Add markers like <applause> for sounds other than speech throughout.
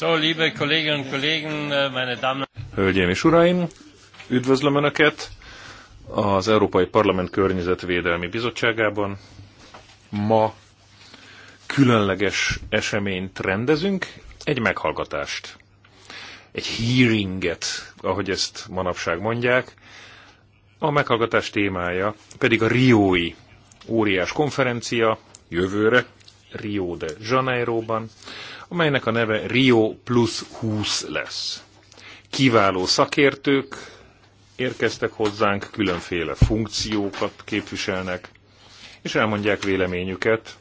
Äh, Hölgyeim és Uraim, üdvözlöm Önöket az Európai Parlament Környezetvédelmi Bizottságában. Ma különleges eseményt rendezünk, egy meghallgatást, egy hearinget, ahogy ezt manapság mondják. A meghallgatás témája pedig a Riói óriás konferencia jövőre, Rio de Janeiroban, amelynek a neve Rio plus 20 lesz. Kiváló szakértők érkeztek hozzánk, különféle funkciókat képviselnek, és elmondják véleményüket,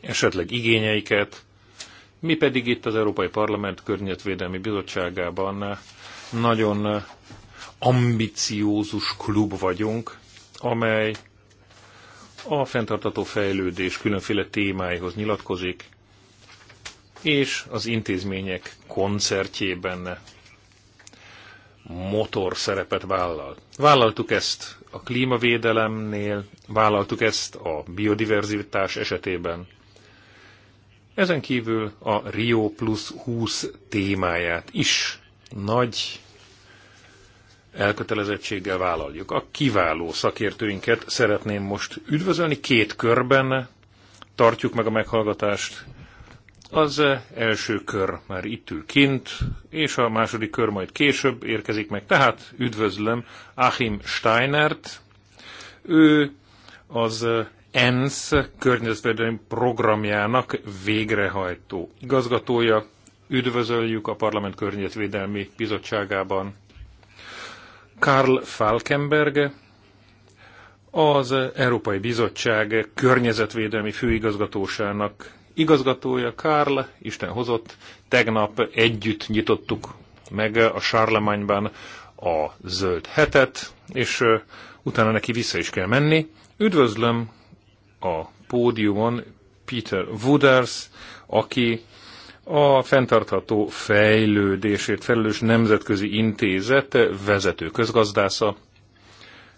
esetleg igényeiket, mi pedig itt az Európai Parlament Környezetvédelmi Bizottságában nagyon ambiciózus klub vagyunk, amely a fenntartató fejlődés különféle témáihoz nyilatkozik, és az intézmények koncertjében motor szerepet vállal. Vállaltuk ezt a klímavédelemnél, vállaltuk ezt a biodiverzitás esetében. Ezen kívül a Rio plus 20 témáját is nagy elkötelezettséggel vállaljuk. A kiváló szakértőinket szeretném most üdvözölni. Két körben tartjuk meg a meghallgatást. Az első kör már itt ül kint, és a második kör majd később érkezik meg. Tehát üdvözlöm Achim Steinert. Ő az ENSZ környezetvédelmi programjának végrehajtó igazgatója. Üdvözöljük a Parlament Környezetvédelmi Bizottságában. Karl Falkenberg, az Európai Bizottság környezetvédelmi főigazgatósának igazgatója Karl, Isten hozott, tegnap együtt nyitottuk meg a Sárlemányban a zöld hetet, és utána neki vissza is kell menni. Üdvözlöm a pódiumon Peter Wooders, aki a fenntartható fejlődésért felelős nemzetközi intézet vezető közgazdásza.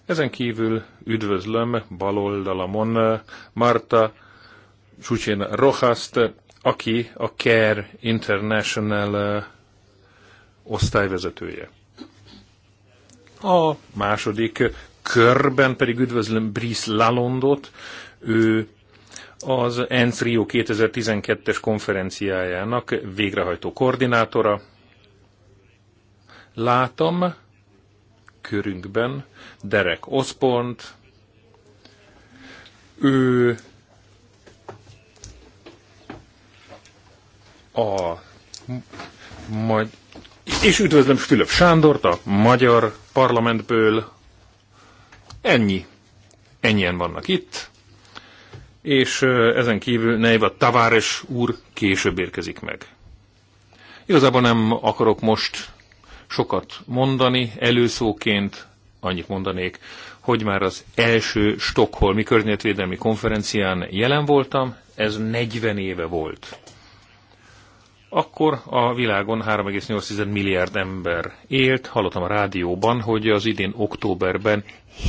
Ezen kívül üdvözlöm baloldalamon Marta Sucsén Rohaszt, aki a CARE International eh, osztályvezetője. A második körben pedig üdvözlöm Brice Lalondot, ő az ENSZ Rio 2012-es konferenciájának végrehajtó koordinátora. Látom körünkben Derek Oszpont, ő a majd, és üdvözlöm Fülöp Sándort a magyar parlamentből. Ennyi. Ennyien vannak itt és ezen kívül Neiva Tavares úr később érkezik meg. Igazából nem akarok most sokat mondani, előszóként annyit mondanék, hogy már az első Stockholmi környezetvédelmi konferencián jelen voltam, ez 40 éve volt. Akkor a világon 3,8 milliárd ember élt. Hallottam a rádióban, hogy az idén októberben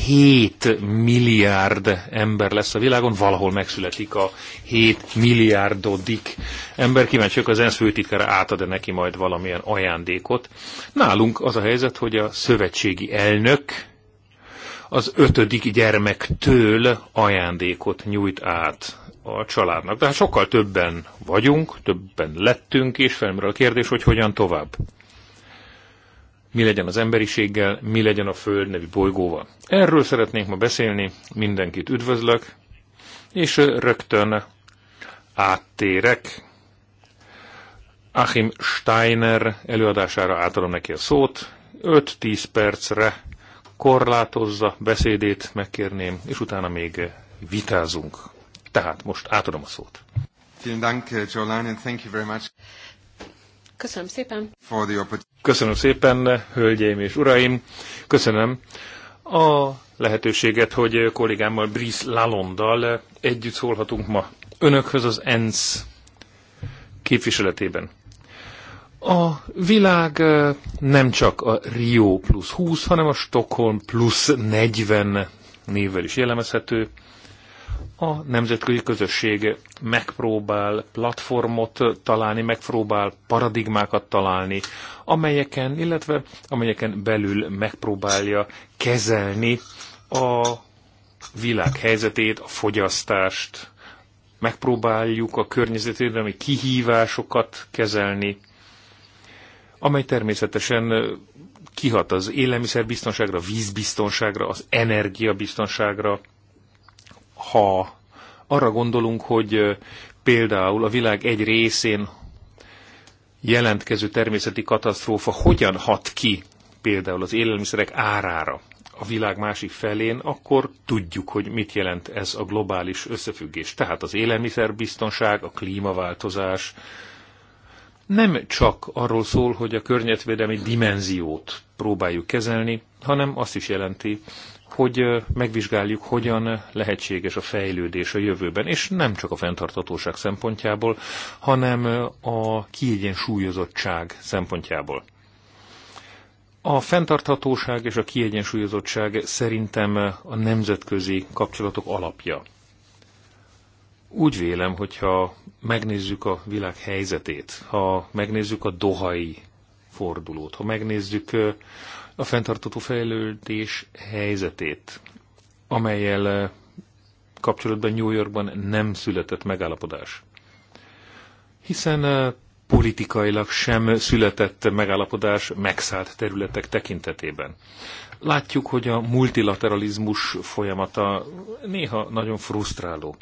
7 milliárd ember lesz a világon, valahol megszületik a 7 milliárdodik ember. Kíváncsiak, az ENSZ főtitkára átad-e neki majd valamilyen ajándékot. Nálunk az a helyzet, hogy a szövetségi elnök az ötödik gyermektől ajándékot nyújt át a családnak. De hát sokkal többen vagyunk, többen lettünk, és felmerül a kérdés, hogy hogyan tovább. Mi legyen az emberiséggel, mi legyen a Föld nevű bolygóval. Erről szeretnék ma beszélni, mindenkit üdvözlök, és rögtön áttérek. Achim Steiner előadására átadom neki a szót, 5-10 percre korlátozza beszédét, megkérném, és utána még vitázunk. Tehát most átadom a szót. Eh, Köszönöm szépen. Köszönöm szépen, hölgyeim és uraim. Köszönöm a lehetőséget, hogy kollégámmal, Brice Lalondal együtt szólhatunk ma önökhöz az ENSZ képviseletében. A világ nem csak a Rio plusz 20, hanem a Stockholm plusz 40 névvel is jellemezhető. A nemzetközi közösség megpróbál platformot találni, megpróbál paradigmákat találni, amelyeken, illetve amelyeken belül megpróbálja kezelni a világ helyzetét, a fogyasztást, megpróbáljuk a környezetvédelmi kihívásokat kezelni, amely természetesen kihat az élelmiszerbiztonságra, vízbiztonságra, az energiabiztonságra. Ha arra gondolunk, hogy például a világ egy részén jelentkező természeti katasztrófa hogyan hat ki például az élelmiszerek árára a világ másik felén, akkor tudjuk, hogy mit jelent ez a globális összefüggés. Tehát az élelmiszerbiztonság, a klímaváltozás, nem csak arról szól, hogy a környezetvédelmi dimenziót próbáljuk kezelni, hanem azt is jelenti, hogy megvizsgáljuk, hogyan lehetséges a fejlődés a jövőben, és nem csak a fenntartatóság szempontjából, hanem a kiegyensúlyozottság szempontjából. A fenntarthatóság és a kiegyensúlyozottság szerintem a nemzetközi kapcsolatok alapja. Úgy vélem, hogyha megnézzük a világ helyzetét, ha megnézzük a dohai fordulót, ha megnézzük a fenntartató fejlődés helyzetét, amelyel kapcsolatban New Yorkban nem született megállapodás. Hiszen politikailag sem született megállapodás megszállt területek tekintetében. Látjuk, hogy a multilateralizmus folyamata néha nagyon frusztráló.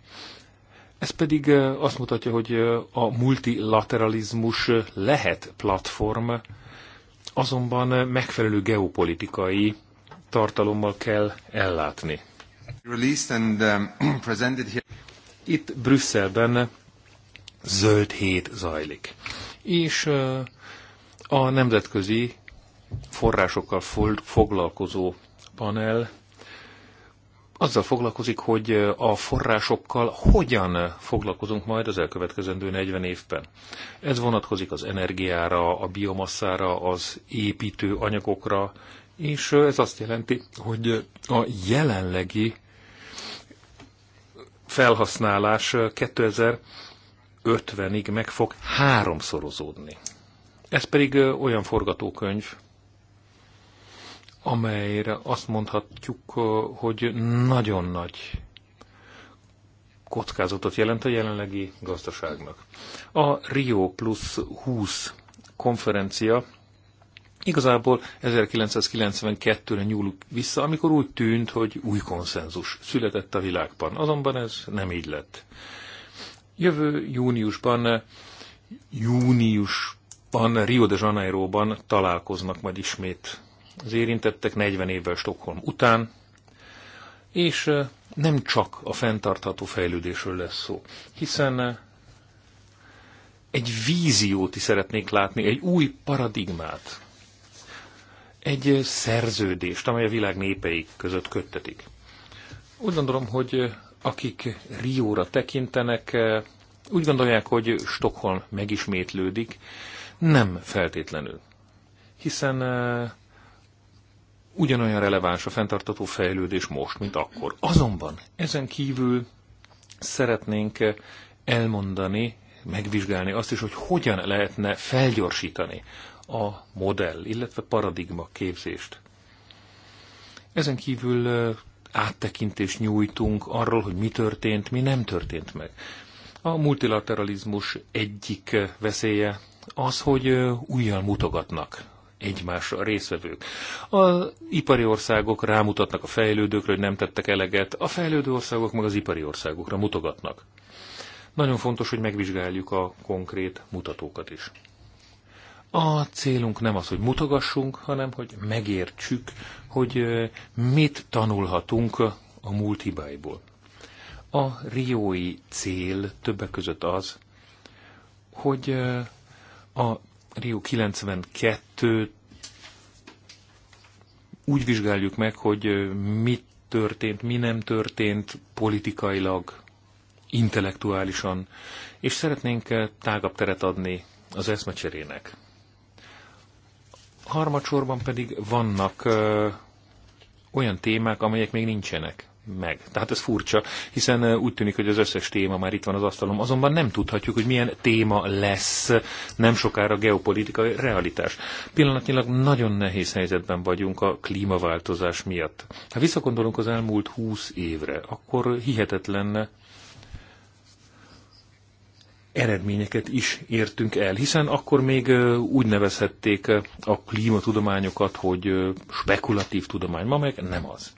Ez pedig azt mutatja, hogy a multilateralizmus lehet platform, azonban megfelelő geopolitikai tartalommal kell ellátni. Um, <clears throat> Itt Brüsszelben zöld hét zajlik, és a nemzetközi forrásokkal foglalkozó panel azzal foglalkozik, hogy a forrásokkal hogyan foglalkozunk majd az elkövetkezendő 40 évben. Ez vonatkozik az energiára, a biomasszára, az építő anyagokra, és ez azt jelenti, hogy a jelenlegi felhasználás 2050-ig meg fog háromszorozódni. Ez pedig olyan forgatókönyv, amelyre azt mondhatjuk, hogy nagyon nagy kockázatot jelent a jelenlegi gazdaságnak. A Rio Plus 20 konferencia igazából 1992-re nyúlunk vissza, amikor úgy tűnt, hogy új konszenzus született a világban. Azonban ez nem így lett. Jövő júniusban, júniusban Rio de Janeiroban találkoznak majd ismét az érintettek 40 évvel Stockholm után, és nem csak a fenntartható fejlődésről lesz szó, hiszen egy víziót is szeretnék látni, egy új paradigmát, egy szerződést, amely a világ népei között köttetik. Úgy gondolom, hogy akik Rióra tekintenek, úgy gondolják, hogy Stockholm megismétlődik, nem feltétlenül. Hiszen ugyanolyan releváns a fenntartató fejlődés most, mint akkor. Azonban ezen kívül szeretnénk elmondani, megvizsgálni azt is, hogy hogyan lehetne felgyorsítani a modell, illetve paradigma képzést. Ezen kívül áttekintést nyújtunk arról, hogy mi történt, mi nem történt meg. A multilateralizmus egyik veszélye az, hogy újjal mutogatnak egymásra a részvevők. Az ipari országok rámutatnak a fejlődőkre, hogy nem tettek eleget, a fejlődő országok meg az ipari országokra mutogatnak. Nagyon fontos, hogy megvizsgáljuk a konkrét mutatókat is. A célunk nem az, hogy mutogassunk, hanem hogy megértsük, hogy mit tanulhatunk a múlt hibáiból. A riói cél többek között az, hogy a Rio 92 úgy vizsgáljuk meg, hogy mit történt, mi nem történt politikailag, intellektuálisan, és szeretnénk tágabb teret adni az eszmecserének. Harmadsorban pedig vannak ö, olyan témák, amelyek még nincsenek meg. Tehát ez furcsa, hiszen úgy tűnik, hogy az összes téma már itt van az asztalon, azonban nem tudhatjuk, hogy milyen téma lesz nem sokára geopolitikai realitás. Pillanatnyilag nagyon nehéz helyzetben vagyunk a klímaváltozás miatt. Ha visszakondolunk az elmúlt húsz évre, akkor hihetetlen eredményeket is értünk el, hiszen akkor még úgy nevezhették a klímatudományokat, hogy spekulatív tudomány, ma meg nem az.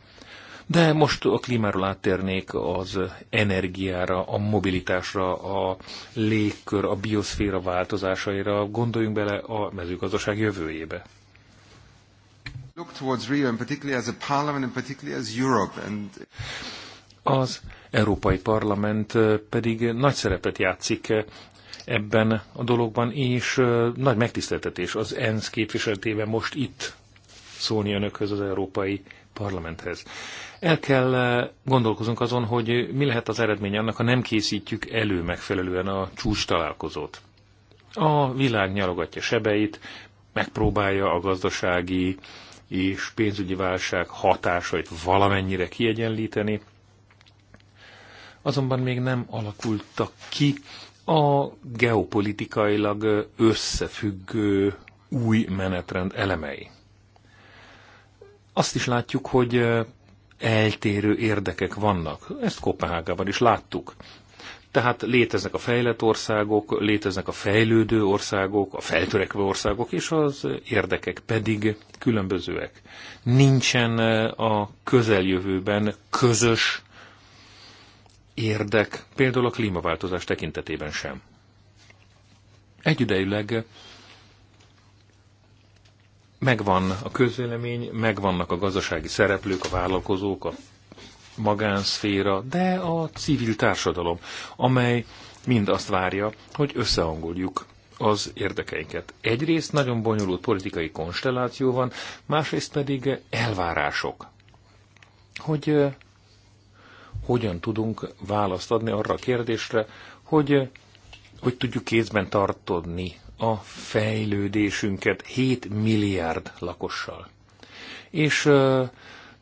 De most a klímáról áttérnék az energiára, a mobilitásra, a légkör, a bioszféra változásaira. Gondoljunk bele a mezőgazdaság jövőjébe. Az Európai Parlament eh, pedig nagy szerepet játszik eh, ebben a dologban, és eh, nagy megtiszteltetés az ENSZ képviseletében most itt szólni önökhöz az Európai Parlamenthez. El kell eh, gondolkozunk azon, hogy mi lehet az eredmény annak, ha nem készítjük elő megfelelően a csúcs találkozót. A világ nyalogatja sebeit, megpróbálja a gazdasági és pénzügyi válság hatásait valamennyire kiegyenlíteni, azonban még nem alakultak ki a geopolitikailag összefüggő új menetrend elemei. Azt is látjuk, hogy eh, eltérő érdekek vannak. Ezt Kopenhágában is láttuk. Tehát léteznek a fejlett országok, léteznek a fejlődő országok, a feltörekvő országok, és az érdekek pedig különbözőek. Nincsen e, a közeljövőben közös érdek, például a klímaváltozás tekintetében sem. Egyidejűleg megvan a közvélemény, megvannak a gazdasági szereplők, a vállalkozók, a magánszféra, de a civil társadalom, amely mind azt várja, hogy összehangoljuk az érdekeinket. Egyrészt nagyon bonyolult politikai konstelláció van, másrészt pedig elvárások, hogy hogyan tudunk választ adni arra a kérdésre, hogy hogy tudjuk kézben tartodni? a fejlődésünket 7 milliárd lakossal. És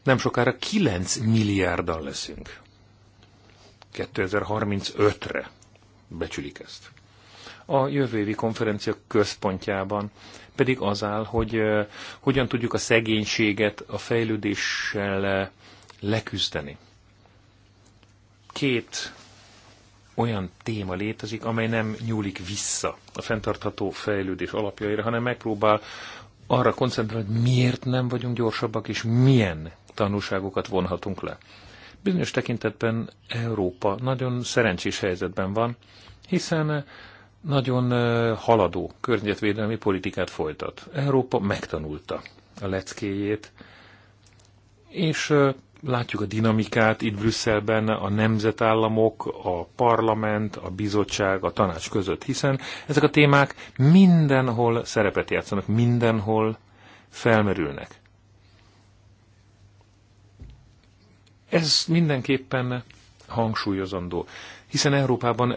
nem sokára 9 milliárdan leszünk. 2035-re becsülik ezt. A jövő évi konferencia központjában pedig az áll, hogy hogyan tudjuk a szegénységet a fejlődéssel leküzdeni. Két olyan téma létezik, amely nem nyúlik vissza a fenntartható fejlődés alapjaira, hanem megpróbál arra koncentrálni, hogy miért nem vagyunk gyorsabbak, és milyen tanulságokat vonhatunk le. Bizonyos tekintetben Európa nagyon szerencsés helyzetben van, hiszen nagyon haladó környezetvédelmi politikát folytat. Európa megtanulta a leckéjét, és látjuk a dinamikát itt Brüsszelben, a nemzetállamok, a parlament, a bizottság, a tanács között, hiszen ezek a témák mindenhol szerepet játszanak, mindenhol felmerülnek. Ez mindenképpen hangsúlyozandó, hiszen Európában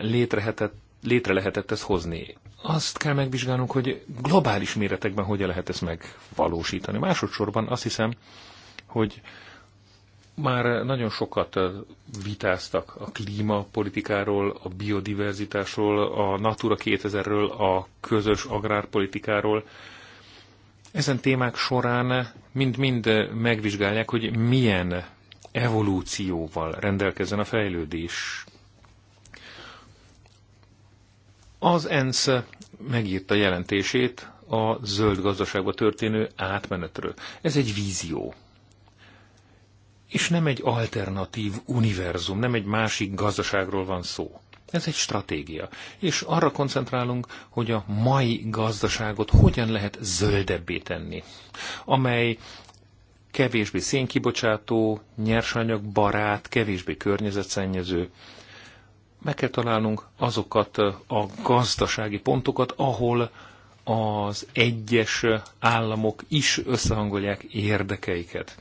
létre lehetett ezt hozni. Azt kell megvizsgálnunk, hogy globális méretekben hogyan lehet ezt megvalósítani. Másodszorban azt hiszem, hogy már nagyon sokat eh, vitáztak a klímapolitikáról, a biodiverzitásról, a Natura 2000-ről, a közös agrárpolitikáról. Ezen témák során mind-mind megvizsgálják, hogy milyen evolúcióval rendelkezzen a fejlődés. Az ENSZ megírta jelentését a zöld gazdaságba történő átmenetről. Ez egy vízió és nem egy alternatív univerzum, nem egy másik gazdaságról van szó. Ez egy stratégia. És arra koncentrálunk, hogy a mai gazdaságot hogyan lehet zöldebbé tenni, amely kevésbé szénkibocsátó, nyersanyag barát, kevésbé környezetszennyező. Meg kell találnunk azokat a gazdasági pontokat, ahol az egyes államok is összehangolják érdekeiket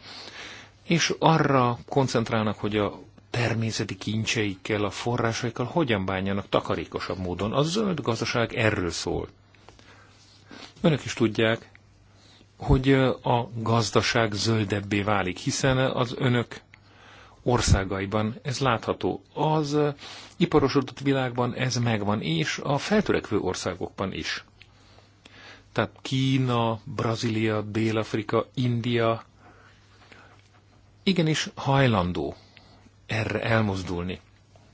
és arra koncentrálnak, hogy a természeti kincseikkel, a forrásaikkal hogyan bánjanak takarékosabb módon. A zöld gazdaság erről szól. Önök is tudják, hogy a gazdaság zöldebbé válik, hiszen az önök országaiban ez látható. Az iparosodott világban ez megvan, és a feltörekvő országokban is. Tehát Kína, Brazília, Dél-Afrika, India, igenis hajlandó erre elmozdulni.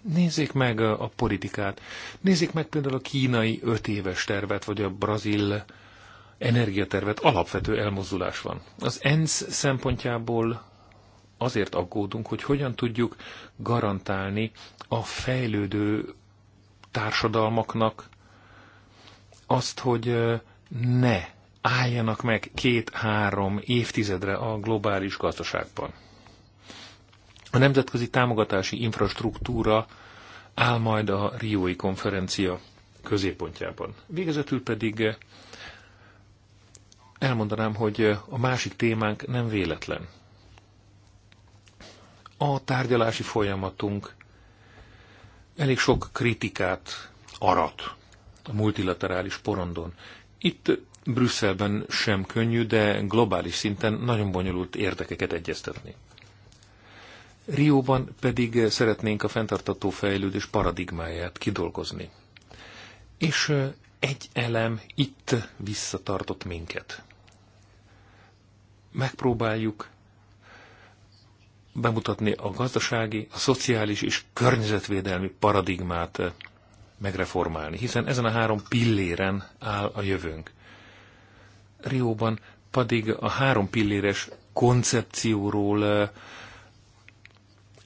Nézzék meg a politikát, nézzék meg például a kínai öt éves tervet, vagy a brazil energiatervet, alapvető elmozdulás van. Az ENSZ szempontjából azért aggódunk, hogy hogyan tudjuk garantálni a fejlődő társadalmaknak azt, hogy ne álljanak meg két-három évtizedre a globális gazdaságban. A nemzetközi támogatási infrastruktúra áll majd a Riói konferencia középpontjában. Végezetül pedig eh, elmondanám, hogy eh, a másik témánk nem véletlen. A tárgyalási folyamatunk elég sok kritikát arat a multilaterális porondon. Itt Brüsszelben sem könnyű, de globális szinten nagyon bonyolult érdekeket egyeztetni. Rióban pedig szeretnénk a fenntartató fejlődés paradigmáját kidolgozni. És egy elem itt visszatartott minket. Megpróbáljuk bemutatni a gazdasági, a szociális és környezetvédelmi paradigmát megreformálni, hiszen ezen a három pilléren áll a jövőnk. Rióban pedig a három pilléres koncepcióról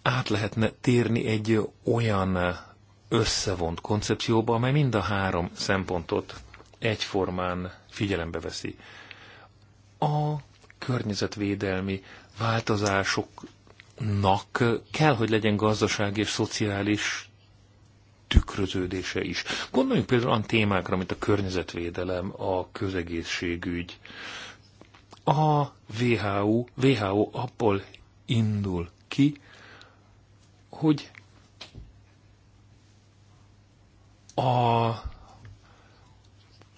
át lehetne térni egy olyan összevont koncepcióba, amely mind a három szempontot egyformán figyelembe veszi. A környezetvédelmi változásoknak kell, hogy legyen gazdaság és szociális tükröződése is. Gondoljunk például olyan témákra, mint a környezetvédelem, a közegészségügy. A WHO, WHO abból indul ki, hogy a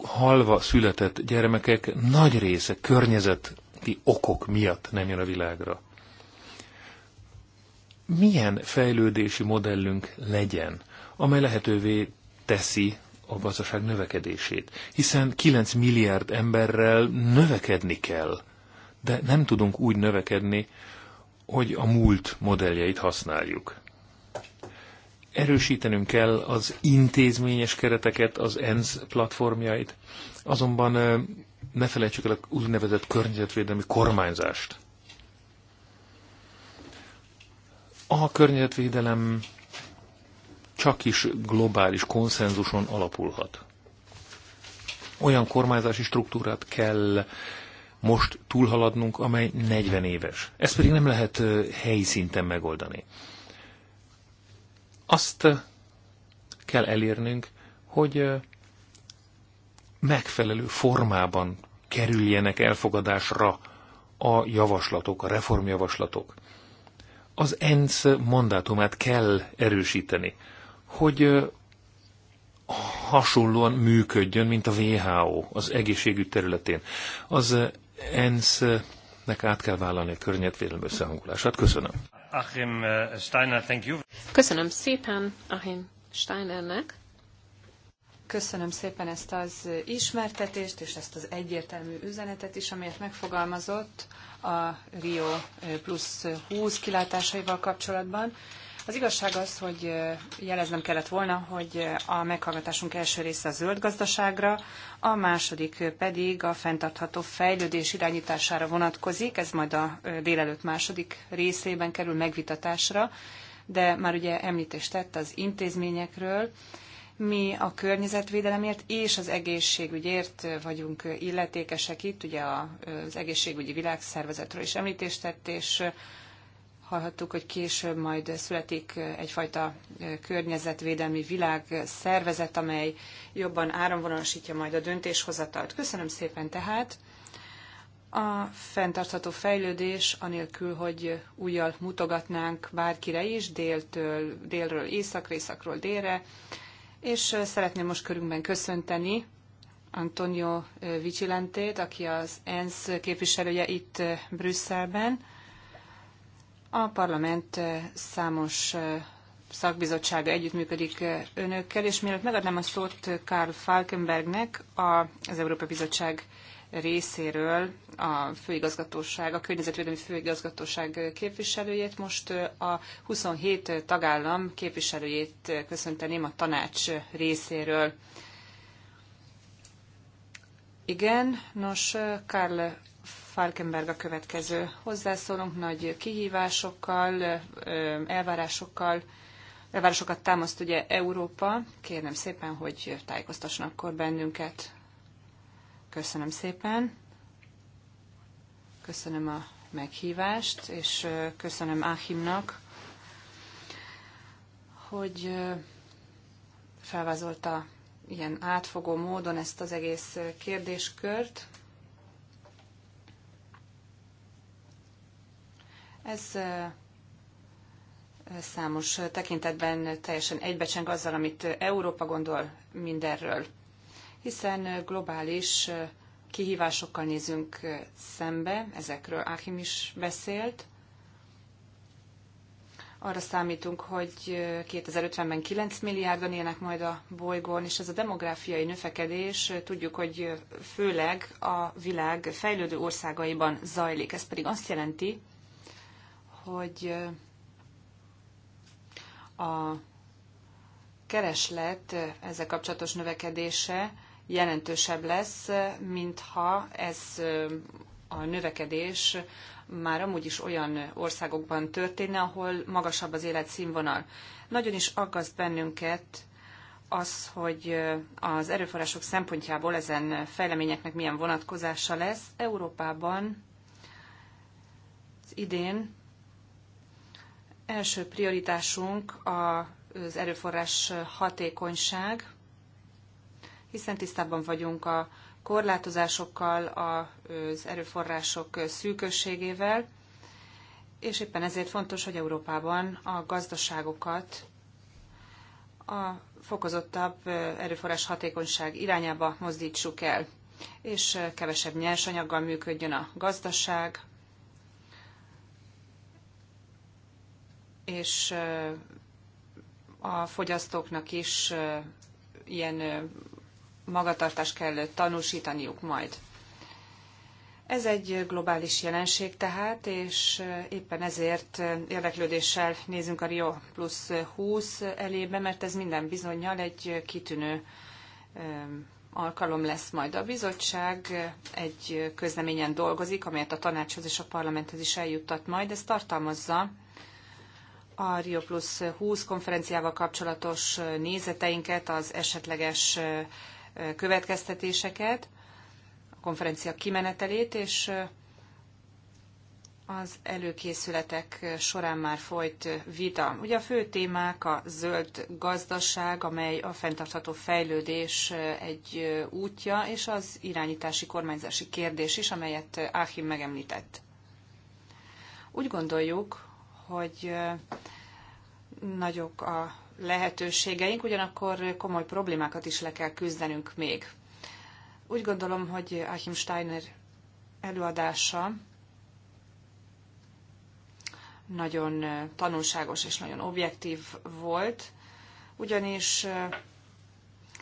halva született gyermekek nagy része környezeti okok miatt nem jön a világra. Milyen fejlődési modellünk legyen, amely lehetővé teszi a gazdaság növekedését? Hiszen 9 milliárd emberrel növekedni kell, de nem tudunk úgy növekedni, hogy a múlt modelljeit használjuk erősítenünk kell az intézményes kereteket, az ENSZ platformjait, azonban ne felejtsük el a úgynevezett környezetvédelmi kormányzást. A környezetvédelem csak is globális konszenzuson alapulhat. Olyan kormányzási struktúrát kell most túlhaladnunk, amely 40 éves. Ezt pedig nem lehet helyi szinten megoldani azt kell elérnünk, hogy megfelelő formában kerüljenek elfogadásra a javaslatok, a reformjavaslatok. Az ENSZ mandátumát kell erősíteni, hogy hasonlóan működjön, mint a WHO az egészségügy területén. Az ENSZ-nek át kell vállalni a környezetvédelmi összehangolását. Köszönöm. Achim uh, Steiner, thank you. Köszönöm szépen Achim Steinernek. Köszönöm szépen ezt az ismertetést és ezt az egyértelmű üzenetet is, amelyet megfogalmazott a Rio eh, Plus 20 kilátásaival kapcsolatban. Az igazság az, hogy jeleznem kellett volna, hogy a meghallgatásunk első része a zöld gazdaságra, a második pedig a fenntartható fejlődés irányítására vonatkozik, ez majd a délelőtt második részében kerül megvitatásra, de már ugye említést tett az intézményekről, mi a környezetvédelemért és az egészségügyért vagyunk illetékesek itt, ugye az egészségügyi világszervezetről is említést tett, és hallhattuk, hogy később majd születik egyfajta környezetvédelmi világszervezet, amely jobban áramvonalasítja majd a döntéshozatalt. Köszönöm szépen tehát. A fenntartható fejlődés, anélkül, hogy újjal mutogatnánk bárkire is, déltől, délről északra, északról délre, és szeretném most körünkben köszönteni Antonio Vicilantét, aki az ENSZ képviselője itt Brüsszelben a parlament számos szakbizottsága együttműködik önökkel, és mielőtt megadnám a szót Karl Falkenbergnek, az Európai Bizottság részéről a főigazgatóság, a környezetvédelmi főigazgatóság képviselőjét, most a 27 tagállam képviselőjét köszönteném a tanács részéről. Igen, nos, Karl Falkenberg a következő. Hozzászólunk nagy kihívásokkal, elvárásokkal, elvárásokat támaszt ugye Európa. Kérem szépen, hogy tájékoztasson akkor bennünket. Köszönöm szépen. Köszönöm a meghívást, és köszönöm Áhimnak, hogy felvázolta ilyen átfogó módon ezt az egész kérdéskört. Ez számos tekintetben teljesen egybecseng azzal, amit Európa gondol mindenről, hiszen globális kihívásokkal nézünk szembe, ezekről Achim is beszélt. Arra számítunk, hogy 2050-ben 9 milliárdan élnek majd a bolygón, és ez a demográfiai növekedés tudjuk, hogy főleg a világ fejlődő országaiban zajlik. Ez pedig azt jelenti, hogy a kereslet ezzel kapcsolatos növekedése jelentősebb lesz, mintha ez a növekedés már amúgy is olyan országokban történne, ahol magasabb az életszínvonal. Nagyon is aggaszt bennünket az, hogy az erőforrások szempontjából ezen fejleményeknek milyen vonatkozása lesz. Európában az idén Első prioritásunk az erőforrás hatékonyság, hiszen tisztában vagyunk a korlátozásokkal, az erőforrások szűkösségével, és éppen ezért fontos, hogy Európában a gazdaságokat a fokozottabb erőforrás hatékonyság irányába mozdítsuk el, és kevesebb nyersanyaggal működjön a gazdaság, és a fogyasztóknak is ilyen magatartást kell tanúsítaniuk majd. Ez egy globális jelenség tehát, és éppen ezért érdeklődéssel nézünk a Rio Plus 20 elébe, mert ez minden bizonyal egy kitűnő alkalom lesz majd. A bizottság egy közleményen dolgozik, amelyet a tanácshoz és a parlamenthez is eljuttat majd. Ez tartalmazza a Rio Plus 20 konferenciával kapcsolatos nézeteinket, az esetleges következtetéseket, a konferencia kimenetelét, és az előkészületek során már folyt vita. Ugye a fő témák a zöld gazdaság, amely a fenntartható fejlődés egy útja, és az irányítási kormányzási kérdés is, amelyet Áhim megemlített. Úgy gondoljuk, hogy nagyok a lehetőségeink, ugyanakkor komoly problémákat is le kell küzdenünk még. Úgy gondolom, hogy Achim Steiner előadása nagyon tanulságos és nagyon objektív volt, ugyanis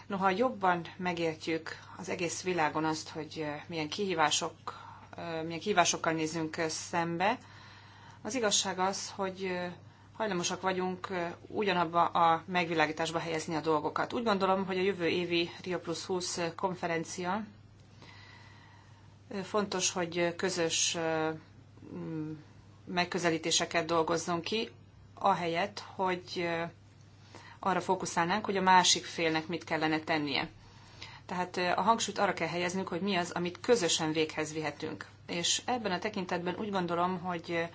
noha jobban megértjük az egész világon azt, hogy milyen kihívások, milyen kihívásokkal nézünk szembe, az igazság az, hogy hajlamosak vagyunk ugyanabba a megvilágításba helyezni a dolgokat. Úgy gondolom, hogy a jövő évi Rio Plus 20 konferencia fontos, hogy közös megközelítéseket dolgozzon ki, ahelyett, hogy arra fókuszálnánk, hogy a másik félnek mit kellene tennie. Tehát a hangsúlyt arra kell helyeznünk, hogy mi az, amit közösen véghez vihetünk. És ebben a tekintetben úgy gondolom, hogy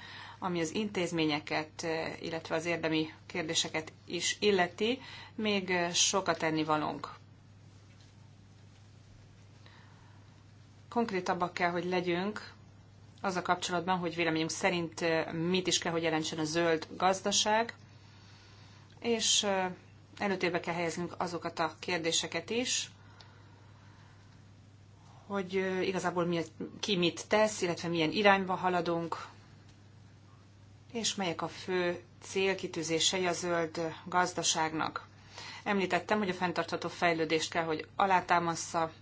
ami az intézményeket, illetve az érdemi kérdéseket is illeti, még sokat tenni valunk. Konkrétabbak kell, hogy legyünk az a kapcsolatban, hogy véleményünk szerint mit is kell, hogy jelentsen a zöld gazdaság, és előtérbe kell helyeznünk azokat a kérdéseket is, hogy igazából mi, ki mit tesz, illetve milyen irányba haladunk, és melyek a fő célkitűzései a zöld gazdaságnak. Említettem, hogy a fenntartható fejlődést kell, hogy alátámassza,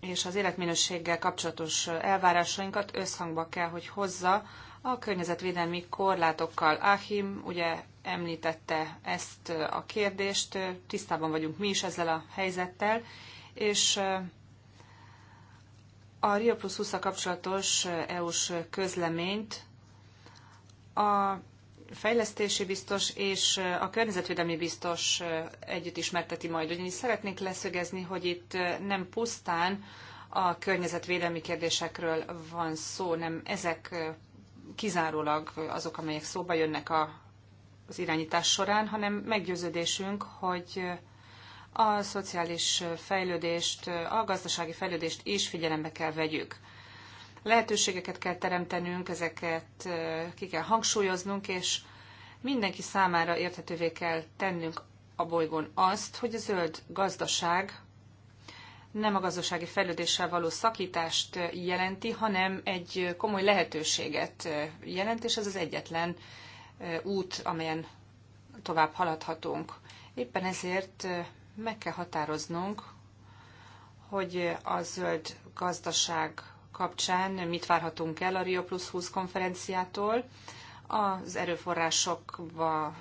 és az életminőséggel kapcsolatos elvárásainkat összhangba kell, hogy hozza a környezetvédelmi korlátokkal. Áhim ugye említette ezt a kérdést, tisztában vagyunk mi is ezzel a helyzettel, és a Rio Plus 20 kapcsolatos eh, EU-s közleményt a fejlesztési biztos és eh, a környezetvédelmi biztos eh, együtt ismerteti majd. Ugyanis szeretnék leszögezni, hogy itt nem pusztán a környezetvédelmi kérdésekről van szó, nem ezek kizárólag azok, amelyek szóba jönnek a, az irányítás során, hanem meggyőződésünk, hogy a szociális fejlődést, a gazdasági fejlődést is figyelembe kell vegyük. Lehetőségeket kell teremtenünk, ezeket ki kell hangsúlyoznunk, és mindenki számára érthetővé kell tennünk a bolygón azt, hogy a zöld gazdaság nem a gazdasági fejlődéssel való szakítást jelenti, hanem egy komoly lehetőséget jelent, és ez az egyetlen út, amelyen tovább haladhatunk. Éppen ezért meg kell határoznunk, hogy a zöld gazdaság kapcsán mit várhatunk el a Rio Plus 20 konferenciától. Az erőforrásokba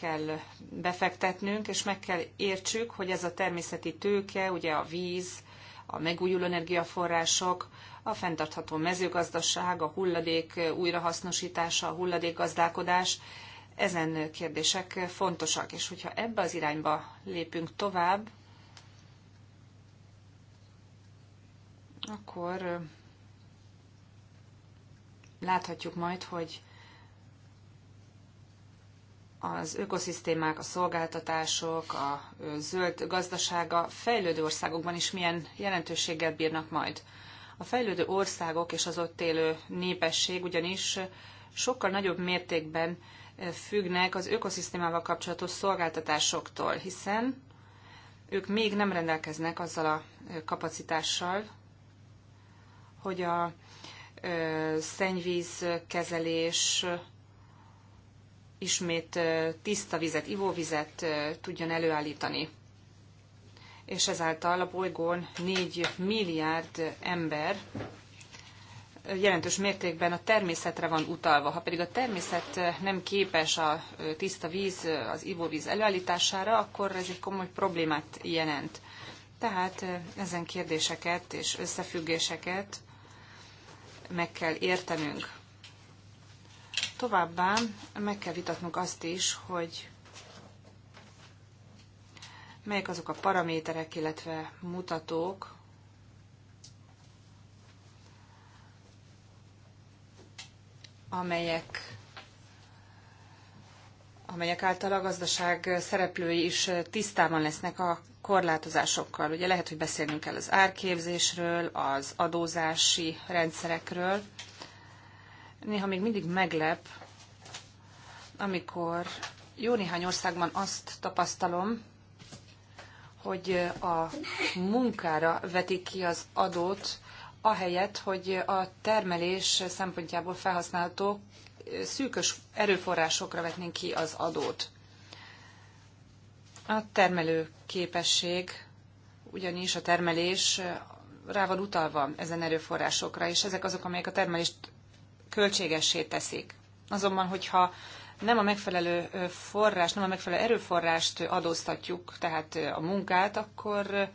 kell befektetnünk, és meg kell értsük, hogy ez a természeti tőke, ugye a víz, a megújuló energiaforrások, a fenntartható mezőgazdaság, a hulladék újrahasznosítása, a hulladékgazdálkodás, ezen kérdések fontosak, és hogyha ebbe az irányba lépünk tovább, akkor láthatjuk majd, hogy az ökoszisztémák, a szolgáltatások, a zöld gazdasága fejlődő országokban is milyen jelentőséggel bírnak majd. A fejlődő országok és az ott élő népesség ugyanis sokkal nagyobb mértékben függnek az ökoszisztémával kapcsolatos szolgáltatásoktól, hiszen ők még nem rendelkeznek azzal a kapacitással, hogy a szennyvízkezelés ismét tiszta vizet, ivóvizet tudjon előállítani. És ezáltal a bolygón 4 milliárd ember jelentős mértékben a természetre van utalva. Ha pedig a természet eh, nem képes a eh, tiszta víz, eh, az ivóvíz előállítására, akkor ez egy komoly problémát jelent. Tehát ezen kérdéseket és összefüggéseket meg kell értenünk. Továbbá meg kell vitatnunk azt is, hogy melyek azok a paraméterek, illetve mutatók, amelyek amelyek által a gazdaság szereplői is tisztában lesznek a korlátozásokkal. Ugye lehet, hogy beszélnünk kell az árképzésről, az adózási rendszerekről. Néha még mindig meglep, amikor jó néhány országban azt tapasztalom, hogy a munkára vetik ki az adót, ahelyett, hogy a termelés szempontjából felhasználható szűkös erőforrásokra vetnénk ki az adót. A termelő képesség, ugyanis a termelés rá van utalva ezen erőforrásokra, és ezek azok, amelyek a termelést költségessé teszik. Azonban, hogyha nem a megfelelő forrás, nem a megfelelő erőforrást adóztatjuk, tehát a munkát, akkor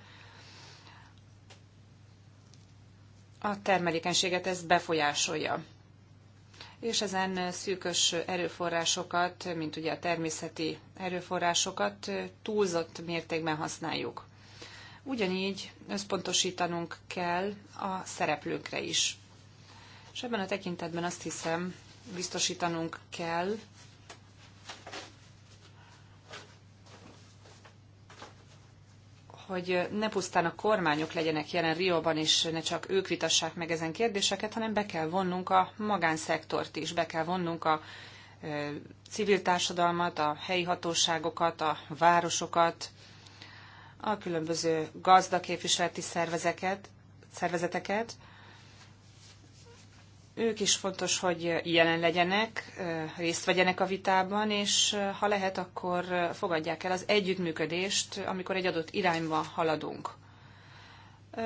a termelékenységet ez befolyásolja. És ezen szűkös erőforrásokat, mint ugye a természeti erőforrásokat túlzott mértékben használjuk. Ugyanígy összpontosítanunk kell a szereplőkre is. És ebben a tekintetben azt hiszem, biztosítanunk kell, hogy ne pusztán a kormányok legyenek jelen Rióban, és ne csak ők vitassák meg ezen kérdéseket, hanem be kell vonnunk a magánszektort is, be kell vonnunk a civil társadalmat, a helyi hatóságokat, a városokat, a különböző gazdaképviseleti szervezeket, szervezeteket, ők is fontos, hogy jelen legyenek, részt vegyenek a vitában, és ha lehet, akkor fogadják el az együttműködést, amikor egy adott irányba haladunk.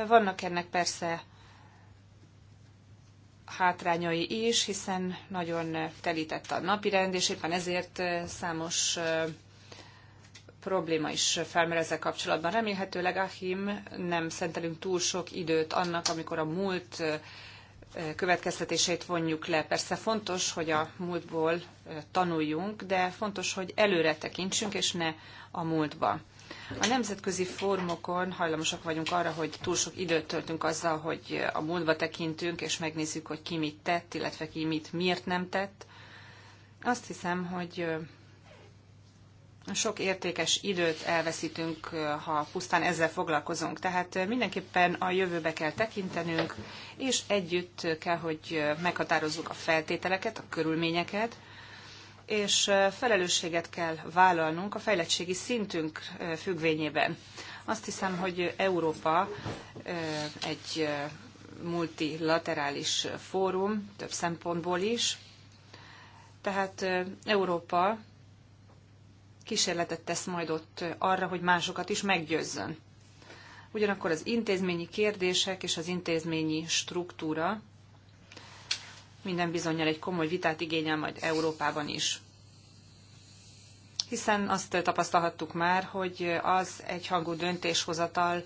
Vannak ennek persze hátrányai is, hiszen nagyon telített a napirend, és éppen ezért számos probléma is felmerül ezzel kapcsolatban. Remélhetőleg, Achim, nem szentelünk túl sok időt annak, amikor a múlt következtetéseit vonjuk le. Persze fontos, hogy a múltból tanuljunk, de fontos, hogy előre tekintsünk, és ne a múltba. A nemzetközi fórumokon hajlamosak vagyunk arra, hogy túl sok időt töltünk azzal, hogy a múltba tekintünk, és megnézzük, hogy ki mit tett, illetve ki mit miért nem tett. Azt hiszem, hogy sok értékes időt elveszítünk, ha pusztán ezzel foglalkozunk. Tehát mindenképpen a jövőbe kell tekintenünk, és együtt kell, hogy meghatározzuk a feltételeket, a körülményeket, és felelősséget kell vállalnunk a fejlettségi szintünk függvényében. Azt hiszem, hogy Európa egy multilaterális fórum több szempontból is, tehát Európa kísérletet tesz majd ott arra, hogy másokat is meggyőzzön. Ugyanakkor az intézményi kérdések és az intézményi struktúra minden bizonyal egy komoly vitát igényel majd Európában is. Hiszen azt tapasztalhattuk már, hogy az egyhangú döntéshozatal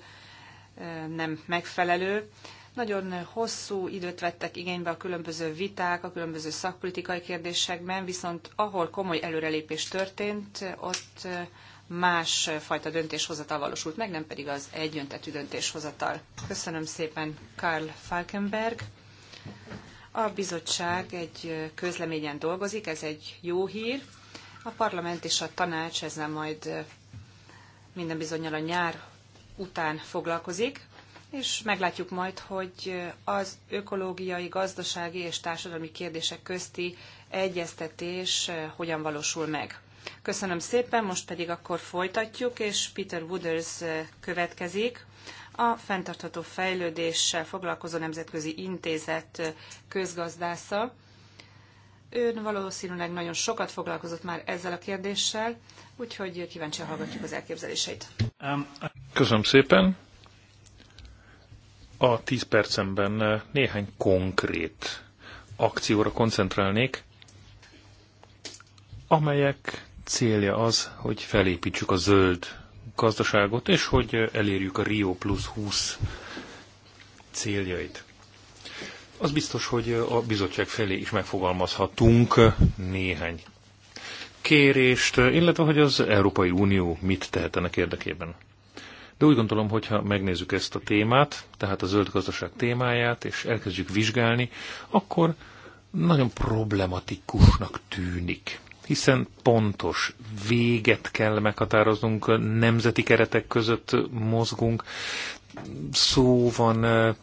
nem megfelelő, nagyon hosszú időt vettek igénybe a különböző viták, a különböző szakpolitikai kérdésekben, viszont ahol komoly előrelépés történt, ott más fajta döntéshozatal valósult meg, nem pedig az egyöntetű döntéshozatal. Köszönöm szépen Karl Falkenberg. A bizottság egy közleményen dolgozik, ez egy jó hír. A parlament és a tanács ezzel majd minden bizonyal a nyár után foglalkozik és meglátjuk majd, hogy az ökológiai, gazdasági és társadalmi kérdések közti egyeztetés eh, hogyan valósul meg. Köszönöm szépen, most pedig akkor folytatjuk, és Peter Wooders eh, következik, a fenntartható fejlődéssel foglalkozó nemzetközi intézet eh, közgazdásza. Ön valószínűleg nagyon sokat foglalkozott már ezzel a kérdéssel, úgyhogy kíváncsian hallgatjuk az elképzeléseit. Köszönöm szépen a 10 percemben eh, néhány konkrét akcióra koncentrálnék, amelyek célja az, hogy felépítsük a zöld gazdaságot, és hogy eh, elérjük a Rio Plus 20 céljait. Az biztos, hogy eh, a bizottság felé is megfogalmazhatunk néhány kérést, illetve hogy az Európai Unió mit tehetenek érdekében. De úgy gondolom, hogyha megnézzük ezt a témát, tehát a zöld gazdaság témáját, és elkezdjük vizsgálni, akkor nagyon problematikusnak tűnik hiszen pontos véget kell meghatároznunk, nemzeti keretek között mozgunk. Szó van eh,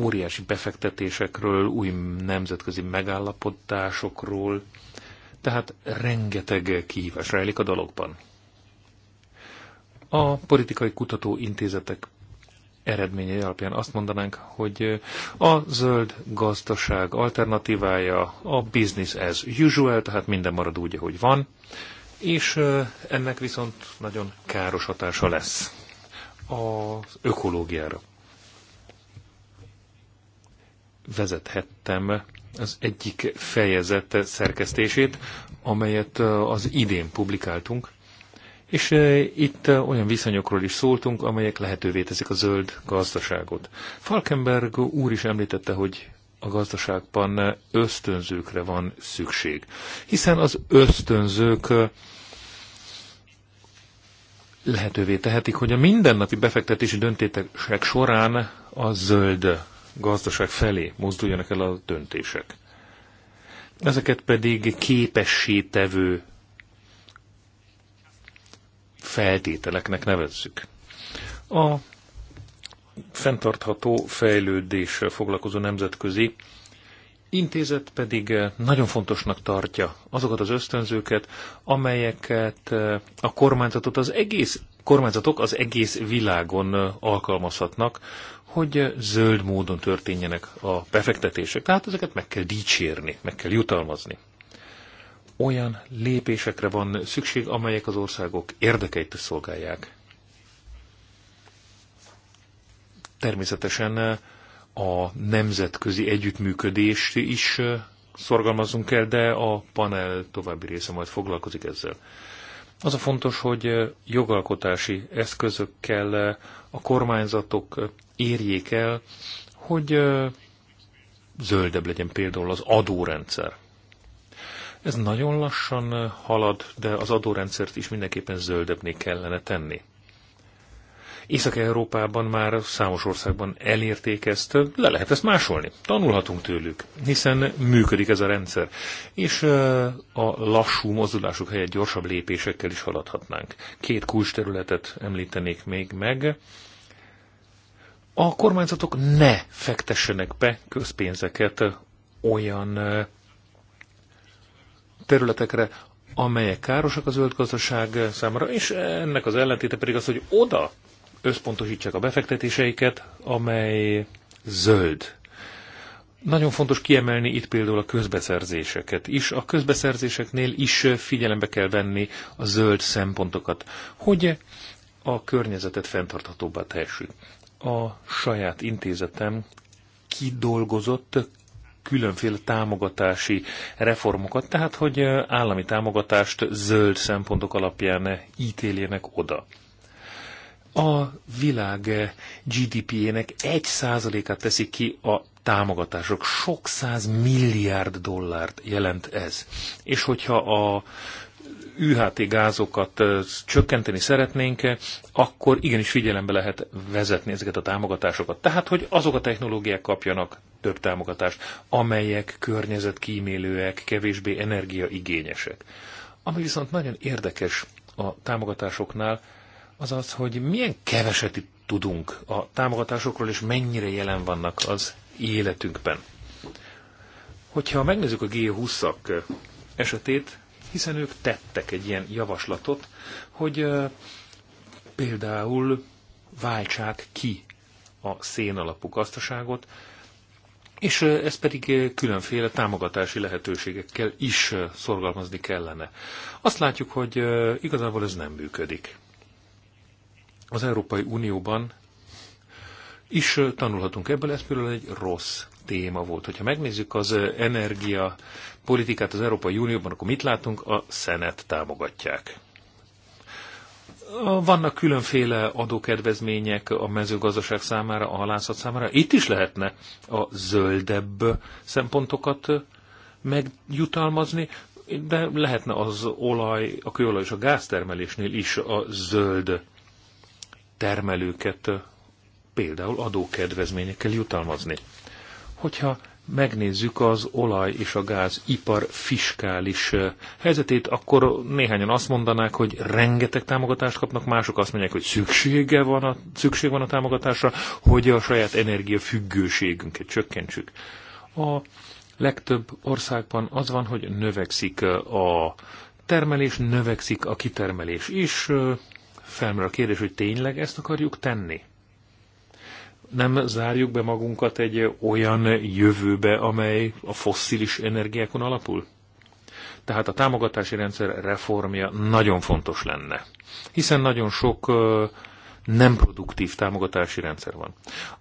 óriási befektetésekről, új nemzetközi megállapodásokról, tehát rengeteg kihívás rejlik a dologban. A politikai kutatóintézetek eredményei alapján azt mondanánk, hogy a zöld gazdaság alternatívája a business as usual, tehát minden marad úgy, ahogy van, és ennek viszont nagyon káros hatása lesz az ökológiára. Vezethettem az egyik fejezet szerkesztését, amelyet az idén publikáltunk, és itt olyan viszonyokról is szóltunk, amelyek lehetővé teszik a zöld gazdaságot. Falkenberg úr is említette, hogy a gazdaságban ösztönzőkre van szükség. Hiszen az ösztönzők lehetővé tehetik, hogy a mindennapi befektetési döntések során a zöld gazdaság felé mozduljanak el a döntések. Ezeket pedig képessé tevő feltételeknek nevezzük. A fenntartható fejlődéssel foglalkozó nemzetközi intézet pedig eh, nagyon fontosnak tartja azokat az ösztönzőket, amelyeket eh, a kormányzatot az egész, kormányzatok az egész világon eh, alkalmazhatnak, hogy zöld módon történjenek a befektetések. Tehát ezeket meg kell dicsérni, meg kell jutalmazni olyan lépésekre van szükség, amelyek az országok érdekeit szolgálják. Természetesen a nemzetközi együttműködést is szorgalmazunk el, de a panel további része majd foglalkozik ezzel. Az a fontos, hogy jogalkotási eszközökkel a kormányzatok érjék el, hogy zöldebb legyen például az adórendszer. Ez nagyon lassan halad, de az adórendszert is mindenképpen zöldebbné kellene tenni. Észak-Európában már számos országban elérték ezt, le lehet ezt másolni, tanulhatunk tőlük, hiszen működik ez a rendszer, és a lassú mozdulásuk helyett gyorsabb lépésekkel is haladhatnánk. Két területet említenék még meg. A kormányzatok ne fektessenek be közpénzeket olyan területekre, amelyek károsak a zöld gazdaság számára, és ennek az ellentéte pedig az, hogy oda összpontosítsák a befektetéseiket, amely zöld. Nagyon fontos kiemelni itt például a közbeszerzéseket is. A közbeszerzéseknél is figyelembe kell venni a zöld szempontokat, hogy a környezetet fenntarthatóbbá tehessük. A saját intézetem kidolgozott különféle támogatási reformokat, tehát hogy állami támogatást zöld szempontok alapján ítéljenek oda. A világ GDP-ének egy százalékát teszik ki a támogatások. Sok száz milliárd dollárt jelent ez. És hogyha a UHT gázokat csökkenteni szeretnénk, akkor igenis figyelembe lehet vezetni ezeket a támogatásokat. Tehát, hogy azok a technológiák kapjanak több támogatást, amelyek környezetkímélőek, kevésbé energiaigényesek. Ami viszont nagyon érdekes a támogatásoknál, az az, hogy milyen keveset itt tudunk a támogatásokról, és mennyire jelen vannak az életünkben. Hogyha megnézzük a G20-ak esetét, hiszen ők tettek egy ilyen javaslatot, hogy például váltsák ki a szénalapú gazdaságot, és ez pedig különféle támogatási lehetőségekkel is szorgalmazni kellene. Azt látjuk, hogy igazából ez nem működik. Az Európai Unióban is tanulhatunk ebből, ez például egy rossz téma volt. Hogyha megnézzük az energia politikát az Európai Unióban, akkor mit látunk? A szenet támogatják. Vannak különféle adókedvezmények a mezőgazdaság számára, a halászat számára. Itt is lehetne a zöldebb szempontokat megjutalmazni, de lehetne az olaj, a kőolaj és a gáztermelésnél is a zöld termelőket például adókedvezményekkel jutalmazni. Hogyha megnézzük az olaj és a gáz ipar fiskális helyzetét, akkor néhányan azt mondanák, hogy rengeteg támogatást kapnak, mások azt mondják, hogy szüksége van a, szükség van a támogatásra, hogy a saját energiafüggőségünket csökkentsük. A legtöbb országban az van, hogy növekszik a termelés, növekszik a kitermelés is. Felmerül a kérdés, hogy tényleg ezt akarjuk tenni? nem zárjuk be magunkat egy olyan jövőbe, amely a fosszilis energiákon alapul? Tehát a támogatási rendszer reformja nagyon fontos lenne, hiszen nagyon sok nem produktív támogatási rendszer van.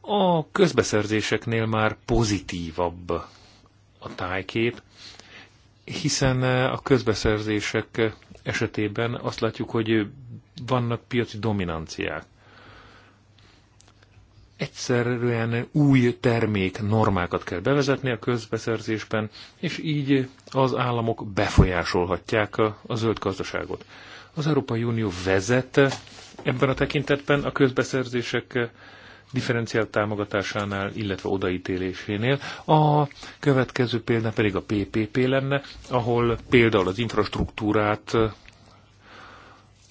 A közbeszerzéseknél már pozitívabb a tájkép, hiszen a közbeszerzések esetében azt látjuk, hogy vannak piaci dominanciák egyszerűen új termék normákat kell bevezetni a közbeszerzésben, és így az államok befolyásolhatják a zöld gazdaságot. Az Európai Unió vezet ebben a tekintetben a közbeszerzések differenciált támogatásánál, illetve odaítélésénél. A következő példa pedig a PPP lenne, ahol például az infrastruktúrát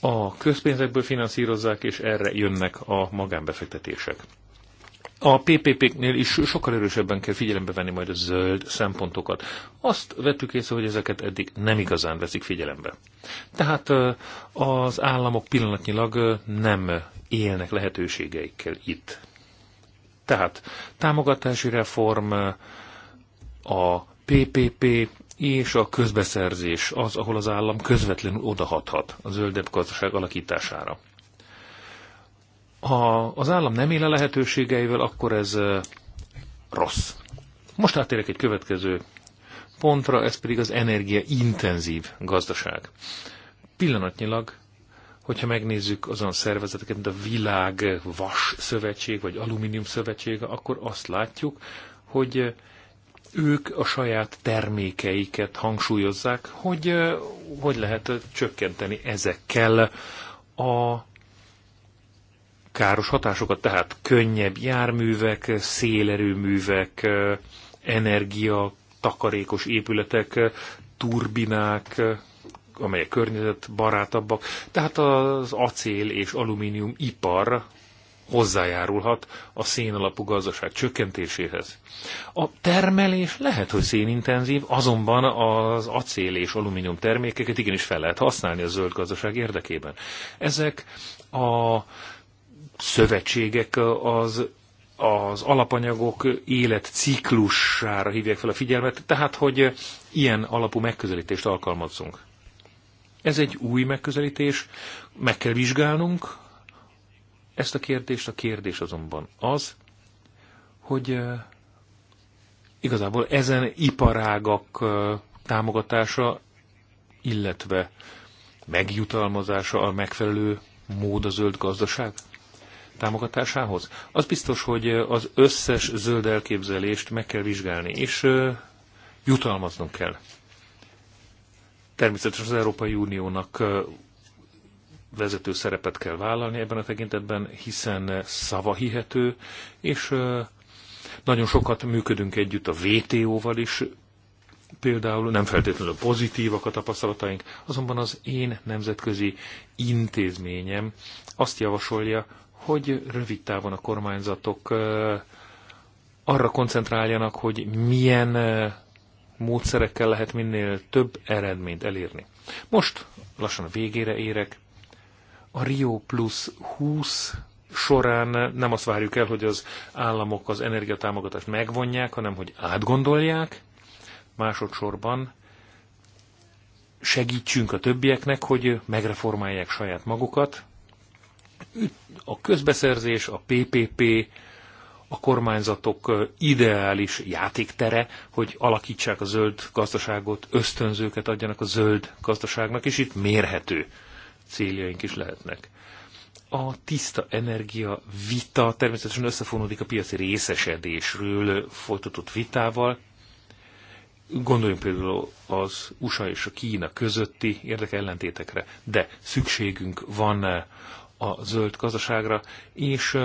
a közpénzekből finanszírozzák, és erre jönnek a magánbefektetések a PPP-knél is sokkal erősebben kell figyelembe venni majd a zöld szempontokat. Azt vettük észre, hogy ezeket eddig nem igazán veszik figyelembe. Tehát az államok pillanatnyilag nem élnek lehetőségeikkel itt. Tehát támogatási reform, a PPP és a közbeszerzés az, ahol az állam közvetlenül odahathat a zöldebb gazdaság alakítására. Ha az állam nem él a lehetőségeivel, akkor ez rossz. Most átérek egy következő pontra, ez pedig az energiaintenzív gazdaság. Pillanatnyilag, hogyha megnézzük azon szervezeteket, mint a Világ Vas Szövetség, vagy Alumínium Szövetség, akkor azt látjuk, hogy ők a saját termékeiket hangsúlyozzák, hogy hogy lehet csökkenteni ezekkel a káros hatásokat, tehát könnyebb járművek, szélerőművek, eh, energia, takarékos épületek, eh, turbinák, eh, amelyek környezetbarátabbak, tehát az acél és alumínium ipar hozzájárulhat a szénalapú gazdaság csökkentéséhez. A termelés lehet, hogy szénintenzív, azonban az acél és alumínium termékeket igenis fel lehet használni a zöld gazdaság érdekében. Ezek a szövetségek az az alapanyagok életciklusára hívják fel a figyelmet, tehát hogy ilyen alapú megközelítést alkalmazzunk. Ez egy új megközelítés, meg kell vizsgálnunk ezt a kérdést. A kérdés azonban az, hogy eh, igazából ezen iparágak eh, támogatása, illetve megjutalmazása a megfelelő mód a zöld gazdaság? támogatásához? Az biztos, hogy az összes zöld elképzelést meg kell vizsgálni, és jutalmaznunk kell. Természetesen az Európai Uniónak vezető szerepet kell vállalni ebben a tekintetben, hiszen szava hihető és nagyon sokat működünk együtt a VTO-val is, például nem feltétlenül pozitívak a tapasztalataink, azonban az én nemzetközi intézményem azt javasolja, hogy rövid távon a kormányzatok arra koncentráljanak, hogy milyen módszerekkel lehet minél több eredményt elérni. Most lassan a végére érek. A Rio Plus 20 során nem azt várjuk el, hogy az államok az energiatámogatást megvonják, hanem hogy átgondolják. Másodszorban segítsünk a többieknek, hogy megreformálják saját magukat, a közbeszerzés, a PPP, a kormányzatok ideális játéktere, hogy alakítsák a zöld gazdaságot, ösztönzőket adjanak a zöld gazdaságnak, és itt mérhető céljaink is lehetnek. A tiszta energia vita természetesen összefonódik a piaci részesedésről folytatott vitával. Gondoljunk például az USA és a Kína közötti érdekellentétekre, de szükségünk van a zöld gazdaságra, és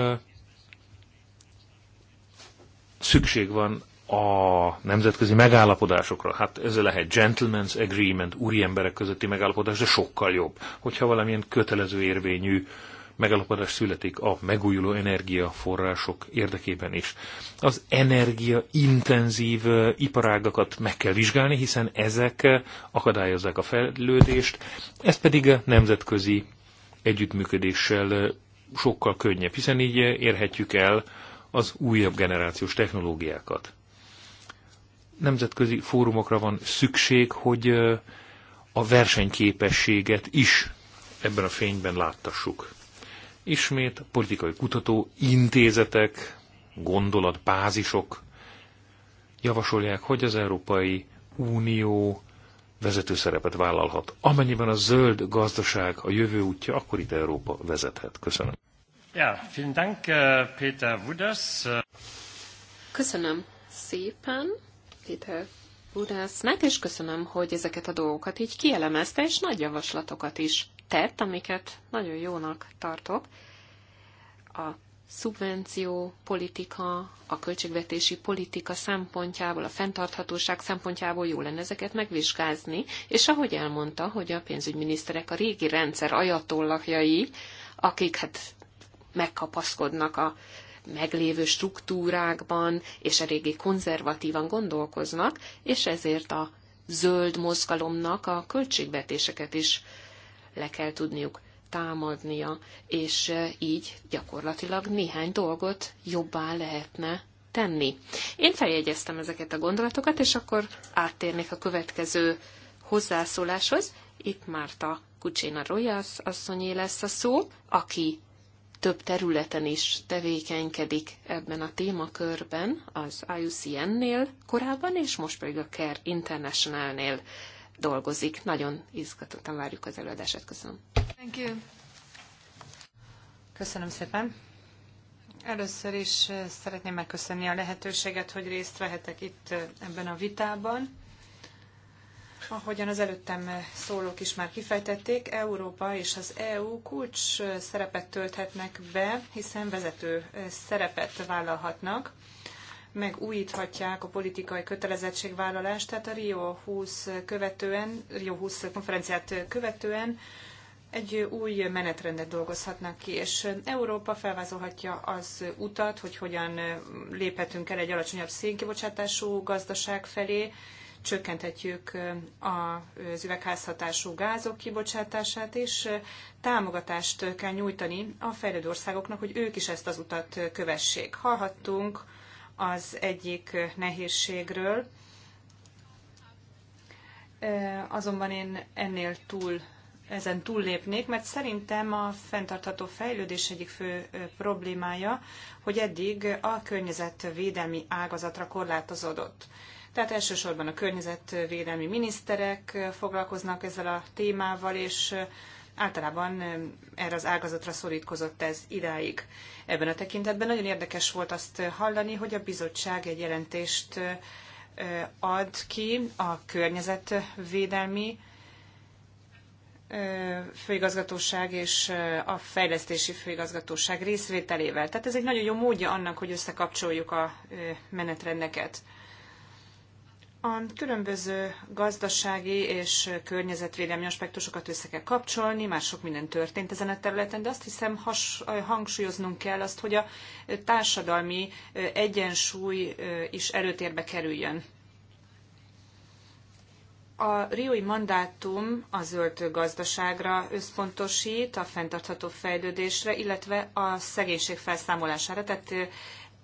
szükség van a nemzetközi megállapodásokra. Hát ez lehet gentleman's agreement, úriemberek közötti megállapodás, de sokkal jobb, hogyha valamilyen kötelező érvényű megállapodás születik a megújuló energiaforrások érdekében is. Az energia intenzív iparágakat meg kell vizsgálni, hiszen ezek akadályozzák a fejlődést, Ez pedig a nemzetközi együttműködéssel sokkal könnyebb, hiszen így érhetjük el az újabb generációs technológiákat. Nemzetközi fórumokra van szükség, hogy a versenyképességet is ebben a fényben láttassuk. Ismét politikai kutató intézetek, gondolatbázisok javasolják, hogy az Európai Unió vezető szerepet vállalhat. Amennyiben a zöld gazdaság a jövő útja, akkor itt Európa vezethet. Köszönöm. Ja, vielen Dank, äh, Peter Wuders. Köszönöm szépen, Peter Budásznak, és köszönöm, hogy ezeket a dolgokat így kielemezte, és nagy javaslatokat is tett, amiket nagyon jónak tartok a szubvenció politika, a költségvetési politika szempontjából, a fenntarthatóság szempontjából jó lenne ezeket megvizsgázni, és ahogy elmondta, hogy a pénzügyminiszterek a régi rendszer ajatollahjai, akik hát megkapaszkodnak a meglévő struktúrákban, és régi konzervatívan gondolkoznak, és ezért a zöld mozgalomnak a költségvetéseket is le kell tudniuk támadnia, és eh, így gyakorlatilag néhány dolgot jobbá lehetne tenni. Én feljegyeztem ezeket a gondolatokat, és akkor áttérnék a következő hozzászóláshoz. Itt Márta Kucséna Rojas asszonyé lesz a szó, aki több területen is tevékenykedik ebben a témakörben, az IUCN-nél korábban, és most pedig a CARE International-nél dolgozik. Nagyon izgatottan várjuk az előadását. Köszönöm. Thank you. Köszönöm szépen. Először is eh, szeretném megköszönni a lehetőséget, hogy részt vehetek itt eh, ebben a vitában. Ahogyan az előttem eh, szólók is már kifejtették, Európa és az EU kulcs szerepet tölthetnek be, hiszen vezető szerepet vállalhatnak megújíthatják a politikai kötelezettségvállalást, tehát a Rio 20 követően, Rio 20 konferenciát követően egy új menetrendet dolgozhatnak ki, és Európa felvázolhatja az utat, hogy hogyan léphetünk el egy alacsonyabb szénkibocsátású gazdaság felé, csökkenthetjük az üvegházhatású gázok kibocsátását, és támogatást kell nyújtani a fejlődő országoknak, hogy ők is ezt az utat kövessék. Hallhattunk az egyik nehézségről, azonban én ennél túl ezen túllépnék, mert szerintem a fenntartható fejlődés egyik fő problémája, hogy eddig a környezetvédelmi ágazatra korlátozódott. Tehát elsősorban a környezetvédelmi miniszterek foglalkoznak ezzel a témával, és általában erre az ágazatra szorítkozott ez idáig. Ebben a tekintetben nagyon érdekes volt azt hallani, hogy a bizottság egy jelentést ad ki a környezetvédelmi főigazgatóság és a fejlesztési főigazgatóság részvételével. Tehát ez egy nagyon jó módja annak, hogy összekapcsoljuk a menetrendeket. A különböző gazdasági és környezetvédelmi aspektusokat össze kell kapcsolni, már sok minden történt ezen a területen, de azt hiszem has, hangsúlyoznunk kell azt, hogy a társadalmi egyensúly is előtérbe kerüljön. A riói mandátum a zöld gazdaságra összpontosít, a fenntartható fejlődésre, illetve a szegénység felszámolására. Tehát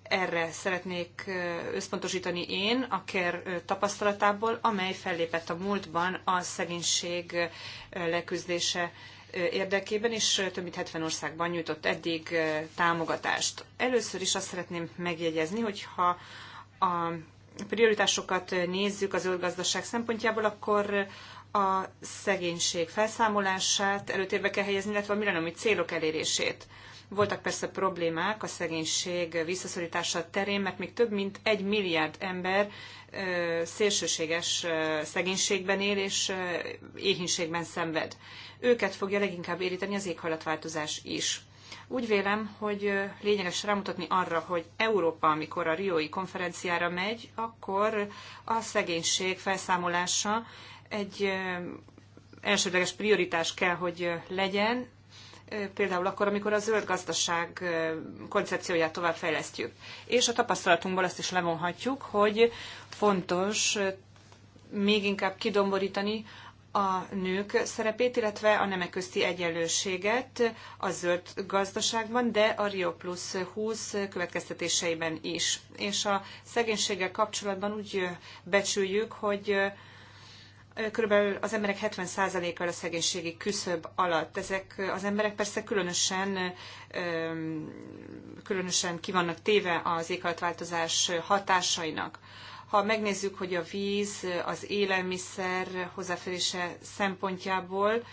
erre szeretnék összpontosítani én a KER tapasztalatából, amely fellépett a múltban a szegénység leküzdése érdekében, és több mint 70 országban nyújtott eddig támogatást. Először is azt szeretném megjegyezni, hogyha a prioritásokat nézzük az gazdaság szempontjából, akkor a szegénység felszámolását előtérbe kell helyezni, illetve a millenniumi célok elérését. Voltak persze problémák a szegénység visszaszorítása terén, mert még több mint egy milliárd ember szélsőséges szegénységben él és éhínségben szenved. Őket fogja leginkább éríteni az éghajlatváltozás is. Úgy vélem, hogy lényeges rámutatni arra, hogy Európa, amikor a Riói konferenciára megy, akkor a szegénység felszámolása egy elsődleges prioritás kell, hogy legyen, például akkor, amikor a zöld gazdaság koncepcióját továbbfejlesztjük. És a tapasztalatunkból azt is levonhatjuk, hogy fontos még inkább kidomborítani a nők szerepét, illetve a nemek közti egyenlőséget a zöld gazdaságban, de a Rio Plus 20 következtetéseiben is. És a szegénységgel kapcsolatban úgy becsüljük, hogy körülbelül az emberek 70%-a a szegénységi küszöb alatt. Ezek az emberek persze különösen, különösen kivannak téve az éghajlatváltozás hatásainak. Ha megnézzük, hogy a víz, az élelmiszer hozzáférése szempontjából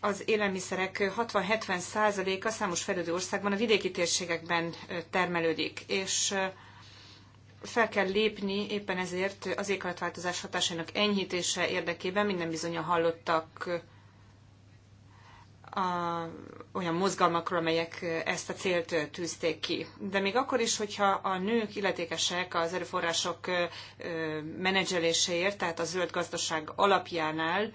az élelmiszerek 60-70%-a számos fejlődő országban a vidéki térségekben termelődik, és fel kell lépni éppen ezért az éghajlatváltozás hatásainak enyhítése érdekében, minden bizony hallottak a, olyan mozgalmakról, amelyek ezt a célt tűzték ki. De még akkor is, hogyha a nők illetékesek az erőforrások menedzseléséért, tehát a zöld gazdaság alapjánál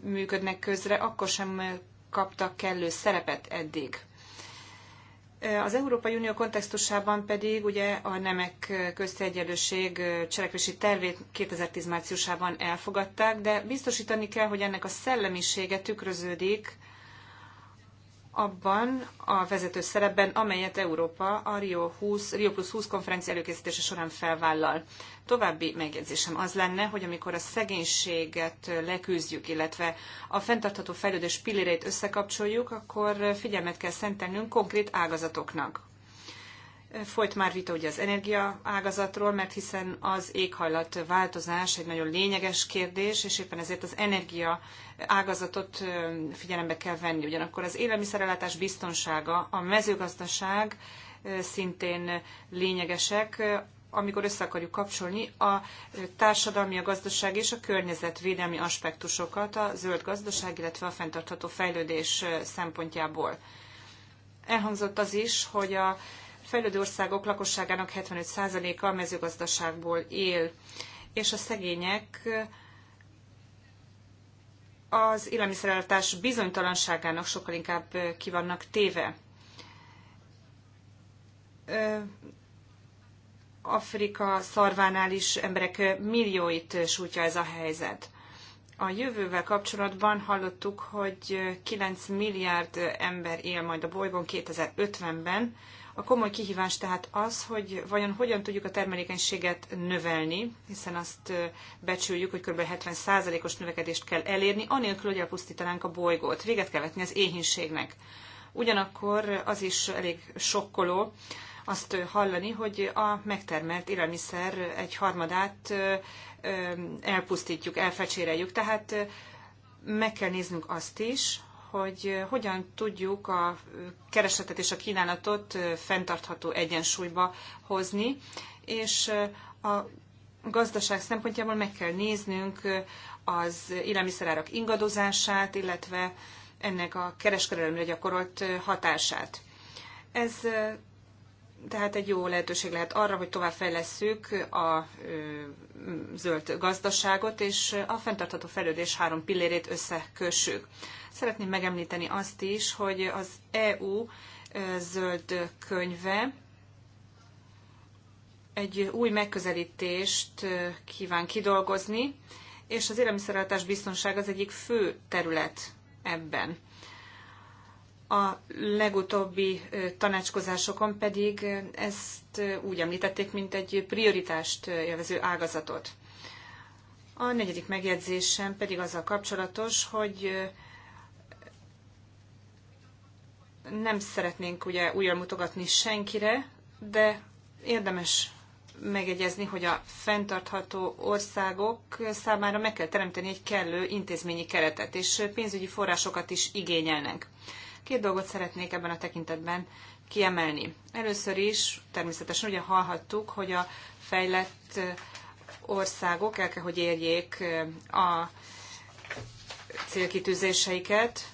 működnek közre, akkor sem kaptak kellő szerepet eddig. Az Európai Unió kontextusában pedig ugye a nemek közti egyenlőség cselekvési tervét 2010 márciusában elfogadták, de biztosítani kell, hogy ennek a szellemisége tükröződik abban a vezető szerepben, amelyet Európa a Rio, 20, Rio Plus 20 konferencia előkészítése során felvállal. További megjegyzésem az lenne, hogy amikor a szegénységet leküzdjük, illetve a fenntartható fejlődés pilléreit összekapcsoljuk, akkor figyelmet kell szentelnünk konkrét ágazatoknak. Folyt már vita ugye az energia ágazatról, mert hiszen az éghajlat változás egy nagyon lényeges kérdés, és éppen ezért az energia ágazatot figyelembe kell venni. Ugyanakkor az élelmiszerellátás biztonsága, a mezőgazdaság szintén lényegesek, amikor össze akarjuk kapcsolni a társadalmi, a gazdaság és a környezetvédelmi aspektusokat a zöld gazdaság, illetve a fenntartható fejlődés szempontjából. Elhangzott az is, hogy a fejlődő országok lakosságának 75%-a mezőgazdaságból él, és a szegények az élelmiszerellátás bizonytalanságának sokkal inkább kivannak téve. Afrika szarvánál is emberek millióit sújtja ez a helyzet. A jövővel kapcsolatban hallottuk, hogy 9 milliárd ember él majd a bolygón 2050-ben, a komoly kihívás tehát az, hogy vajon hogyan tudjuk a termelékenységet növelni, hiszen azt becsüljük, hogy kb. 70%-os növekedést kell elérni, anélkül, hogy elpusztítanánk a bolygót. Véget kell vetni az éhínségnek. Ugyanakkor az is elég sokkoló, azt hallani, hogy a megtermelt élelmiszer egy harmadát elpusztítjuk, elfecséreljük. Tehát meg kell néznünk azt is, hogy hogyan tudjuk a keresletet és a kínálatot fenntartható egyensúlyba hozni, és a gazdaság szempontjából meg kell néznünk az élelmiszerárak ingadozását, illetve ennek a kereskedelemre gyakorolt hatását. Ez tehát egy jó lehetőség lehet arra, hogy továbbfejlesszük a zöld gazdaságot, és a fenntartható fejlődés három pillérét összekössük. Szeretném megemlíteni azt is, hogy az EU zöld könyve egy új megközelítést kíván kidolgozni, és az élelmiszerellátás biztonság az egyik fő terület ebben. A legutóbbi tanácskozásokon pedig ezt úgy említették, mint egy prioritást élvező ágazatot. A negyedik megjegyzésem pedig azzal kapcsolatos, hogy nem szeretnénk ugye újra mutogatni senkire, de érdemes megegyezni, hogy a fenntartható országok számára meg kell teremteni egy kellő intézményi keretet, és pénzügyi forrásokat is igényelnek. Két dolgot szeretnék ebben a tekintetben kiemelni. Először is természetesen ugye hallhattuk, hogy a fejlett országok el kell, hogy érjék a célkitűzéseiket,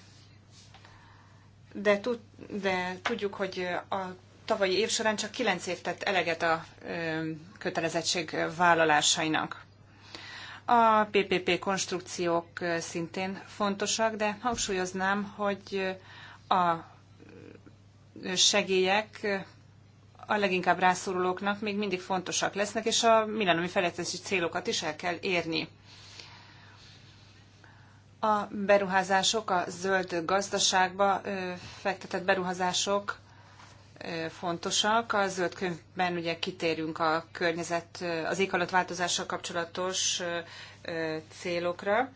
de, tud, de tudjuk, hogy a tavalyi év során csak kilenc év tett eleget a kötelezettség vállalásainak. A PPP konstrukciók szintén fontosak, de hangsúlyoznám, hogy a segélyek a leginkább rászorulóknak még mindig fontosak lesznek, és a millenniumi fejlesztési célokat is el kell érni. A beruházások, a zöld gazdaságba fektetett beruházások fontosak. A zöld könyvben ugye kitérünk a környezet, az éghajlatváltozással kapcsolatos célokra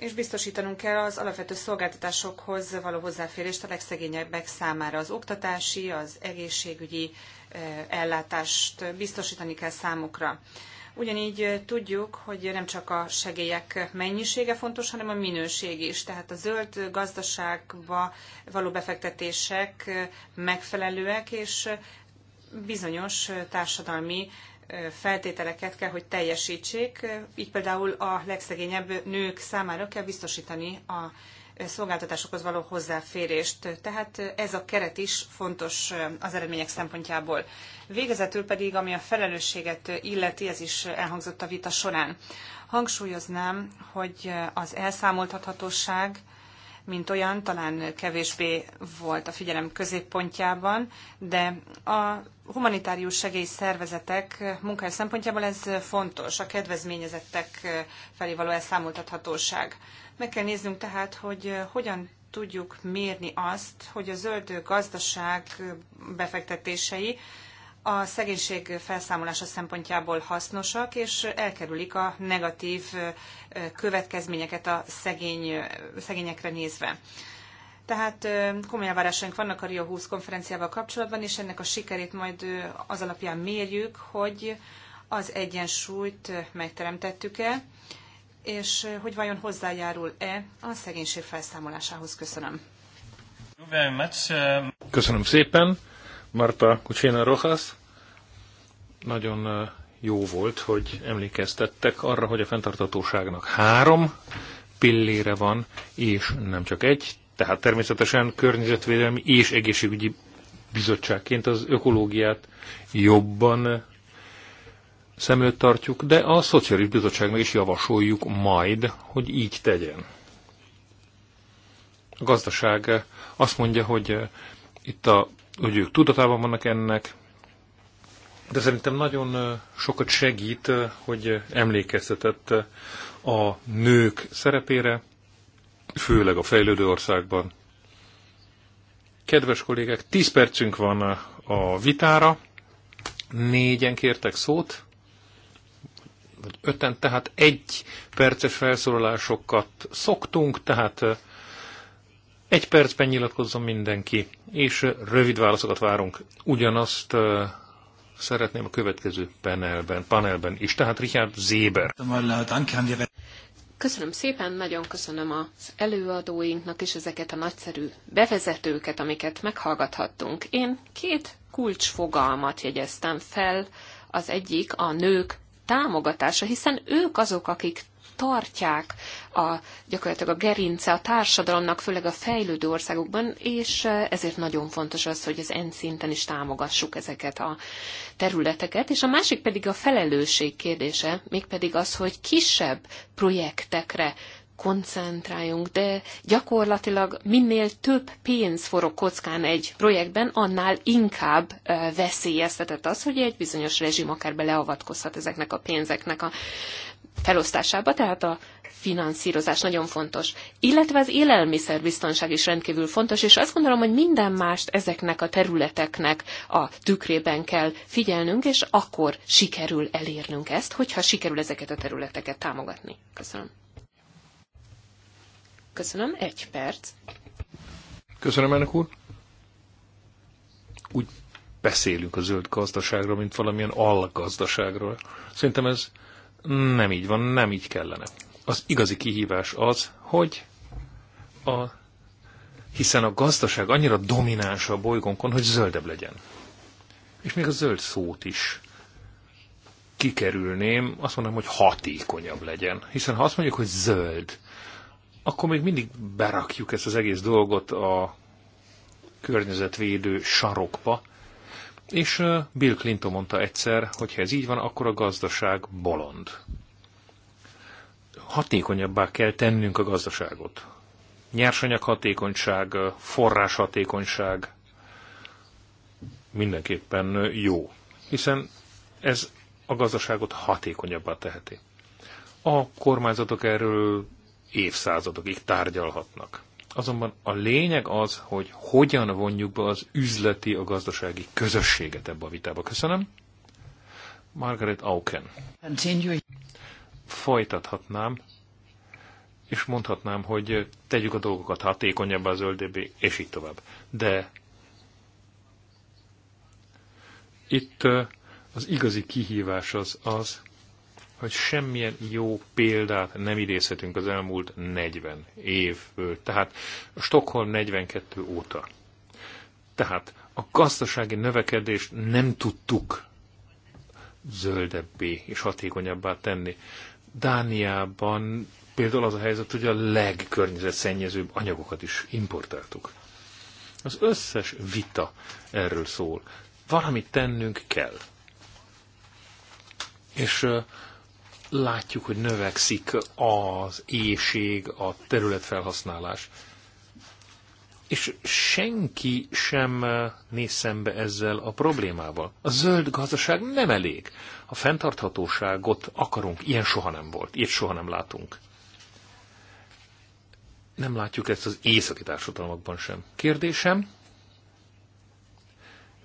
és biztosítanunk kell az alapvető szolgáltatásokhoz való hozzáférést a legszegényebbek számára. Az oktatási, az egészségügyi eh, ellátást biztosítani kell számukra. Ugyanígy eh, tudjuk, hogy nem csak a segélyek mennyisége fontos, hanem a minőség is. Tehát a zöld gazdaságba való befektetések eh, megfelelőek, és bizonyos társadalmi feltételeket kell, hogy teljesítsék. Így például a legszegényebb nők számára kell biztosítani a szolgáltatásokhoz való hozzáférést. Tehát ez a keret is fontos az eredmények szempontjából. Végezetül pedig, ami a felelősséget illeti, ez is elhangzott a vita során. Hangsúlyoznám, hogy az elszámoltathatóság mint olyan talán kevésbé volt a figyelem középpontjában, de a humanitárius segélyszervezetek munkája szempontjából ez fontos, a kedvezményezettek felé való elszámoltathatóság. Meg kell néznünk tehát, hogy hogyan tudjuk mérni azt, hogy a zöld gazdaság befektetései a szegénység felszámolása szempontjából hasznosak, és elkerülik a negatív következményeket a szegény, szegényekre nézve. Tehát komoly elvárásaink vannak a Rio 20 konferenciával kapcsolatban, és ennek a sikerét majd az alapján mérjük, hogy az egyensúlyt megteremtettük-e, és hogy vajon hozzájárul-e a szegénység felszámolásához. Köszönöm. Köszönöm szépen. Marta Kucsina Rojas. Nagyon jó volt, hogy emlékeztettek arra, hogy a fenntartatóságnak három pillére van, és nem csak egy, tehát természetesen környezetvédelmi és egészségügyi bizottságként az ökológiát jobban szem előtt tartjuk, de a Szociális Bizottságnak is javasoljuk majd, hogy így tegyen. A gazdaság azt mondja, hogy itt a hogy ők tudatában vannak ennek, de szerintem nagyon sokat segít, hogy emlékeztetett a nők szerepére, főleg a fejlődő országban. Kedves kollégák, 10 percünk van a vitára, négyen kértek szót, vagy öten, tehát egy perces felszólalásokat szoktunk, tehát egy percben nyilatkozzon mindenki, és rövid válaszokat várunk. Ugyanazt uh, szeretném a következő panelben, panelben is, tehát Richard Zéber. Köszönöm szépen, nagyon köszönöm az előadóinknak is ezeket a nagyszerű bevezetőket, amiket meghallgathattunk. Én két kulcsfogalmat jegyeztem fel, az egyik a nők támogatása, hiszen ők azok, akik tartják a, gyakorlatilag a gerince a társadalomnak, főleg a fejlődő országokban, és e, ezért nagyon fontos az, hogy az EN szinten is támogassuk ezeket a területeket. És a másik pedig a felelősség kérdése, mégpedig az, hogy kisebb projektekre koncentráljunk, de gyakorlatilag minél több pénz forog kockán egy projektben, annál inkább e, veszélyeztetett az, hogy egy bizonyos rezsim akár beleavatkozhat ezeknek a pénzeknek a felosztásába, tehát a finanszírozás nagyon fontos. Illetve az élelmiszerbiztonság is rendkívül fontos, és azt gondolom, hogy minden mást ezeknek a területeknek a tükrében kell figyelnünk, és akkor sikerül elérnünk ezt, hogyha sikerül ezeket a területeket támogatni. Köszönöm. Köszönöm. Egy perc. Köszönöm, elnök úr. Úgy beszélünk a zöld gazdaságról, mint valamilyen algazdaságról. Szerintem ez nem így van, nem így kellene. Az igazi kihívás az, hogy a, hiszen a gazdaság annyira domináns a bolygónkon, hogy zöldebb legyen. És még a zöld szót is kikerülném, azt mondom, hogy hatékonyabb legyen. Hiszen ha azt mondjuk, hogy zöld, akkor még mindig berakjuk ezt az egész dolgot a környezetvédő sarokba, és Bill Clinton mondta egyszer, hogy ha ez így van, akkor a gazdaság bolond. Hatékonyabbá kell tennünk a gazdaságot. Nyersanyag hatékonyság, forrás hatékonyság mindenképpen jó, hiszen ez a gazdaságot hatékonyabbá teheti. A kormányzatok erről évszázadokig tárgyalhatnak. Azonban a lényeg az, hogy hogyan vonjuk be az üzleti, a gazdasági közösséget ebbe a vitába. Köszönöm. Margaret Auken. Folytathatnám, és mondhatnám, hogy tegyük a dolgokat hatékonyabbá az ÖLDB, és így tovább. De itt az igazi kihívás az az, hogy semmilyen jó példát nem idézhetünk az elmúlt 40 évből, tehát Stockholm 42 óta. Tehát a gazdasági növekedést nem tudtuk zöldebbé és hatékonyabbá tenni. Dániában például az a helyzet, hogy a legkörnyezetszennyezőbb anyagokat is importáltuk. Az összes vita erről szól. Valamit tennünk kell. És látjuk, hogy növekszik az éjség, a területfelhasználás. És senki sem néz szembe ezzel a problémával. A zöld gazdaság nem elég. A fenntarthatóságot akarunk, ilyen soha nem volt, ilyet soha nem látunk. Nem látjuk ezt az északi társadalmakban sem. Kérdésem,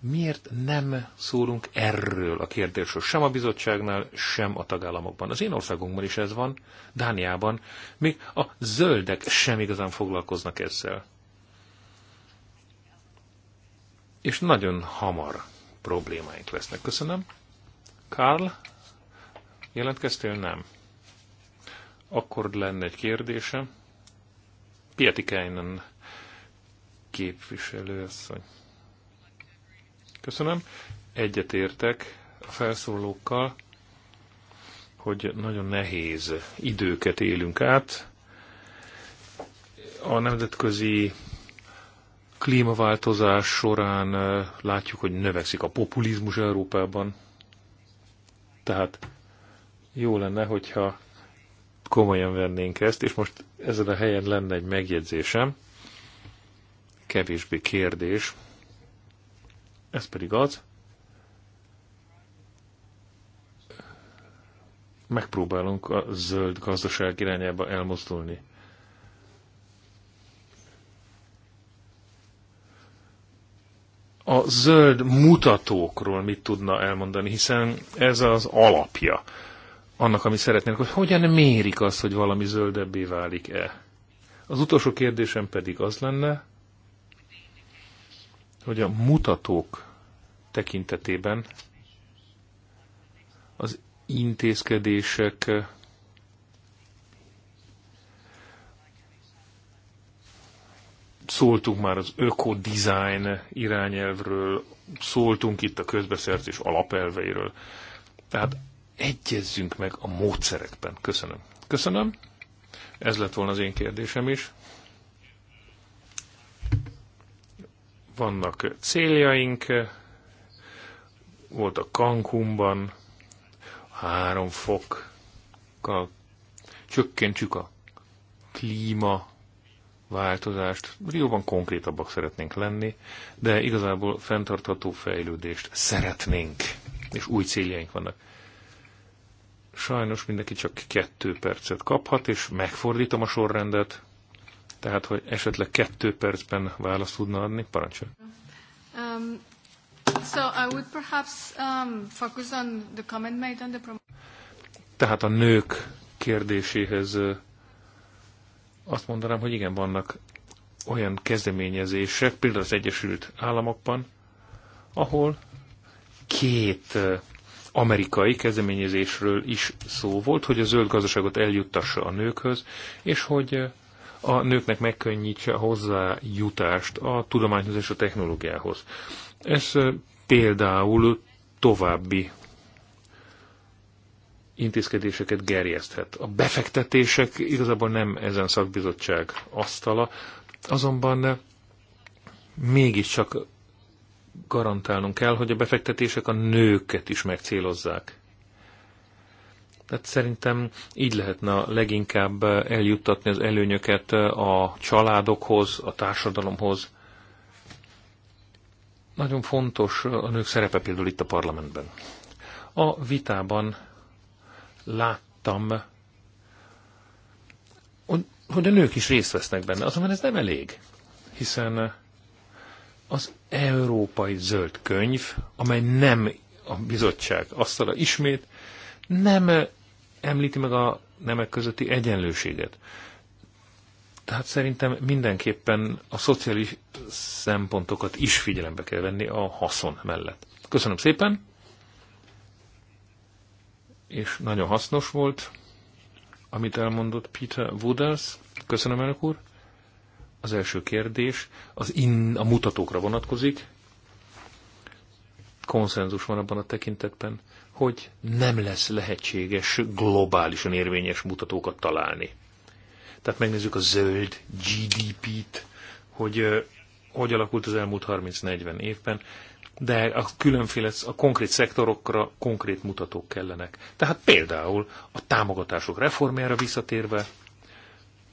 miért nem szólunk erről a kérdésről, sem a bizottságnál, sem a tagállamokban. Az én országunkban is ez van, Dániában, még a zöldek sem igazán foglalkoznak ezzel. És nagyon hamar problémáink lesznek. Köszönöm. Karl, jelentkeztél? Nem. Akkor lenne egy kérdése. Pietikainen képviselő asszony. Köszönöm. Egyetértek a felszólókkal, hogy nagyon nehéz időket élünk át. A nemzetközi klímaváltozás során látjuk, hogy növekszik a populizmus Európában. Tehát jó lenne, hogyha komolyan vennénk ezt, és most ezen a helyen lenne egy megjegyzésem, kevésbé kérdés, ez pedig az, megpróbálunk a zöld gazdaság irányába elmozdulni. A zöld mutatókról mit tudna elmondani, hiszen ez az alapja annak, ami szeretnénk. hogy hogyan mérik azt, hogy valami zöldebbé válik-e. Az utolsó kérdésem pedig az lenne, hogy a mutatók tekintetében az intézkedések szóltunk már az ökodizájn irányelvről, szóltunk itt a közbeszerzés alapelveiről. Tehát egyezzünk meg a módszerekben. Köszönöm. Köszönöm. Ez lett volna az én kérdésem is. Vannak céljaink, volt a Cancúnban, három fokkal csökkentsük a klíma változást. Rióban konkrétabbak szeretnénk lenni, de igazából fenntartható fejlődést szeretnénk, és új céljaink vannak. Sajnos mindenki csak kettő percet kaphat, és megfordítom a sorrendet, tehát hogy esetleg kettő percben választ tudna adni, parancsolj. Um, So I would perhaps um, focus on the comment made on the Tehát a nők kérdéséhez azt mondanám, hogy igen, vannak olyan kezdeményezések, például az Egyesült Államokban, ahol két amerikai kezdeményezésről is szó volt, hogy a zöld gazdaságot eljuttassa a nőkhöz, és hogy a nőknek megkönnyítse hozzájutást a tudományhoz és a technológiához. Ez például további intézkedéseket gerjeszthet. A befektetések igazából nem ezen szakbizottság asztala, azonban mégiscsak garantálnunk kell, hogy a befektetések a nőket is megcélozzák. Tehát szerintem így lehetne leginkább eljuttatni az előnyöket a családokhoz, a társadalomhoz, nagyon fontos a nők szerepe például itt a parlamentben. A vitában láttam, hogy a nők is részt vesznek benne. Azonban ez nem elég, hiszen az Európai Zöld Könyv, amely nem a bizottság asztala ismét, nem említi meg a nemek közötti egyenlőséget. Tehát szerintem mindenképpen a szociális szempontokat is figyelembe kell venni a haszon mellett. Köszönöm szépen, és nagyon hasznos volt, amit elmondott Peter Wooders. Köszönöm, elnök úr. Az első kérdés az in, a mutatókra vonatkozik. Konszenzus van abban a tekintetben, hogy nem lesz lehetséges globálisan érvényes mutatókat találni tehát megnézzük a zöld GDP-t, hogy hogy alakult az elmúlt 30-40 évben, de a különféle, a konkrét szektorokra konkrét mutatók kellenek. Tehát például a támogatások reformjára visszatérve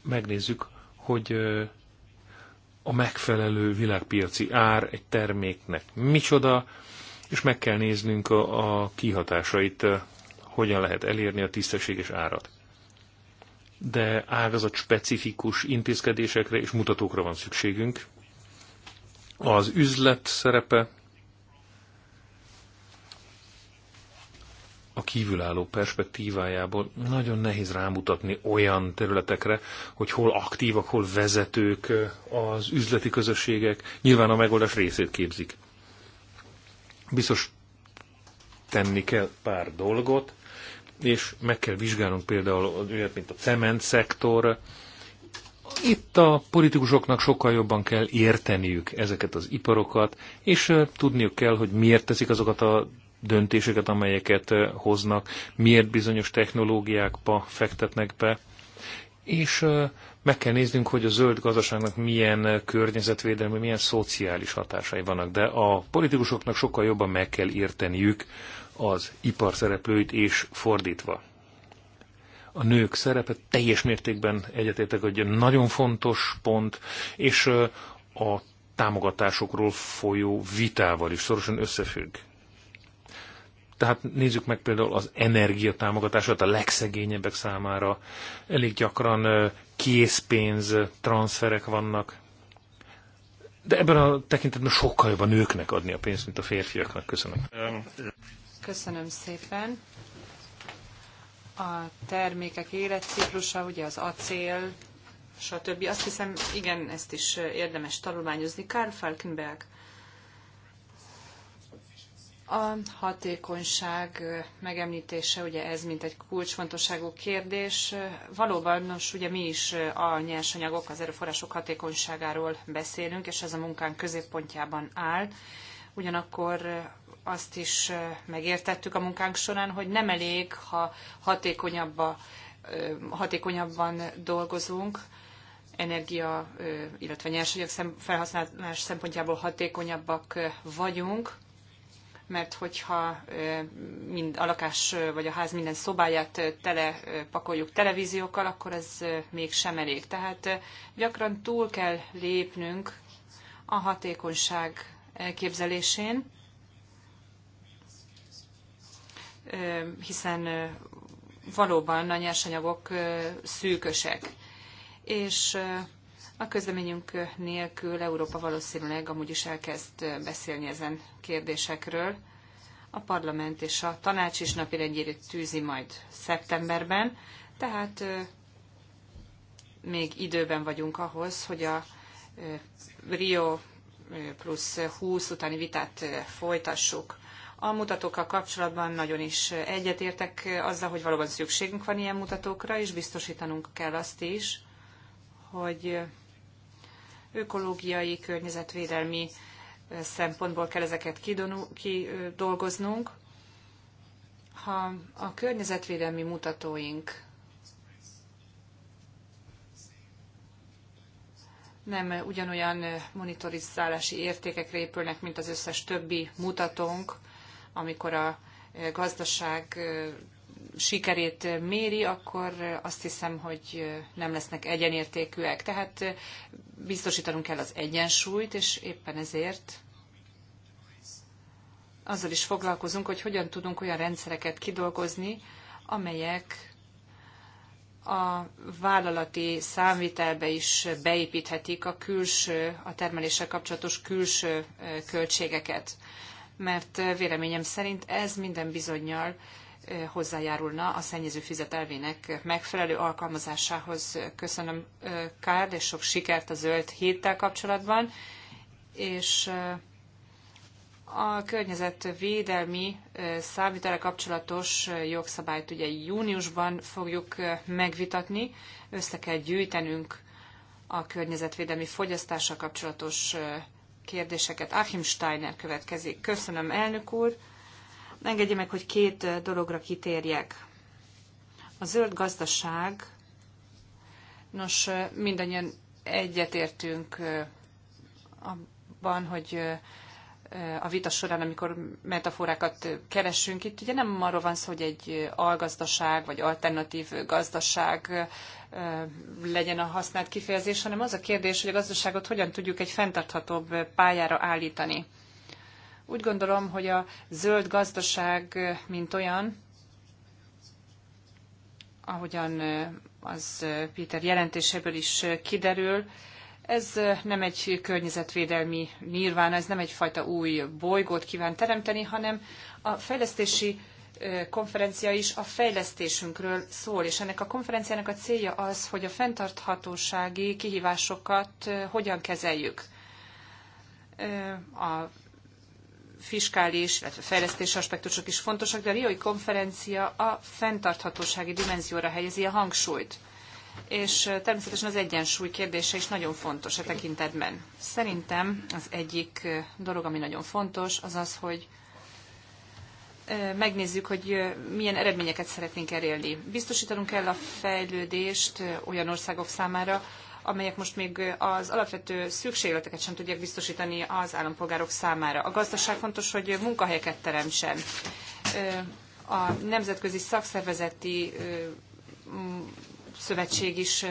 megnézzük, hogy a megfelelő világpiaci ár egy terméknek micsoda, és meg kell néznünk a, a kihatásait, hogyan lehet elérni a tisztességes árat de ágazat specifikus intézkedésekre és mutatókra van szükségünk. Az üzlet szerepe, a kívülálló perspektívájából nagyon nehéz rámutatni olyan területekre, hogy hol aktívak, hol vezetők az üzleti közösségek. Nyilván a megoldás részét képzik. Biztos tenni kell pár dolgot, és meg kell vizsgálnunk például olyat, mint a cement szektor. Itt a politikusoknak sokkal jobban kell érteniük ezeket az iparokat, és tudniuk kell, hogy miért teszik azokat a döntéseket, amelyeket hoznak, miért bizonyos technológiákba fektetnek be, és meg kell néznünk, hogy a zöld gazdaságnak milyen környezetvédelmi, milyen szociális hatásai vannak, de a politikusoknak sokkal jobban meg kell érteniük, az ipar szereplőit és fordítva. A nők szerepe teljes mértékben egyetértek, hogy nagyon fontos pont, és a támogatásokról folyó vitával is szorosan összefügg. Tehát nézzük meg például az energia a legszegényebbek számára. Elég gyakran készpénz, transferek vannak. De ebben a tekintetben sokkal jobban nőknek adni a pénzt, mint a férfiaknak. Köszönöm. Köszönöm szépen. A termékek életciklusa, ugye az acél, stb. Azt hiszem, igen, ezt is érdemes tanulmányozni. Karl Falkenberg. A hatékonyság megemlítése, ugye ez mint egy kulcsfontosságú kérdés. Valóban, nos, ugye mi is a nyersanyagok, az erőforrások hatékonyságáról beszélünk, és ez a munkánk középpontjában áll. Ugyanakkor azt is megértettük a munkánk során, hogy nem elég, ha hatékonyabba, hatékonyabban dolgozunk, energia, illetve nyersanyag felhasználás szempontjából hatékonyabbak vagyunk, mert hogyha mind a lakás vagy a ház minden szobáját tele pakoljuk televíziókkal, akkor ez még sem elég. Tehát gyakran túl kell lépnünk a hatékonyság elképzelésén, hiszen valóban a nyersanyagok szűkösek. És a közleményünk nélkül Európa valószínűleg amúgy is elkezd beszélni ezen kérdésekről. A parlament és a tanács is napirendjére tűzi majd szeptemberben, tehát még időben vagyunk ahhoz, hogy a Rio plusz 20 utáni vitát folytassuk. A mutatókkal kapcsolatban nagyon is egyetértek azzal, hogy valóban szükségünk van ilyen mutatókra, és biztosítanunk kell azt is, hogy ökológiai, környezetvédelmi szempontból kell ezeket kidolgoznunk. Ha a környezetvédelmi mutatóink nem ugyanolyan monitorizálási értékekre épülnek, mint az összes többi mutatónk, amikor a eh, gazdaság eh, sikerét eh, méri, akkor azt hiszem, hogy nem lesznek egyenértékűek. Tehát biztosítanunk kell az egyensúlyt, és éppen ezért azzal is foglalkozunk, hogy hogyan tudunk olyan rendszereket kidolgozni, amelyek a vállalati számvitelbe is beépíthetik a külső, a termeléssel kapcsolatos külső költségeket mert véleményem szerint ez minden bizonyal hozzájárulna a szennyező fizetelvének megfelelő alkalmazásához. Köszönöm, Kárd, és sok sikert a zöld héttel kapcsolatban, és a környezetvédelmi számvitele kapcsolatos jogszabályt ugye júniusban fogjuk megvitatni, össze kell gyűjtenünk a környezetvédelmi fogyasztással kapcsolatos kérdéseket. Achim Steiner következik. Köszönöm, elnök úr. Engedje meg, hogy két dologra kitérjek. A zöld gazdaság, nos, mindannyian egyetértünk abban, hogy a vita során, amikor metaforákat keresünk, itt ugye nem arról van szó, hogy egy algazdaság vagy alternatív gazdaság legyen a használt kifejezés, hanem az a kérdés, hogy a gazdaságot hogyan tudjuk egy fenntarthatóbb pályára állítani. Úgy gondolom, hogy a zöld gazdaság, mint olyan, ahogyan az Péter jelentéséből is kiderül, ez nem egy környezetvédelmi nyilván, ez nem egyfajta új bolygót kíván teremteni, hanem a fejlesztési konferencia is a fejlesztésünkről szól, és ennek a konferenciának a célja az, hogy a fenntarthatósági kihívásokat hogyan kezeljük. A fiskális, illetve fejlesztési aspektusok is fontosak, de a Riói konferencia a fenntarthatósági dimenzióra helyezi a hangsúlyt és természetesen az egyensúly kérdése is nagyon fontos a e tekintetben. Szerintem az egyik dolog, ami nagyon fontos, az az, hogy megnézzük, hogy milyen eredményeket szeretnénk elérni. Biztosítanunk kell a fejlődést olyan országok számára, amelyek most még az alapvető szükségleteket sem tudják biztosítani az állampolgárok számára. A gazdaság fontos, hogy munkahelyeket teremtsen. A nemzetközi szakszervezeti szövetség is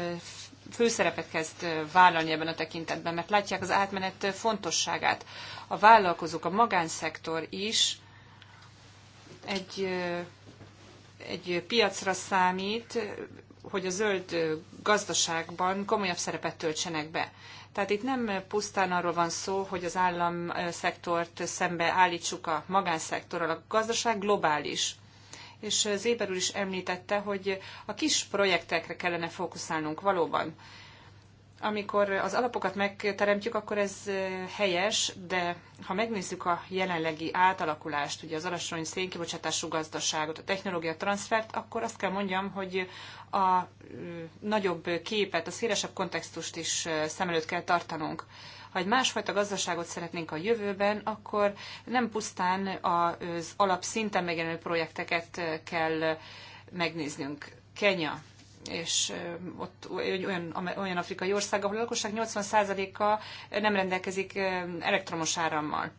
főszerepet kezd vállalni ebben a tekintetben, mert látják az átmenet fontosságát. A vállalkozók, a magánszektor is egy, egy piacra számít, hogy a zöld gazdaságban komolyabb szerepet töltsenek be. Tehát itt nem pusztán arról van szó, hogy az államszektort szembe állítsuk a magánszektorral. A gazdaság globális és Zéber úr is említette, hogy a kis projektekre kellene fókuszálnunk valóban. Amikor az alapokat megteremtjük, akkor ez eh, helyes, de ha megnézzük a jelenlegi átalakulást, ugye az alacsony szénkibocsátású gazdaságot, a technológia transfert, akkor azt kell mondjam, hogy a eh, nagyobb képet, a szélesebb kontextust is eh, szem előtt kell tartanunk ha egy másfajta gazdaságot szeretnénk a jövőben, akkor nem pusztán az alapszinten megjelenő projekteket kell megnéznünk. Kenya és ott olyan, olyan afrikai ország, ahol a lakosság 80%-a nem rendelkezik elektromos árammal.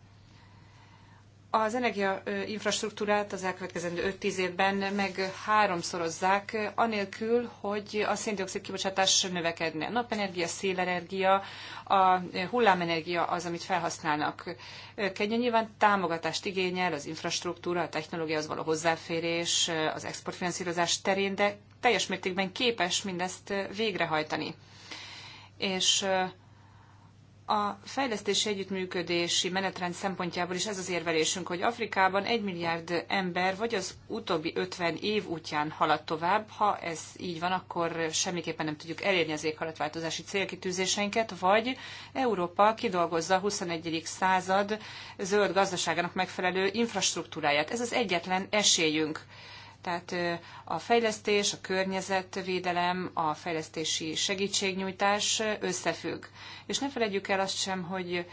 Az energiainfrastruktúrát az elkövetkezendő 5-10 évben meg háromszorozzák, anélkül, hogy a széndiokszid kibocsátás növekedne. Napenergia, szélenergia, a hullámenergia az, amit felhasználnak. Kenya nyilván támogatást igényel az infrastruktúra, a technológiahoz való hozzáférés, az exportfinanszírozás terén, de teljes mértékben képes mindezt végrehajtani. És a fejlesztési együttműködési menetrend szempontjából is ez az érvelésünk, hogy Afrikában egy milliárd ember vagy az utóbbi 50 év útján halad tovább. Ha ez így van, akkor semmiképpen nem tudjuk elérni az éghajlatváltozási célkitűzéseinket, vagy Európa kidolgozza a 21. század zöld gazdaságának megfelelő infrastruktúráját. Ez az egyetlen esélyünk tehát a fejlesztés, a környezetvédelem, a fejlesztési segítségnyújtás összefügg. És ne felejtjük el azt sem, hogy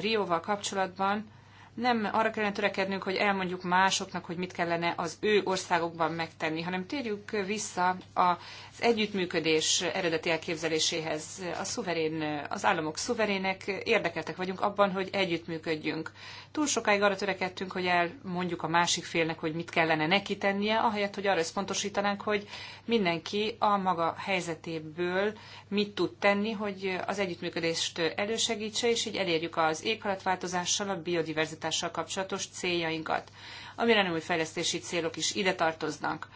Rióval kapcsolatban nem arra kellene törekednünk, hogy elmondjuk másoknak, hogy mit kellene az ő országokban megtenni, hanem térjük vissza az együttműködés eredeti elképzeléséhez. A szuverén, az államok szuverének érdekeltek vagyunk abban, hogy együttműködjünk. Túl sokáig arra törekedtünk, hogy elmondjuk a másik félnek, hogy mit kellene neki tennie, ahelyett, hogy arra összpontosítanánk, hogy mindenki a maga helyzetéből mit tud tenni, hogy az együttműködést elősegítse, és így elérjük az éghajlatváltozással, a biodiverzitással, biodiverzitással kapcsolatos céljainkat, amire nem új fejlesztési célok is ide tartoznak.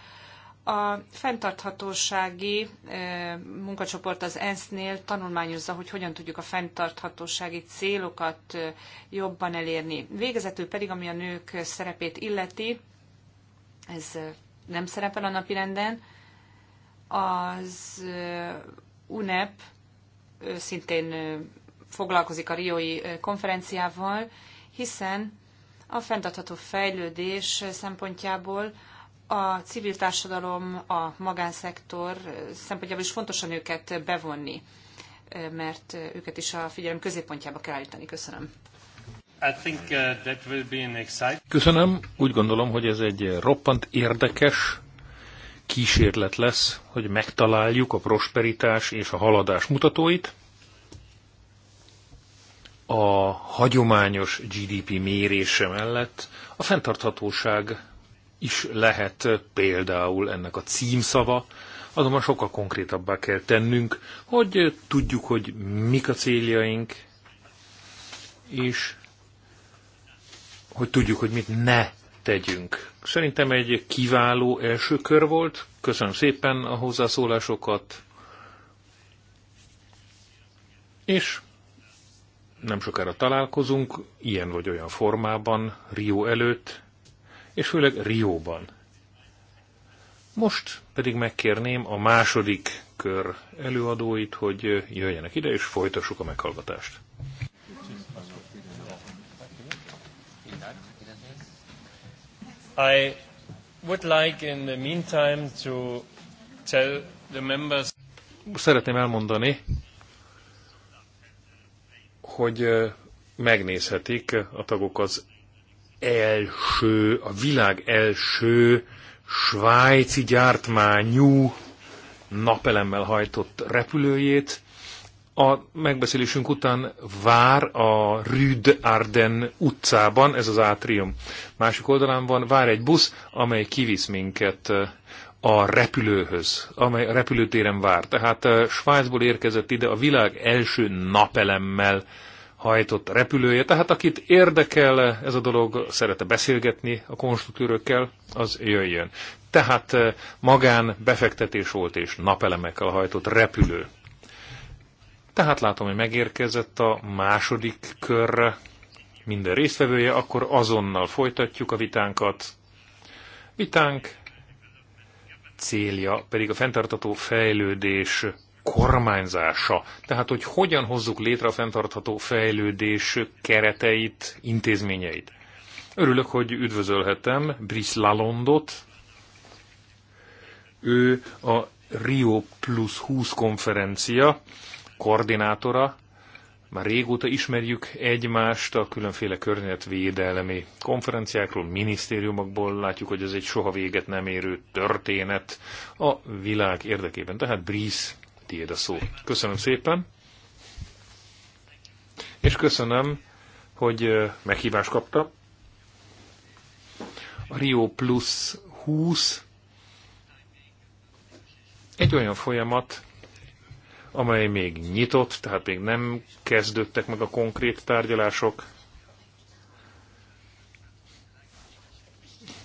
A fenntarthatósági e, munkacsoport az ENSZ-nél tanulmányozza, hogy hogyan tudjuk a fenntarthatósági célokat e, jobban elérni. Végezetül pedig, ami a nők szerepét illeti, ez e, nem szerepel a napirenden, az UNEP szintén foglalkozik a Riói konferenciával, hiszen a fenntartható fejlődés szempontjából a civil társadalom, a magánszektor szempontjából is fontos a nőket bevonni, mert őket is a figyelem középpontjába kell állítani. Köszönöm. Uh, Köszönöm. Úgy gondolom, hogy ez egy roppant érdekes kísérlet lesz, hogy megtaláljuk a prosperitás és a haladás mutatóit, a hagyományos GDP mérése mellett a fenntarthatóság is lehet például ennek a címszava, azonban sokkal konkrétabbá kell tennünk, hogy tudjuk, hogy mik a céljaink, és hogy tudjuk, hogy mit ne tegyünk. Szerintem egy kiváló első kör volt. Köszönöm szépen a hozzászólásokat. És nem sokára találkozunk, ilyen vagy olyan formában, Rio előtt, és főleg Rióban. Most pedig megkérném a második kör előadóit, hogy jöjjenek ide, és folytassuk a meghallgatást. I would like in the meantime to tell the members... Szeretném elmondani hogy megnézhetik a tagok az első, a világ első svájci gyártmányú napelemmel hajtott repülőjét. A megbeszélésünk után vár a Rüd Arden utcában, ez az átrium. Másik oldalán van, vár egy busz, amely kivisz minket a repülőhöz, amely a repülőtéren vár. Tehát Svájcból érkezett ide a világ első napelemmel hajtott repülője, tehát akit érdekel ez a dolog, szerete beszélgetni a konstruktőrökkel, az jöjjön. Tehát magán befektetés volt és napelemekkel hajtott repülő. Tehát látom, hogy megérkezett a második kör minden résztvevője, akkor azonnal folytatjuk a vitánkat. Vitánk célja pedig a fenntartató fejlődés kormányzása. Tehát, hogy hogyan hozzuk létre a fenntartható fejlődés kereteit, intézményeit. Örülök, hogy üdvözölhetem Brice Lalondot. Ő a Rio Plus 20 konferencia koordinátora, már régóta ismerjük egymást a különféle környezetvédelmi konferenciákról, minisztériumokból látjuk, hogy ez egy soha véget nem érő történet a világ érdekében. Tehát Brice, tiéd a szó. Köszönöm szépen, és köszönöm, hogy meghívást kapta. A Rio Plus 20 egy olyan folyamat, amely még nyitott, tehát még nem kezdődtek meg a konkrét tárgyalások.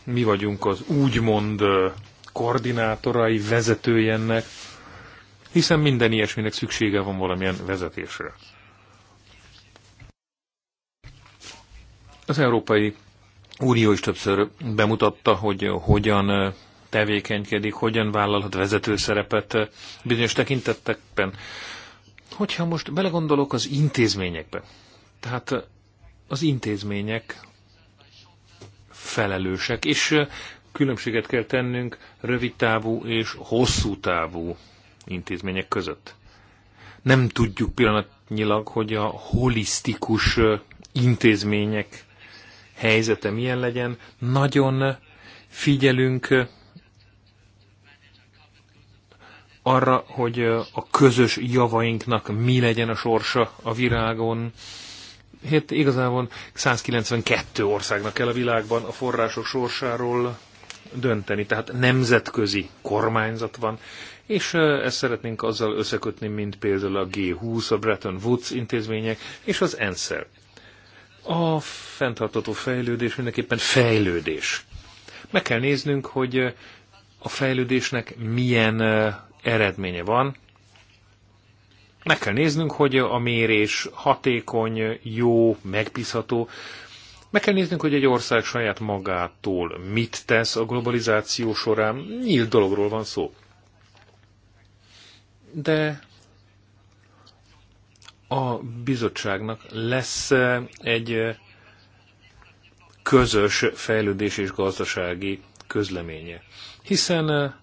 Mi vagyunk az úgymond koordinátorai, vezetői ennek, hiszen minden ilyesminek szüksége van valamilyen vezetésre. Az Európai Unió is többször bemutatta, hogy hogyan tevékenykedik, hogyan vállalhat vezető szerepet eh, bizonyos tekintetekben. Hogyha most belegondolok az intézményekbe, tehát eh, az intézmények felelősek, és eh, különbséget kell tennünk rövidtávú és hosszú távú intézmények között. Nem tudjuk pillanatnyilag, hogy a holisztikus intézmények helyzete milyen legyen. Nagyon figyelünk arra, hogy a közös javainknak mi legyen a sorsa a világon. Hát igazából 192 országnak kell a világban a források sorsáról dönteni, tehát nemzetközi kormányzat van, és ezt szeretnénk azzal összekötni, mint például a G20, a Bretton Woods intézmények és az ENSZER. A fenntartató fejlődés mindenképpen fejlődés. Meg kell néznünk, hogy a fejlődésnek milyen eredménye van. Meg kell néznünk, hogy a mérés hatékony, jó, megbízható. Meg kell néznünk, hogy egy ország saját magától mit tesz a globalizáció során. Nyílt dologról van szó. De a bizottságnak lesz egy közös fejlődés és gazdasági közleménye. Hiszen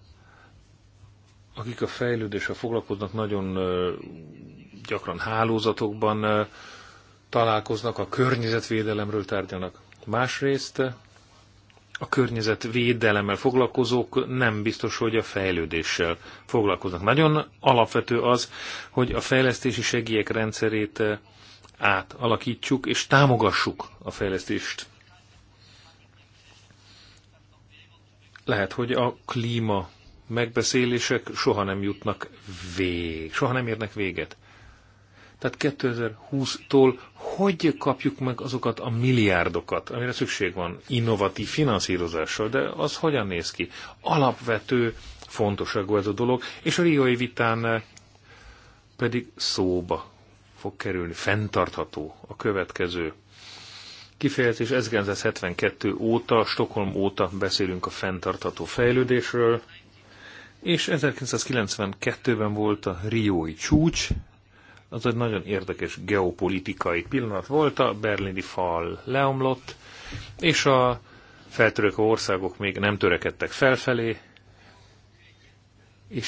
akik a fejlődéssel foglalkoznak, nagyon gyakran hálózatokban találkoznak, a környezetvédelemről tárgyalnak. Másrészt a környezetvédelemmel foglalkozók nem biztos, hogy a fejlődéssel foglalkoznak. Nagyon alapvető az, hogy a fejlesztési segélyek rendszerét átalakítsuk és támogassuk a fejlesztést. Lehet, hogy a klíma megbeszélések soha nem jutnak vég, soha nem érnek véget. Tehát 2020-tól hogy kapjuk meg azokat a milliárdokat, amire szükség van innovatív finanszírozással, de az hogyan néz ki? Alapvető fontosságú ez a dolog, és a riói vitán eh, pedig szóba fog kerülni, fenntartható a következő kifejezés 1972 óta, Stockholm óta beszélünk a fenntartható fejlődésről, és 1992-ben volt a Riói csúcs, az egy nagyon érdekes geopolitikai pillanat volt, a berlini fal leomlott, és a feltörekvő országok még nem törekedtek felfelé, és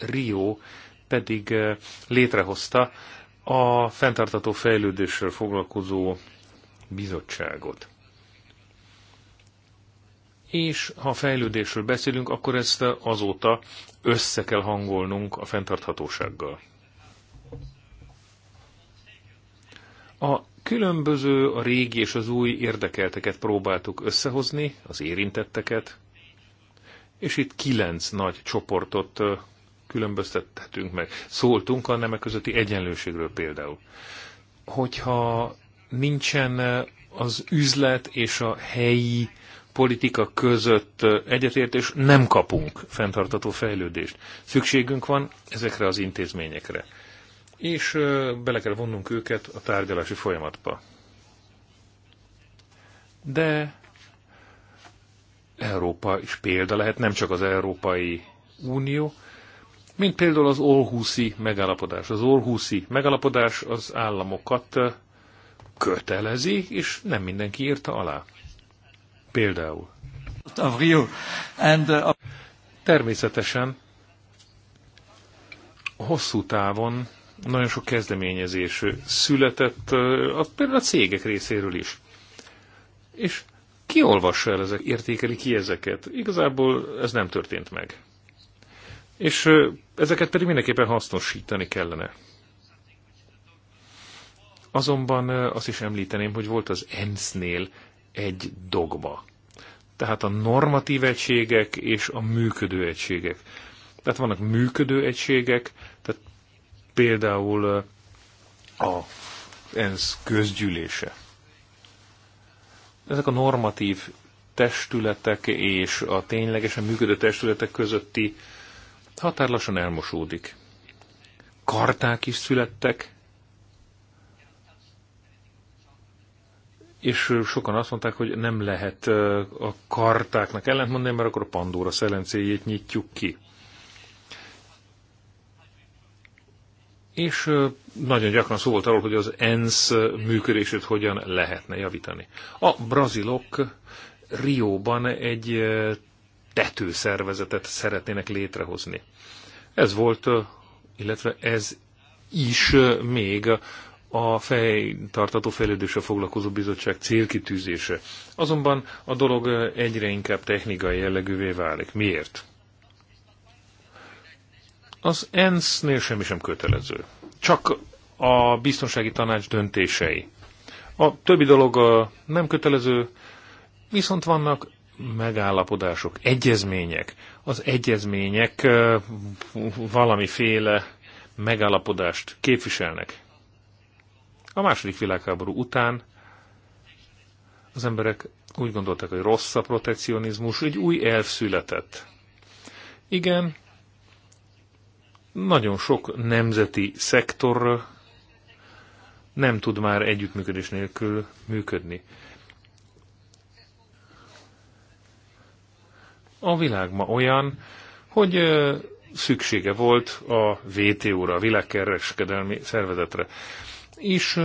Rio pedig eh, létrehozta a fenntartató fejlődésről foglalkozó bizottságot és ha fejlődésről beszélünk, akkor ezt azóta össze kell hangolnunk a fenntarthatósággal. A különböző, a régi és az új érdekelteket próbáltuk összehozni, az érintetteket, és itt kilenc nagy csoportot különböztethetünk meg. Szóltunk a nemek közötti egyenlőségről például. Hogyha nincsen az üzlet és a helyi politika között egyetértés, nem kapunk fenntartató fejlődést. Szükségünk van ezekre az intézményekre. És bele kell vonnunk őket a tárgyalási folyamatba. De Európa is példa lehet, nem csak az Európai Unió, mint például az Olhuszi megállapodás. Az Olhuszi megállapodás az államokat kötelezi, és nem mindenki írta alá. Például. Uh, Természetesen hosszú távon nagyon sok kezdeményezés született, uh, a, például a cégek részéről is. És ki olvassa el ezek, értékeli ki ezeket? Igazából ez nem történt meg. És uh, ezeket pedig mindenképpen hasznosítani kellene. Azonban azt is említeném, hogy volt az ENSZ-nél egy dogma. Tehát a normatív egységek és a működő egységek. Tehát vannak működő egységek, tehát például a ENSZ közgyűlése. Ezek a normatív testületek és a ténylegesen működő testületek közötti határ lassan elmosódik. Karták is születtek, és sokan azt mondták, hogy nem lehet a kartáknak ellentmondani, mert akkor a Pandora szelencéjét nyitjuk ki. És nagyon gyakran szó volt arról, hogy az ENSZ működését hogyan lehetne javítani. A brazilok Rióban egy tetőszervezetet szeretnének létrehozni. Ez volt, illetve ez is még a fejtartató fejlődéssel foglalkozó bizottság célkitűzése. Azonban a dolog egyre inkább technikai jellegűvé válik. Miért? Az ENSZ-nél semmi sem kötelező. Csak a biztonsági tanács döntései. A többi dolog nem kötelező, viszont vannak megállapodások, egyezmények. Az egyezmények valamiféle megállapodást képviselnek. A második világháború után az emberek úgy gondolták, hogy rossz a protekcionizmus, egy új elv született. Igen, nagyon sok nemzeti szektor nem tud már együttműködés nélkül működni. A világ ma olyan, hogy szüksége volt a WTO-ra, a világkereskedelmi szervezetre és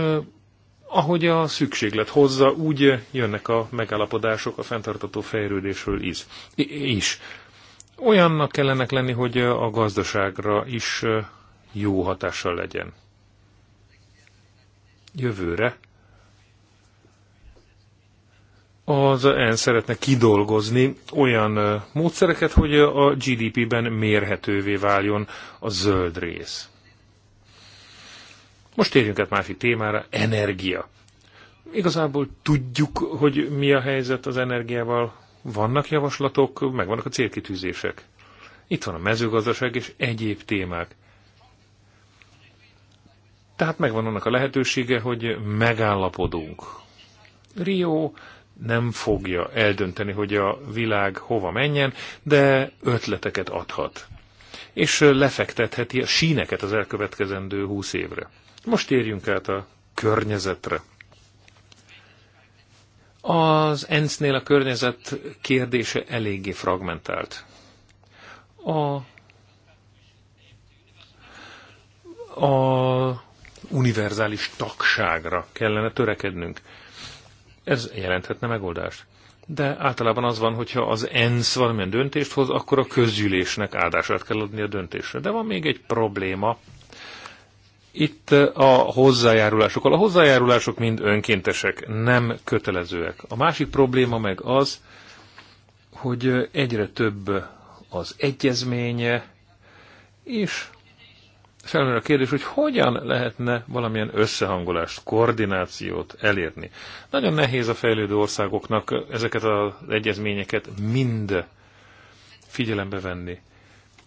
ahogy a szükséglet hozza, úgy jönnek a megállapodások a fenntartató fejlődésről is. is. Olyannak kellene lenni, hogy a gazdaságra is jó hatással legyen. Jövőre az EN szeretne kidolgozni olyan módszereket, hogy a GDP-ben mérhetővé váljon a zöld rész. Most térjünk át másik témára, energia. Igazából tudjuk, hogy mi a helyzet az energiával, vannak javaslatok, meg vannak a célkitűzések. Itt van a mezőgazdaság és egyéb témák. Tehát megvan annak a lehetősége, hogy megállapodunk. Rio nem fogja eldönteni, hogy a világ hova menjen, de ötleteket adhat. És lefektetheti a síneket az elkövetkezendő húsz évre. Most térjünk át a környezetre. Az ENSZ-nél a környezet kérdése eléggé fragmentált. A, a univerzális tagságra kellene törekednünk. Ez jelenthetne megoldást. De általában az van, hogyha az ENSZ valamilyen döntést hoz, akkor a közgyűlésnek áldását kell adni a döntésre. De van még egy probléma itt eh, a hozzájárulásokkal. A hozzájárulások mind önkéntesek, nem kötelezőek. A másik probléma meg az, hogy eh, egyre több az egyezménye, és felmerül a kérdés, hogy hogyan lehetne valamilyen összehangolást, koordinációt elérni. Nagyon nehéz a fejlődő országoknak ezeket az egyezményeket mind figyelembe venni.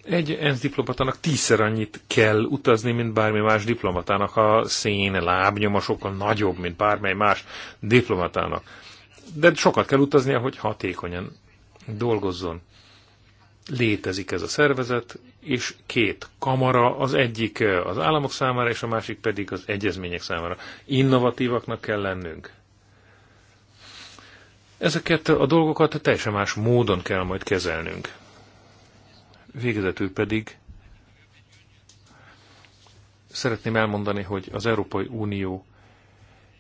Egy ENSZ diplomatának tízszer annyit kell utazni, mint bármi más diplomatának. A szén lábnyoma sokkal nagyobb, mint bármely más diplomatának. De sokat kell utaznia, hogy hatékonyan dolgozzon. Létezik ez a szervezet, és két kamara, az egyik az államok számára, és a másik pedig az egyezmények számára. Innovatívaknak kell lennünk. Ezeket a dolgokat teljesen más módon kell majd kezelnünk. Végezetül pedig szeretném elmondani, hogy az Európai Unió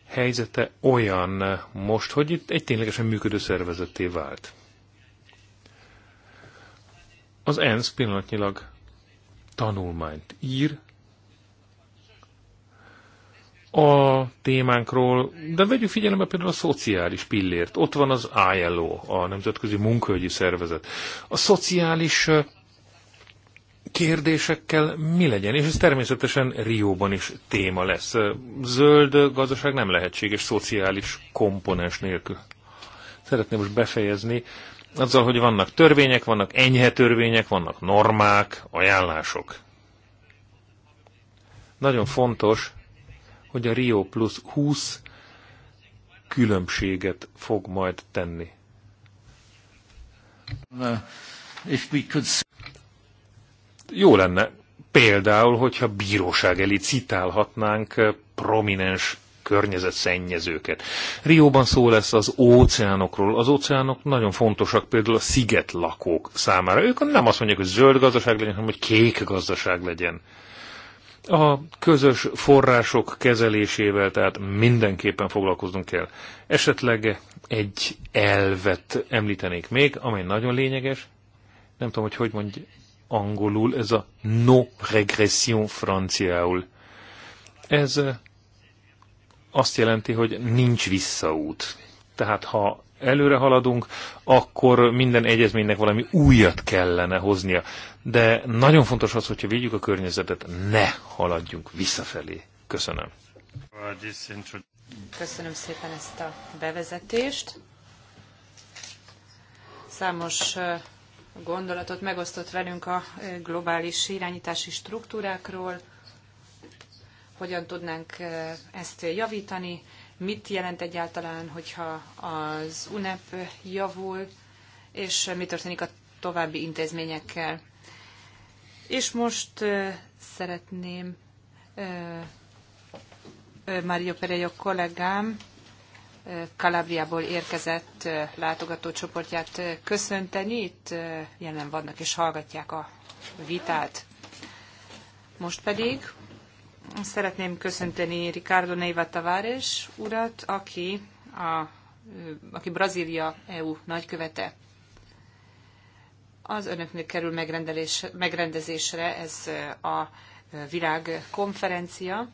helyzete olyan most, hogy itt egy ténylegesen működő szervezetté vált. Az ENSZ pillanatnyilag tanulmányt ír a témánkról, de vegyük figyelembe például a szociális pillért. Ott van az ILO, a Nemzetközi Munkahogyi Szervezet. A szociális kérdésekkel mi legyen, és ez természetesen Rióban is téma lesz. Zöld gazdaság nem lehetséges szociális komponens nélkül. Szeretném most befejezni azzal, hogy vannak törvények, vannak enyhe törvények, vannak normák, ajánlások. Nagyon fontos, hogy a Rio plusz 20 különbséget fog majd tenni. Uh, if we could jó lenne például, hogyha bíróság elé citálhatnánk eh, prominens környezetszennyezőket. Rióban szó lesz az óceánokról. Az óceánok nagyon fontosak például a lakók számára. Ők nem azt mondják, hogy zöld gazdaság legyen, hanem hogy kék gazdaság legyen. A közös források kezelésével, tehát mindenképpen foglalkoznunk kell. Esetleg egy elvet említenék még, amely nagyon lényeges. Nem tudom, hogy hogy mondj, angolul, ez a no regression franciául. Ez eh, azt jelenti, hogy nincs visszaút. Tehát ha előre haladunk, akkor minden egyezménynek valami újat kellene hoznia. De nagyon fontos az, hogyha védjük a környezetet, ne haladjunk visszafelé. Köszönöm. Köszönöm szépen ezt a bevezetést. Számos eh, gondolatot megosztott velünk a globális irányítási struktúrákról, hogyan tudnánk ezt javítani, mit jelent egyáltalán, hogyha az UNEP javul, és mi történik a további intézményekkel. És most szeretném Mario Perejo kollégám Kalabriából érkezett látogatócsoportját köszönteni. Itt jelen vannak és hallgatják a vitát. Most pedig szeretném köszönteni Ricardo Neiva Tavares urat, aki, a, aki Brazília EU nagykövete. Az önöknek kerül megrendezésre ez a világkonferencia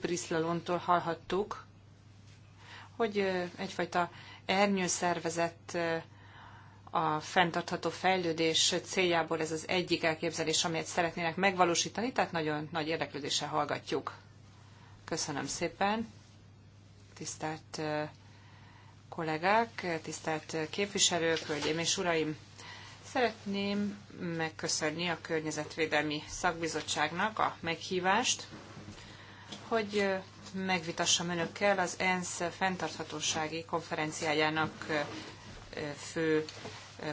Briszlalontól hallhattuk, hogy egyfajta ernyőszervezet a fenntartható fejlődés céljából ez az egyik elképzelés, amelyet szeretnének megvalósítani, tehát nagyon nagy érdeklődéssel hallgatjuk. Köszönöm szépen, tisztelt kollégák, tisztelt képviselők, hölgyeim és uraim! Szeretném megköszönni a Környezetvédelmi Szakbizottságnak a meghívást, hogy megvitassam önökkel az ENSZ fenntarthatósági konferenciájának fő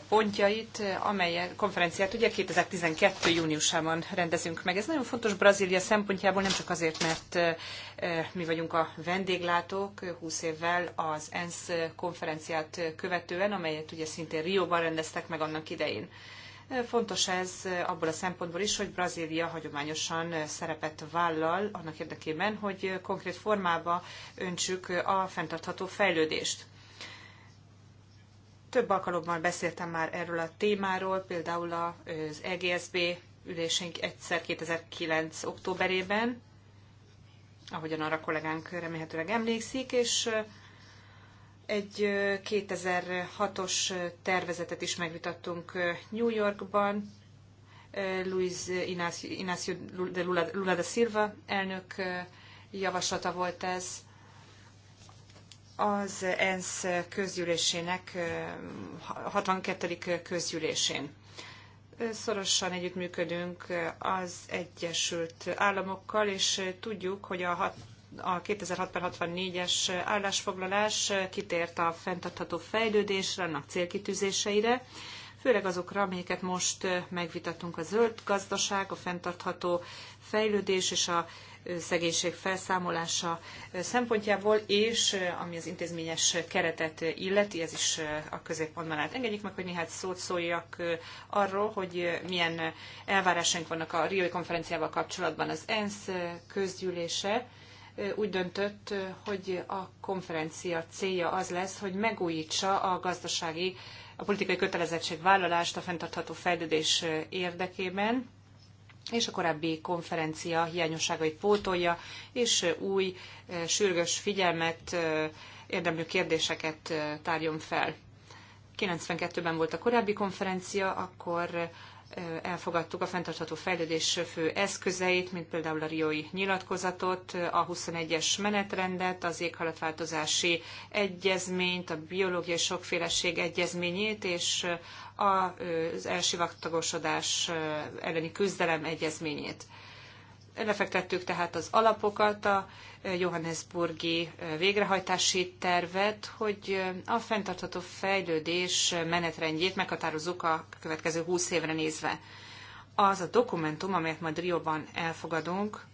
pontjait, amely konferenciát ugye 2012. júniusában rendezünk meg. Ez nagyon fontos Brazília szempontjából, nem csak azért, mert mi vagyunk a vendéglátók 20 évvel az ENSZ konferenciát követően, amelyet ugye szintén Rióban rendeztek meg annak idején. Fontos ez abból a szempontból is, hogy Brazília hagyományosan szerepet vállal annak érdekében, hogy konkrét formába öntsük a fenntartható fejlődést. Több alkalommal beszéltem már erről a témáról, például az EGSB ülésünk egyszer 2009. októberében, ahogyan arra kollégánk remélhetőleg emlékszik, és egy 2006-os tervezetet is megvitattunk New Yorkban. Luis Inácio de Lula da Silva elnök javaslata volt ez az ENSZ közgyűlésének 62. közgyűlésén. Szorosan együttműködünk az Egyesült Államokkal, és tudjuk, hogy a a 2006-64-es állásfoglalás kitért a fenntartható fejlődésre, annak célkitűzéseire, főleg azokra, amelyeket most megvitatunk a zöld gazdaság, a fenntartható fejlődés és a szegénység felszámolása szempontjából, és ami az intézményes keretet illeti, ez is a középpontban állt. Engedjék meg, hogy néhány szót szóljak arról, hogy milyen elvárásaink vannak a Rioi konferenciával kapcsolatban. Az ENSZ közgyűlése úgy döntött, hogy a konferencia célja az lesz, hogy megújítsa a gazdasági, a politikai kötelezettségvállalást a fenntartható fejlődés érdekében, és a korábbi konferencia hiányosságait pótolja, és új, sürgős figyelmet, érdemlő kérdéseket tárjon fel. 92-ben volt a korábbi konferencia, akkor elfogadtuk a fenntartható fejlődés fő eszközeit, mint például a Riói nyilatkozatot, a 21-es menetrendet, az éghajlatváltozási egyezményt, a biológiai sokféleség egyezményét és az elsivatagosodás elleni küzdelem egyezményét lefektettük tehát az alapokat, a Johannesburgi végrehajtási tervet, hogy a fenntartható fejlődés menetrendjét meghatározzuk a következő 20 évre nézve. Az a dokumentum, amelyet majd Rióban elfogadunk,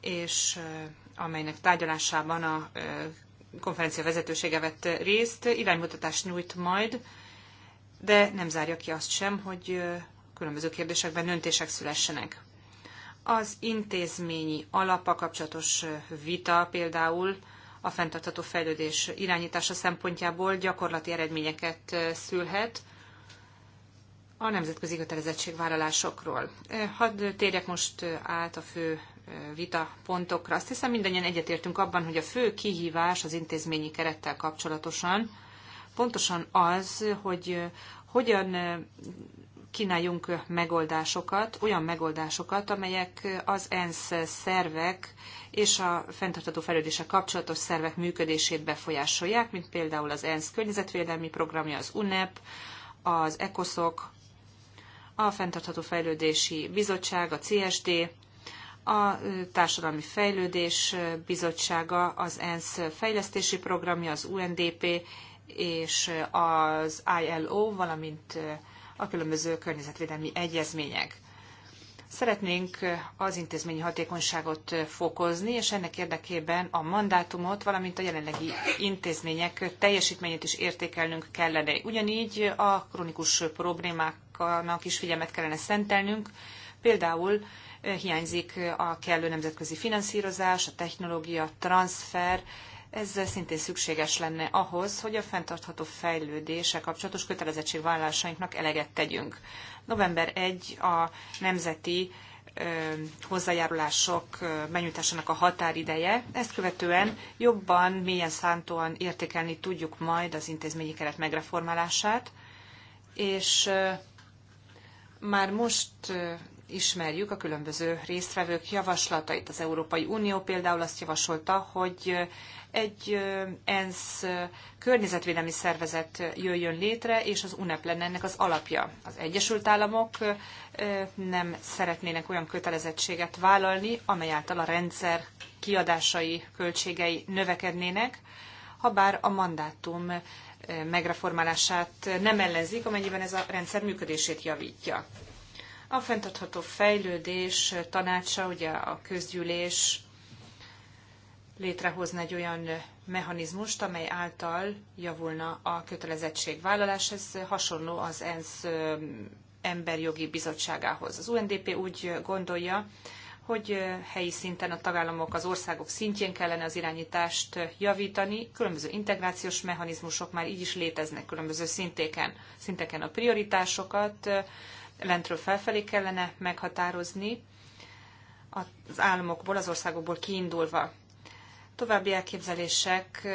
és eh, amelynek tárgyalásában a eh, konferencia vezetősége vett részt, iránymutatást nyújt majd, de nem zárja ki azt sem, hogy eh, különböző kérdésekben döntések szülessenek. Az intézményi alapa kapcsolatos vita például a fenntartható fejlődés irányítása szempontjából gyakorlati eredményeket szülhet a nemzetközi kötelezettségvállalásokról. Hadd térjek most át a fő vita pontokra. Azt hiszem mindannyian egyetértünk abban, hogy a fő kihívás az intézményi kerettel kapcsolatosan pontosan az, hogy hogyan kínáljunk megoldásokat, olyan megoldásokat, amelyek az ENSZ szervek és a fenntartható fejlődése kapcsolatos szervek működését befolyásolják, mint például az ENSZ környezetvédelmi programja, az UNEP, az ECOSOC, a Fenntartható Fejlődési Bizottság, a CSD, a Társadalmi Fejlődés Bizottsága, az ENSZ fejlesztési programja, az UNDP és az ILO, valamint a különböző környezetvédelmi egyezmények. Szeretnénk az intézményi hatékonyságot fokozni, és ennek érdekében a mandátumot, valamint a jelenlegi intézmények teljesítményét is értékelnünk kellene. Ugyanígy a kronikus problémáknak is figyelmet kellene szentelnünk, például eh, hiányzik a kellő nemzetközi finanszírozás, a technológia, transfer, ez szintén szükséges lenne ahhoz, hogy a fenntartható fejlődése kapcsolatos kötelezettségvállalásainknak eleget tegyünk. November 1 a nemzeti hozzájárulások benyújtásának a határideje. Ezt követően jobban, mélyen szántóan értékelni tudjuk majd az intézményi keret megreformálását, és már most ismerjük a különböző résztvevők javaslatait. Az Európai Unió például azt javasolta, hogy egy ENSZ környezetvédelmi szervezet jöjjön létre, és az UNEP lenne ennek az alapja. Az Egyesült Államok nem szeretnének olyan kötelezettséget vállalni, amely által a rendszer kiadásai, költségei növekednének, ha bár a mandátum megreformálását nem ellenzik, amennyiben ez a rendszer működését javítja. A fenntartható fejlődés tanácsa, ugye a közgyűlés létrehozna egy olyan mechanizmust, amely által javulna a kötelezettségvállalás. Ez hasonló az ENSZ emberjogi bizottságához. Az UNDP úgy gondolja, hogy helyi szinten a tagállamok, az országok szintjén kellene az irányítást javítani. Különböző integrációs mechanizmusok már így is léteznek különböző szintéken, szinteken a prioritásokat lentről felfelé kellene meghatározni, az államokból, az országokból kiindulva. További elképzelések,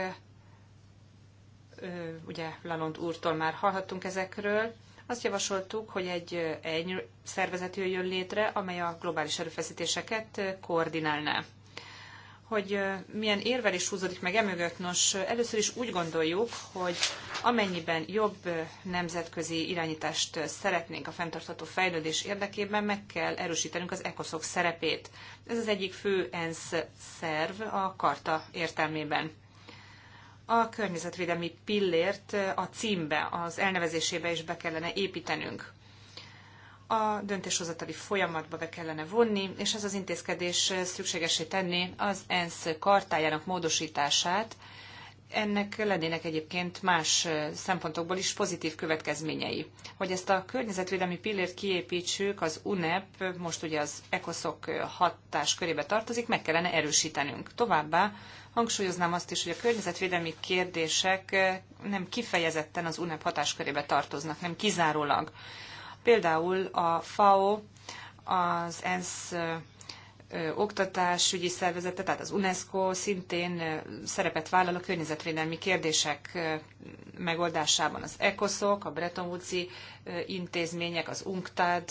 ugye Lalond úrtól már hallhattunk ezekről, azt javasoltuk, hogy egy, egy szervezet jöjjön létre, amely a globális erőfeszítéseket koordinálná hogy milyen érvelés húzódik meg emögött. Nos, először is úgy gondoljuk, hogy amennyiben jobb nemzetközi irányítást szeretnénk a fenntartható fejlődés érdekében, meg kell erősítenünk az ECOSZOK szerepét. Ez az egyik fő ENSZ szerv a karta értelmében. A környezetvédelmi pillért a címbe, az elnevezésébe is be kellene építenünk a döntéshozatali folyamatba be kellene vonni, és ez az intézkedés szükségesé tenni az ENSZ kartájának módosítását. Ennek lennének egyébként más szempontokból is pozitív következményei. Hogy ezt a környezetvédelmi pillért kiépítsük, az UNEP, most ugye az ecosok hatás körébe tartozik, meg kellene erősítenünk. Továbbá hangsúlyoznám azt is, hogy a környezetvédelmi kérdések nem kifejezetten az UNEP hatáskörébe tartoznak, nem kizárólag Például a FAO, az ENSZ oktatásügyi szervezete, tehát az UNESCO szintén szerepet vállal a környezetvédelmi kérdések megoldásában. Az Ecosok, a Bretton woods intézmények, az UNCTAD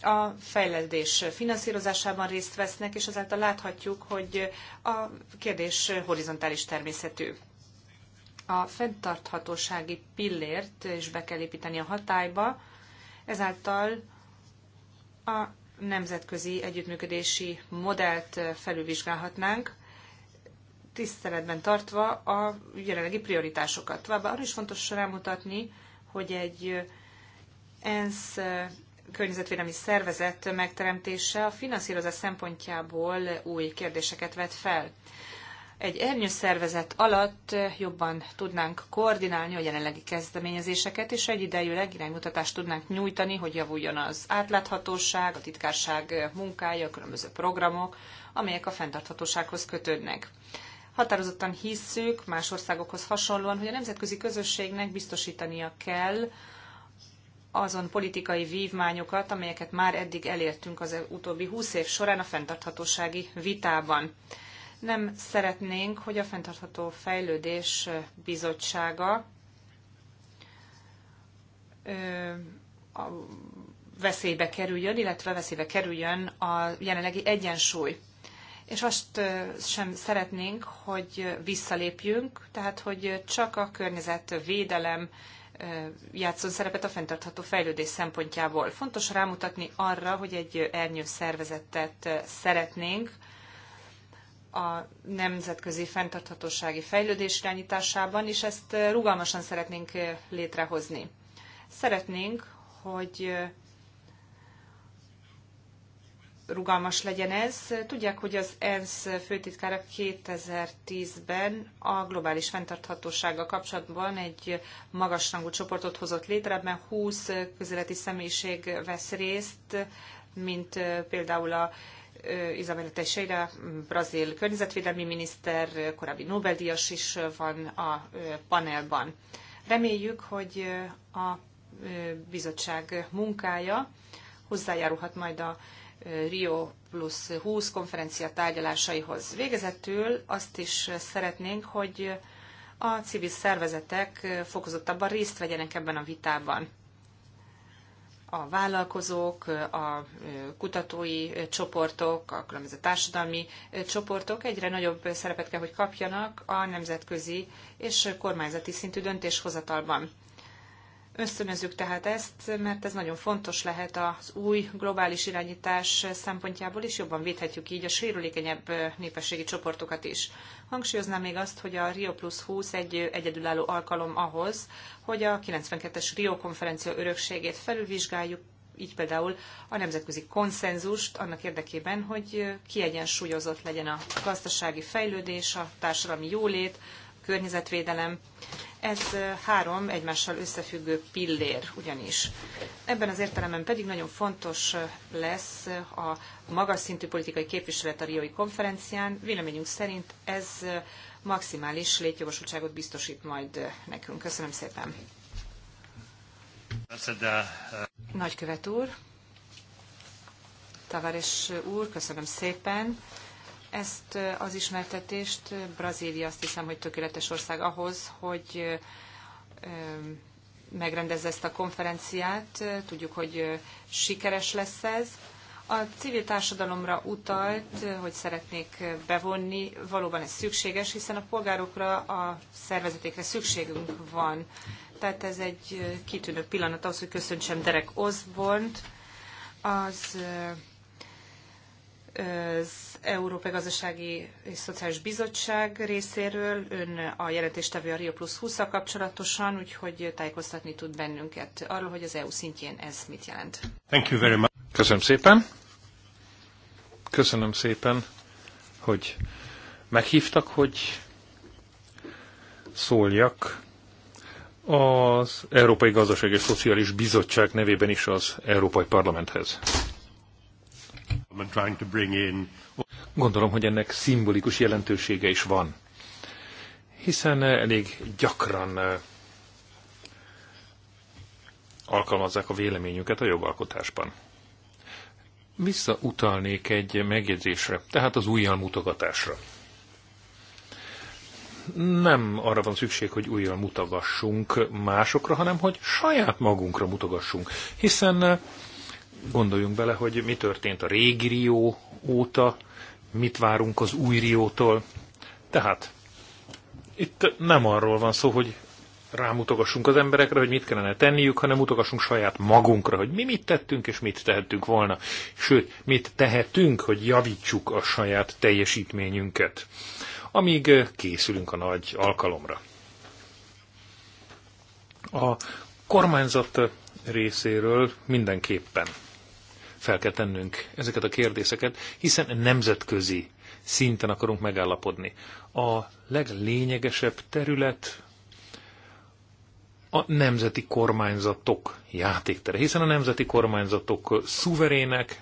a fejlődés finanszírozásában részt vesznek, és azáltal láthatjuk, hogy a kérdés horizontális természetű. A fenntarthatósági pillért is be kell építeni a hatályba, Ezáltal a nemzetközi együttműködési modellt eh, felülvizsgálhatnánk, tiszteletben tartva a jelenlegi prioritásokat. Továbbá arra is fontos rámutatni, hogy egy eh, ENSZ eh, környezetvédelmi szervezet megteremtése a finanszírozás szempontjából új kérdéseket vet fel egy ernyőszervezet alatt eh, jobban tudnánk koordinálni a jelenlegi kezdeményezéseket, és egyidejűleg iránymutatást tudnánk nyújtani, hogy javuljon az átláthatóság, a titkárság eh, munkája, a különböző programok, amelyek a fenntarthatósághoz kötődnek. Határozottan hisszük, más országokhoz hasonlóan, hogy a nemzetközi közösségnek biztosítania kell azon politikai vívmányokat, amelyeket már eddig elértünk az utóbbi húsz év során a fenntarthatósági vitában. Nem szeretnénk, hogy a Fentartható Fejlődés Bizottsága a veszélybe kerüljön, illetve veszélybe kerüljön a jelenlegi egyensúly. És azt sem szeretnénk, hogy visszalépjünk, tehát hogy csak a környezetvédelem játszon szerepet a fenntartható fejlődés szempontjából. Fontos rámutatni arra, hogy egy ernyő szervezetet szeretnénk, a nemzetközi fenntarthatósági fejlődés irányításában, és ezt eh, rugalmasan szeretnénk eh, létrehozni. Szeretnénk, hogy eh, rugalmas legyen ez. Tudják, hogy az ENSZ főtitkára 2010-ben a globális fenntarthatósággal kapcsolatban egy magasrangú csoportot hozott létre, ebben 20 közéleti személyiség vesz részt, mint például a Isabel Teixeira, brazil környezetvédelmi miniszter, korábbi Nobel-díjas is van a panelban. Reméljük, hogy a bizottság munkája hozzájárulhat majd a Rio plusz 20 konferencia tárgyalásaihoz. Végezetül azt is szeretnénk, hogy a civil szervezetek fokozottabban részt vegyenek ebben a vitában a vállalkozók, a kutatói csoportok, a különböző társadalmi csoportok egyre nagyobb szerepet kell, hogy kapjanak a nemzetközi és kormányzati szintű döntéshozatalban. Ösztönözzük tehát ezt, mert ez nagyon fontos lehet az új globális irányítás szempontjából, és jobban védhetjük így a sérülékenyebb népességi csoportokat is. Hangsúlyoznám még azt, hogy a Rio Plus 20 egy egyedülálló alkalom ahhoz, hogy a 92-es Rio konferencia örökségét felülvizsgáljuk, így például a nemzetközi konszenzust annak érdekében, hogy kiegyensúlyozott legyen a gazdasági fejlődés, a társadalmi jólét, környezetvédelem. Ez három egymással összefüggő pillér ugyanis. Ebben az értelemben pedig nagyon fontos lesz a magas szintű politikai képviselet a Riói konferencián. Véleményünk szerint ez maximális létjogosultságot biztosít majd nekünk. Köszönöm szépen. Nagykövet úr, Tavares úr, köszönöm szépen ezt az ismertetést Brazília azt hiszem, hogy tökéletes ország ahhoz, hogy megrendezze ezt a konferenciát. Tudjuk, hogy sikeres lesz ez. A civil társadalomra utalt, hogy szeretnék bevonni, valóban ez szükséges, hiszen a polgárokra, a szervezetékre szükségünk van. Tehát ez egy kitűnő pillanat ahhoz, hogy köszöntsem Derek Osbornt, az Európai Gazdasági és Szociális Bizottság részéről. Ön a jelentéstevő a Rio Plus 20 kapcsolatosan, úgyhogy tájékoztatni tud bennünket arról, hogy az EU szintjén ez mit jelent. Thank you very much. Köszönöm szépen. Köszönöm szépen, hogy meghívtak, hogy szóljak az Európai Gazdasági és Szociális Bizottság nevében is az Európai Parlamenthez. Gondolom, hogy ennek szimbolikus jelentősége is van, hiszen elég gyakran eh, alkalmazzák a véleményüket a jogalkotásban. Visszautalnék egy megjegyzésre, tehát az újjal mutogatásra. Nem arra van szükség, hogy újjal mutogassunk másokra, hanem hogy saját magunkra mutogassunk, hiszen eh, Gondoljunk bele, hogy mi történt a régi Rió óta, mit várunk az új Riótól. Tehát itt nem arról van szó, hogy rámutogassunk az emberekre, hogy mit kellene tenniük, hanem mutogassunk saját magunkra, hogy mi mit tettünk és mit tehetünk volna. Sőt, mit tehetünk, hogy javítsuk a saját teljesítményünket, amíg készülünk a nagy alkalomra. A kormányzat részéről mindenképpen fel kell tennünk ezeket a kérdéseket, hiszen nemzetközi szinten akarunk megállapodni. A leglényegesebb terület a nemzeti kormányzatok játéktere, hiszen a nemzeti kormányzatok szuverének,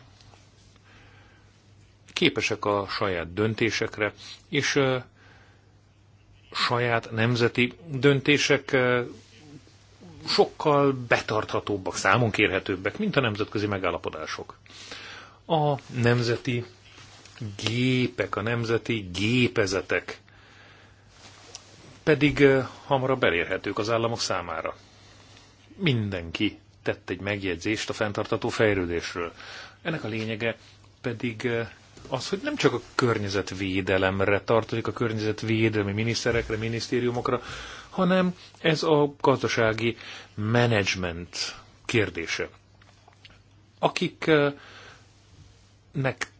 képesek a saját döntésekre, és saját nemzeti döntések sokkal betarthatóbbak, számon kérhetőbbek, mint a nemzetközi megállapodások. A nemzeti gépek, a nemzeti gépezetek pedig eh, hamarabb elérhetők az államok számára. Mindenki tett egy megjegyzést a fenntartató fejlődésről. Ennek a lényege pedig eh, az, hogy nem csak a környezetvédelemre tartozik, a környezetvédelmi miniszterekre, minisztériumokra, hanem ez a gazdasági menedzsment kérdése. Akiknek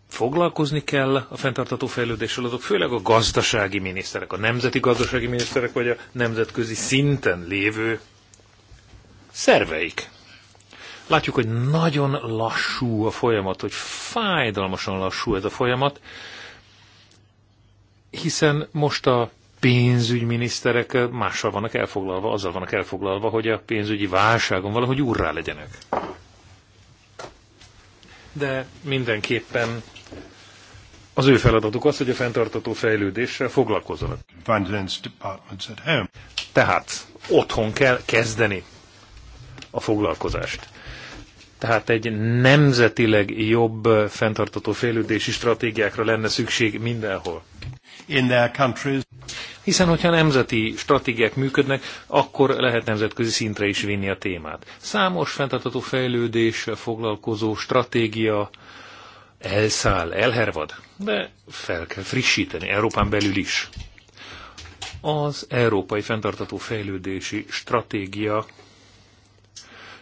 foglalkozni kell a fenntartató fejlődéssel, azok főleg a gazdasági miniszterek, a nemzeti gazdasági miniszterek, vagy a nemzetközi szinten lévő szerveik. Látjuk, hogy nagyon lassú a folyamat, hogy fájdalmasan lassú ez a folyamat, hiszen most a pénzügyminiszterek mással vannak elfoglalva, azzal vannak elfoglalva, hogy a pénzügyi válságon valahogy úrrá legyenek. De mindenképpen az ő feladatuk az, hogy a fenntartató fejlődéssel foglalkozzanak. Tehát otthon kell kezdeni a foglalkozást. Tehát egy nemzetileg jobb fenntartató fejlődési stratégiákra lenne szükség mindenhol. In their countries. Hiszen, hogyha nemzeti stratégiák működnek, akkor lehet nemzetközi szintre is vinni a témát. Számos fenntartató fejlődés, foglalkozó stratégia elszáll, elhervad, de fel kell frissíteni Európán belül is. Az Európai Fenntartató Fejlődési Stratégia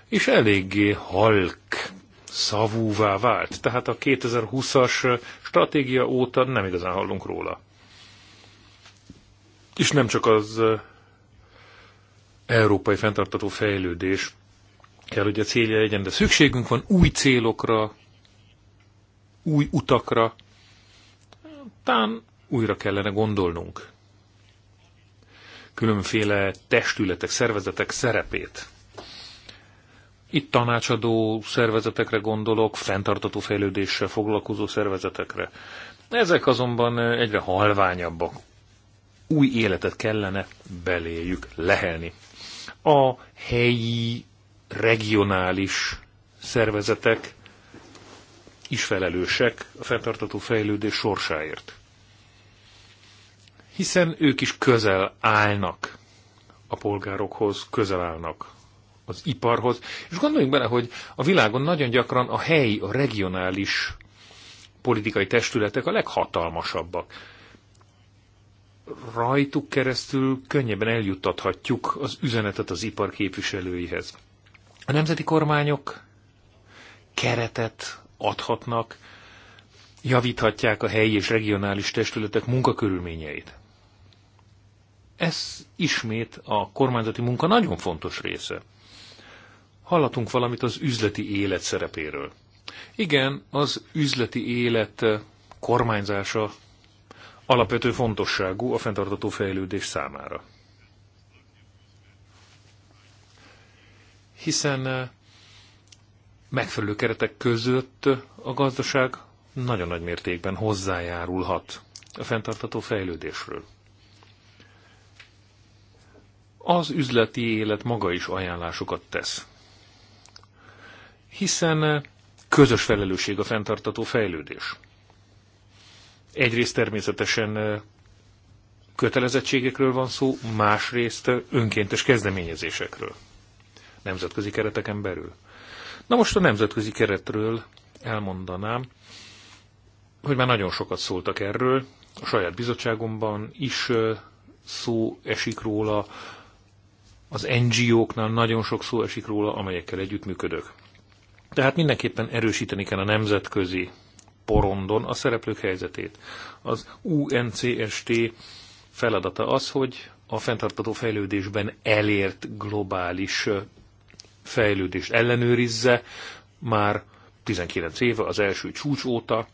is eléggé halk szavúvá vált. Tehát a 2020-as stratégia óta nem igazán hallunk róla. És nem csak az európai fenntartató fejlődés kell, hogy a célja legyen, de szükségünk van új célokra, új utakra, talán újra kellene gondolnunk különféle testületek, szervezetek szerepét. Itt tanácsadó szervezetekre gondolok, fenntartató fejlődéssel foglalkozó szervezetekre. Ezek azonban egyre halványabbak, új életet kellene beléjük lehelni. A helyi, regionális szervezetek is felelősek a fenntartató fejlődés sorsáért. Hiszen ők is közel állnak a polgárokhoz, közel állnak az iparhoz, és gondoljunk bele, hogy a világon nagyon gyakran a helyi, a regionális politikai testületek a leghatalmasabbak rajtuk keresztül könnyebben eljuttathatjuk az üzenetet az ipar képviselőihez. A nemzeti kormányok keretet adhatnak, javíthatják a helyi és regionális testületek munkakörülményeit. Ez ismét a kormányzati munka nagyon fontos része. Hallatunk valamit az üzleti élet szerepéről. Igen, az üzleti élet kormányzása alapvető fontosságú a fenntartató fejlődés számára. Hiszen eh, megfelelő keretek között a gazdaság nagyon nagy mértékben hozzájárulhat a fenntartató fejlődésről. Az üzleti élet maga is ajánlásokat tesz. Hiszen eh, közös felelősség a fenntartató fejlődés. Egyrészt természetesen kötelezettségekről van szó, másrészt önkéntes kezdeményezésekről nemzetközi kereteken belül. Na most a nemzetközi keretről elmondanám, hogy már nagyon sokat szóltak erről, a saját bizottságomban is szó esik róla, az NGO-knál nagyon sok szó esik róla, amelyekkel együtt működök. Tehát mindenképpen erősíteni kell a nemzetközi porondon a szereplők helyzetét. Az UNCST feladata az, hogy a fenntartató fejlődésben elért globális fejlődést ellenőrizze, már 19 éve az első csúcs óta.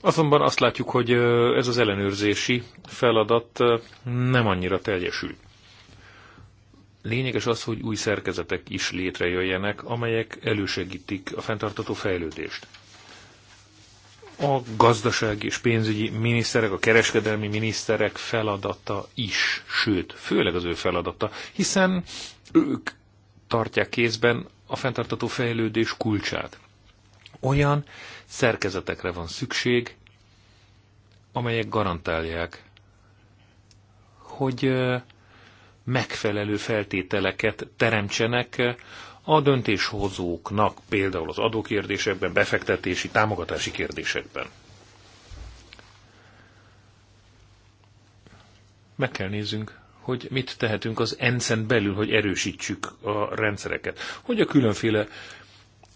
Azonban azt látjuk, hogy ez az ellenőrzési feladat nem annyira teljesül. Lényeges az, hogy új szerkezetek is létrejöjjenek, amelyek elősegítik a fenntartató fejlődést. A gazdasági és pénzügyi miniszterek, a kereskedelmi miniszterek feladata is, sőt, főleg az ő feladata, hiszen ők tartják kézben a fenntartató fejlődés kulcsát. Olyan szerkezetekre van szükség, amelyek garantálják, hogy megfelelő feltételeket teremtsenek a döntéshozóknak, például az adókérdésekben, befektetési, támogatási kérdésekben. Meg kell nézzünk, hogy mit tehetünk az ENSZ-en belül, hogy erősítsük a rendszereket. Hogy a különféle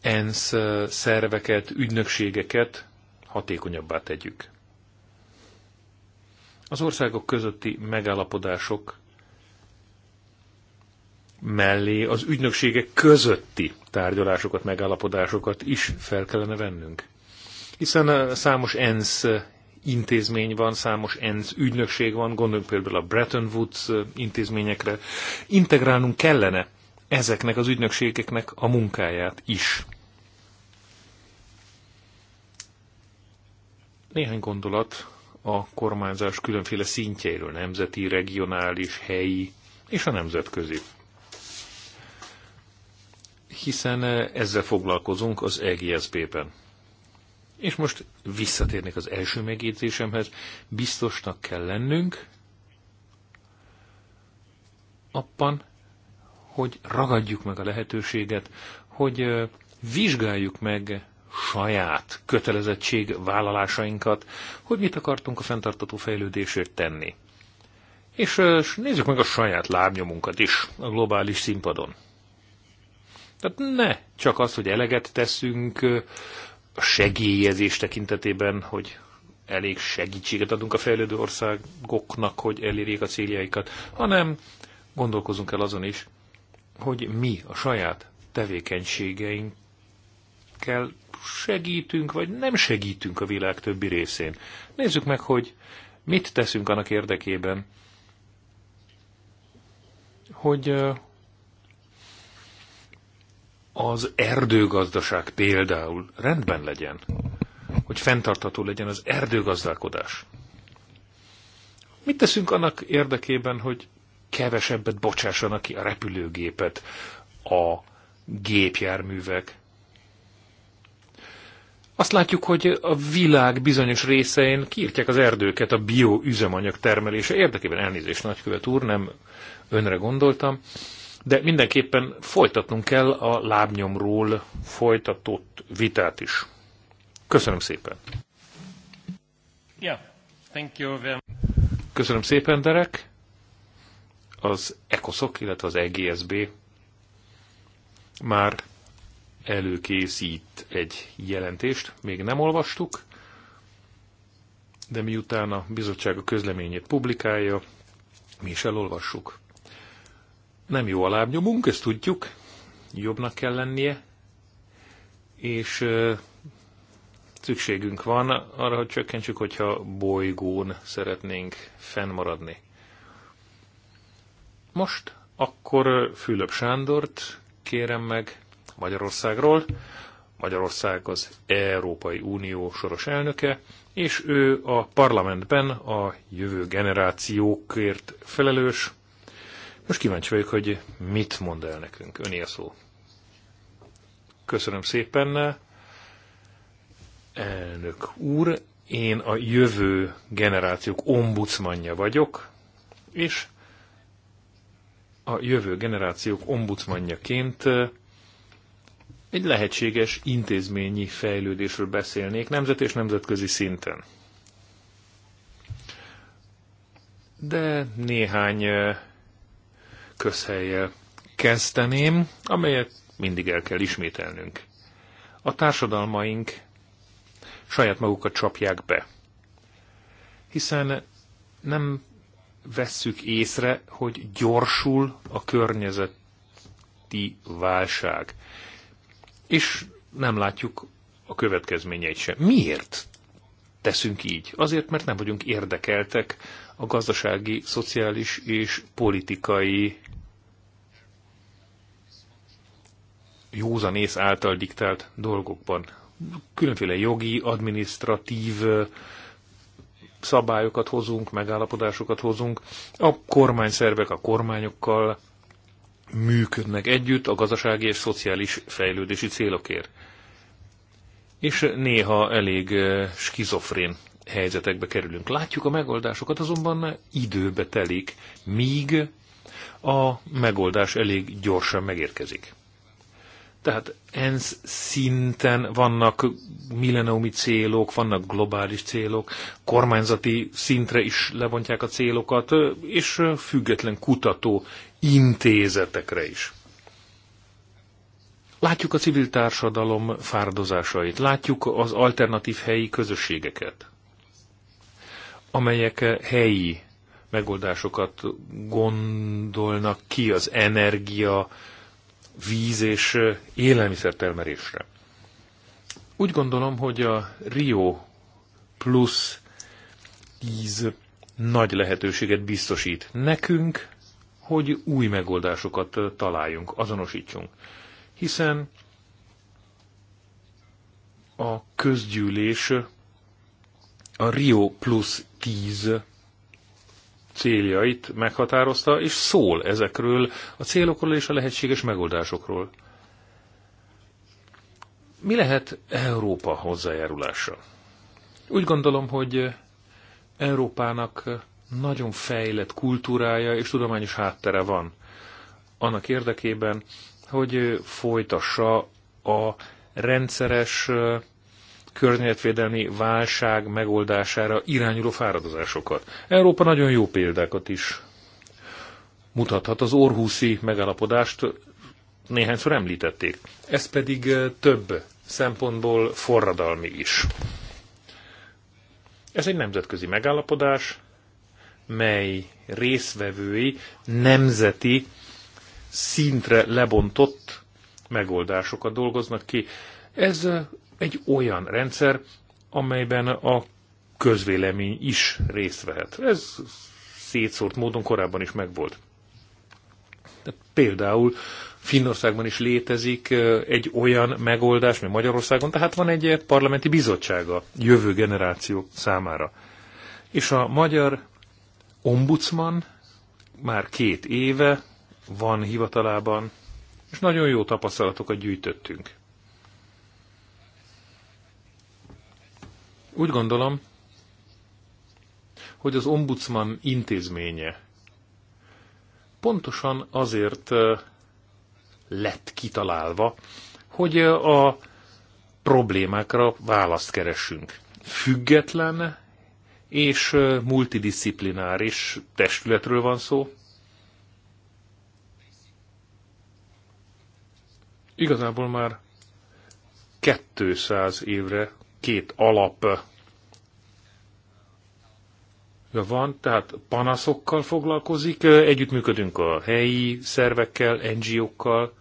ENSZ szerveket, ügynökségeket hatékonyabbá tegyük. Az országok közötti megállapodások mellé az ügynökségek közötti tárgyalásokat, megállapodásokat is fel kellene vennünk. Hiszen eh, számos ENSZ eh, intézmény van, számos ENSZ ügynökség van, gondoljunk például a Bretton Woods eh, intézményekre. Integrálnunk kellene ezeknek az ügynökségeknek a munkáját is. Néhány gondolat a kormányzás különféle szintjeiről, nemzeti, regionális, helyi és a nemzetközi hiszen eh, ezzel foglalkozunk az EGSB-ben. És most visszatérnék az első megjegyzésemhez. Biztosnak kell lennünk abban, hogy ragadjuk meg a lehetőséget, hogy eh, vizsgáljuk meg saját kötelezettség vállalásainkat, hogy mit akartunk a fenntartató fejlődésért tenni. És, és eh, nézzük meg a saját lábnyomunkat is a globális színpadon. Tehát ne csak az, hogy eleget teszünk segélyezés tekintetében, hogy elég segítséget adunk a fejlődő országoknak, hogy elérjék a céljaikat, hanem gondolkozunk el azon is, hogy mi a saját tevékenységeinkkel segítünk, vagy nem segítünk a világ többi részén. Nézzük meg, hogy mit teszünk annak érdekében, hogy az erdőgazdaság például rendben legyen, hogy fenntartható legyen az erdőgazdálkodás. Mit teszünk annak érdekében, hogy kevesebbet bocsássanak ki a repülőgépet, a gépjárművek? Azt látjuk, hogy a világ bizonyos részein kiirtják az erdőket a bioüzemanyag termelése érdekében. Elnézést, nagykövet úr, nem önre gondoltam de mindenképpen folytatnunk kell a lábnyomról folytatott vitát is. Köszönöm szépen! Yeah, thank you very Köszönöm szépen, Derek! Az ECOSOC, illetve az EGSB már előkészít egy jelentést, még nem olvastuk, de miután a bizottság a közleményét publikálja, mi is elolvassuk nem jó a lábnyomunk, ezt tudjuk, jobbnak kell lennie, és szükségünk van arra, hogy csökkentsük, hogyha bolygón szeretnénk fennmaradni. Most akkor Fülöp Sándort kérem meg Magyarországról. Magyarország az Európai Unió soros elnöke, és ő a parlamentben a jövő generációkért felelős, most kíváncsi vagyok, hogy mit mond el nekünk. Öné a szó. Köszönöm szépen. Elnök úr, én a jövő generációk ombudsmanja vagyok, és a jövő generációk ombudsmanjaként egy lehetséges intézményi fejlődésről beszélnék nemzet és nemzetközi szinten. De néhány közhelyjel kezdeném, amelyet mindig el kell ismételnünk. A társadalmaink saját magukat csapják be, hiszen nem vesszük észre, hogy gyorsul a környezeti válság, és nem látjuk a következményeit sem. Miért teszünk így? Azért, mert nem vagyunk érdekeltek a gazdasági, szociális és politikai józanész által diktált dolgokban. Különféle jogi, administratív szabályokat hozunk, megállapodásokat hozunk. A kormányszervek a kormányokkal működnek együtt a gazdasági és szociális fejlődési célokért. És néha elég skizofrén helyzetekbe kerülünk. Látjuk a megoldásokat, azonban időbe telik, míg a megoldás elég gyorsan megérkezik. Tehát ENSZ szinten vannak milleniumi célok, vannak globális célok, kormányzati szintre is lebontják a célokat, és független kutató intézetekre is. Látjuk a civil társadalom fáradozásait, látjuk az alternatív helyi közösségeket, amelyek helyi megoldásokat gondolnak ki az energia, víz és élelmiszertermelésre. Úgy gondolom, hogy a Rio plusz 10 nagy lehetőséget biztosít nekünk, hogy új megoldásokat találjunk, azonosítsunk. Hiszen a közgyűlés a Rio plusz 10 céljait meghatározta, és szól ezekről a célokról és a lehetséges megoldásokról. Mi lehet Európa hozzájárulása? Úgy gondolom, hogy Európának nagyon fejlett kultúrája és tudományos háttere van annak érdekében, hogy folytassa a rendszeres környezetvédelmi válság megoldására irányuló fáradozásokat. Európa nagyon jó példákat is mutathat. Az Orhuszi megállapodást néhányszor említették. Ez pedig eh, több szempontból forradalmi is. Ez egy nemzetközi megállapodás, mely részvevői nemzeti szintre lebontott megoldásokat dolgoznak ki. Ez eh, egy olyan rendszer, amelyben a közvélemény is részt vehet. Ez szétszórt módon korábban is megvolt. például Finnországban is létezik egy olyan megoldás, mint Magyarországon, tehát van egy parlamenti bizottsága jövő generáció számára. És a magyar ombudsman már két éve van hivatalában, és nagyon jó tapasztalatokat gyűjtöttünk. Úgy gondolom, hogy az ombudsman intézménye pontosan azért lett kitalálva, hogy a problémákra választ keressünk. Független és multidisziplináris testületről van szó. Igazából már 200 évre két alap van, tehát panaszokkal foglalkozik, együttműködünk a helyi szervekkel, NGO-kkal,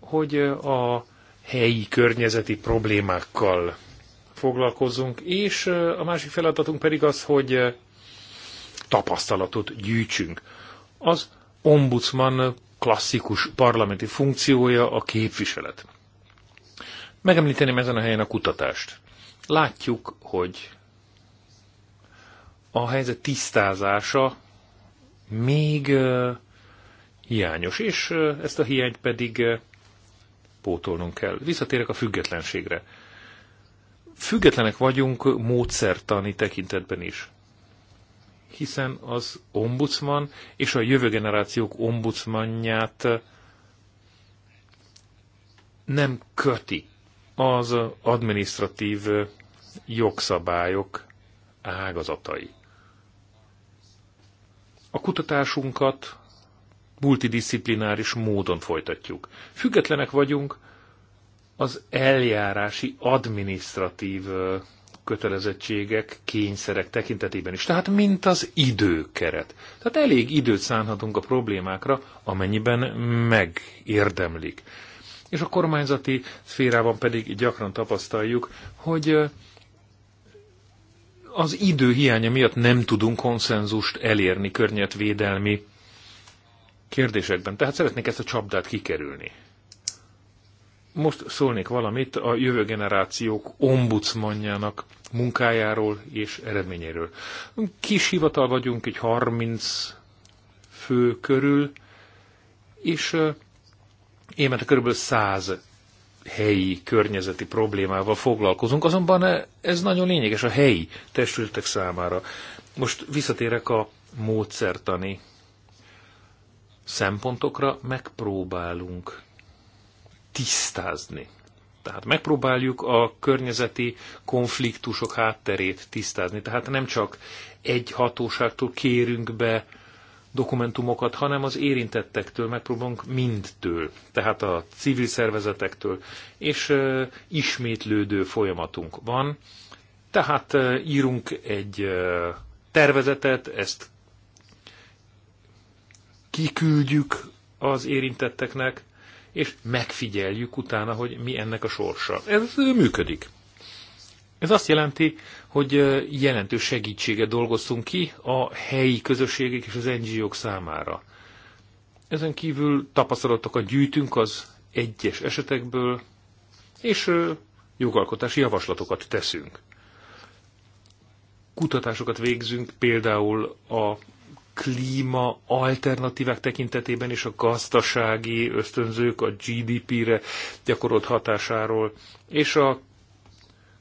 hogy a helyi környezeti problémákkal foglalkozzunk, és a másik feladatunk pedig az, hogy tapasztalatot gyűjtsünk. Az ombudsman klasszikus parlamenti funkciója a képviselet. Megemlíteném ezen a helyen a kutatást. Látjuk, hogy a helyzet tisztázása még hiányos, és ezt a hiányt pedig pótolnunk kell. Visszatérek a függetlenségre. Függetlenek vagyunk módszertani tekintetben is hiszen az ombudsman és a jövő generációk ombudsmanját nem köti az administratív jogszabályok ágazatai. A kutatásunkat multidisziplináris módon folytatjuk. Függetlenek vagyunk az eljárási adminisztratív kötelezettségek, kényszerek tekintetében is. Tehát mint az időkeret. Tehát elég időt szánhatunk a problémákra, amennyiben megérdemlik és a kormányzati szférában pedig gyakran tapasztaljuk, hogy az idő hiánya miatt nem tudunk konszenzust elérni környezetvédelmi kérdésekben. Tehát szeretnék ezt a csapdát kikerülni. Most szólnék valamit a jövő generációk ombudsmanjának munkájáról és eredményéről. Kis hivatal vagyunk, egy 30 fő körül, és évente körülbelül 100 helyi környezeti problémával foglalkozunk, azonban ez nagyon lényeges a helyi testületek számára. Most visszatérek a módszertani szempontokra, megpróbálunk tisztázni. Tehát megpróbáljuk a környezeti konfliktusok hátterét tisztázni. Tehát nem csak egy hatóságtól kérünk be dokumentumokat, hanem az érintettektől megpróbálunk mindtől, tehát a civil szervezetektől, és ismétlődő folyamatunk van. Tehát írunk egy tervezetet, ezt kiküldjük az érintetteknek, és megfigyeljük utána, hogy mi ennek a sorsa. Ez működik. Ez azt jelenti, hogy jelentős segítséget dolgoztunk ki a helyi közösségek és az NGO-k számára. Ezen kívül tapasztalatokat gyűjtünk az egyes esetekből, és jogalkotási javaslatokat teszünk. Kutatásokat végzünk például a klíma alternatívák tekintetében és a gazdasági ösztönzők a GDP-re gyakorolt hatásáról, és a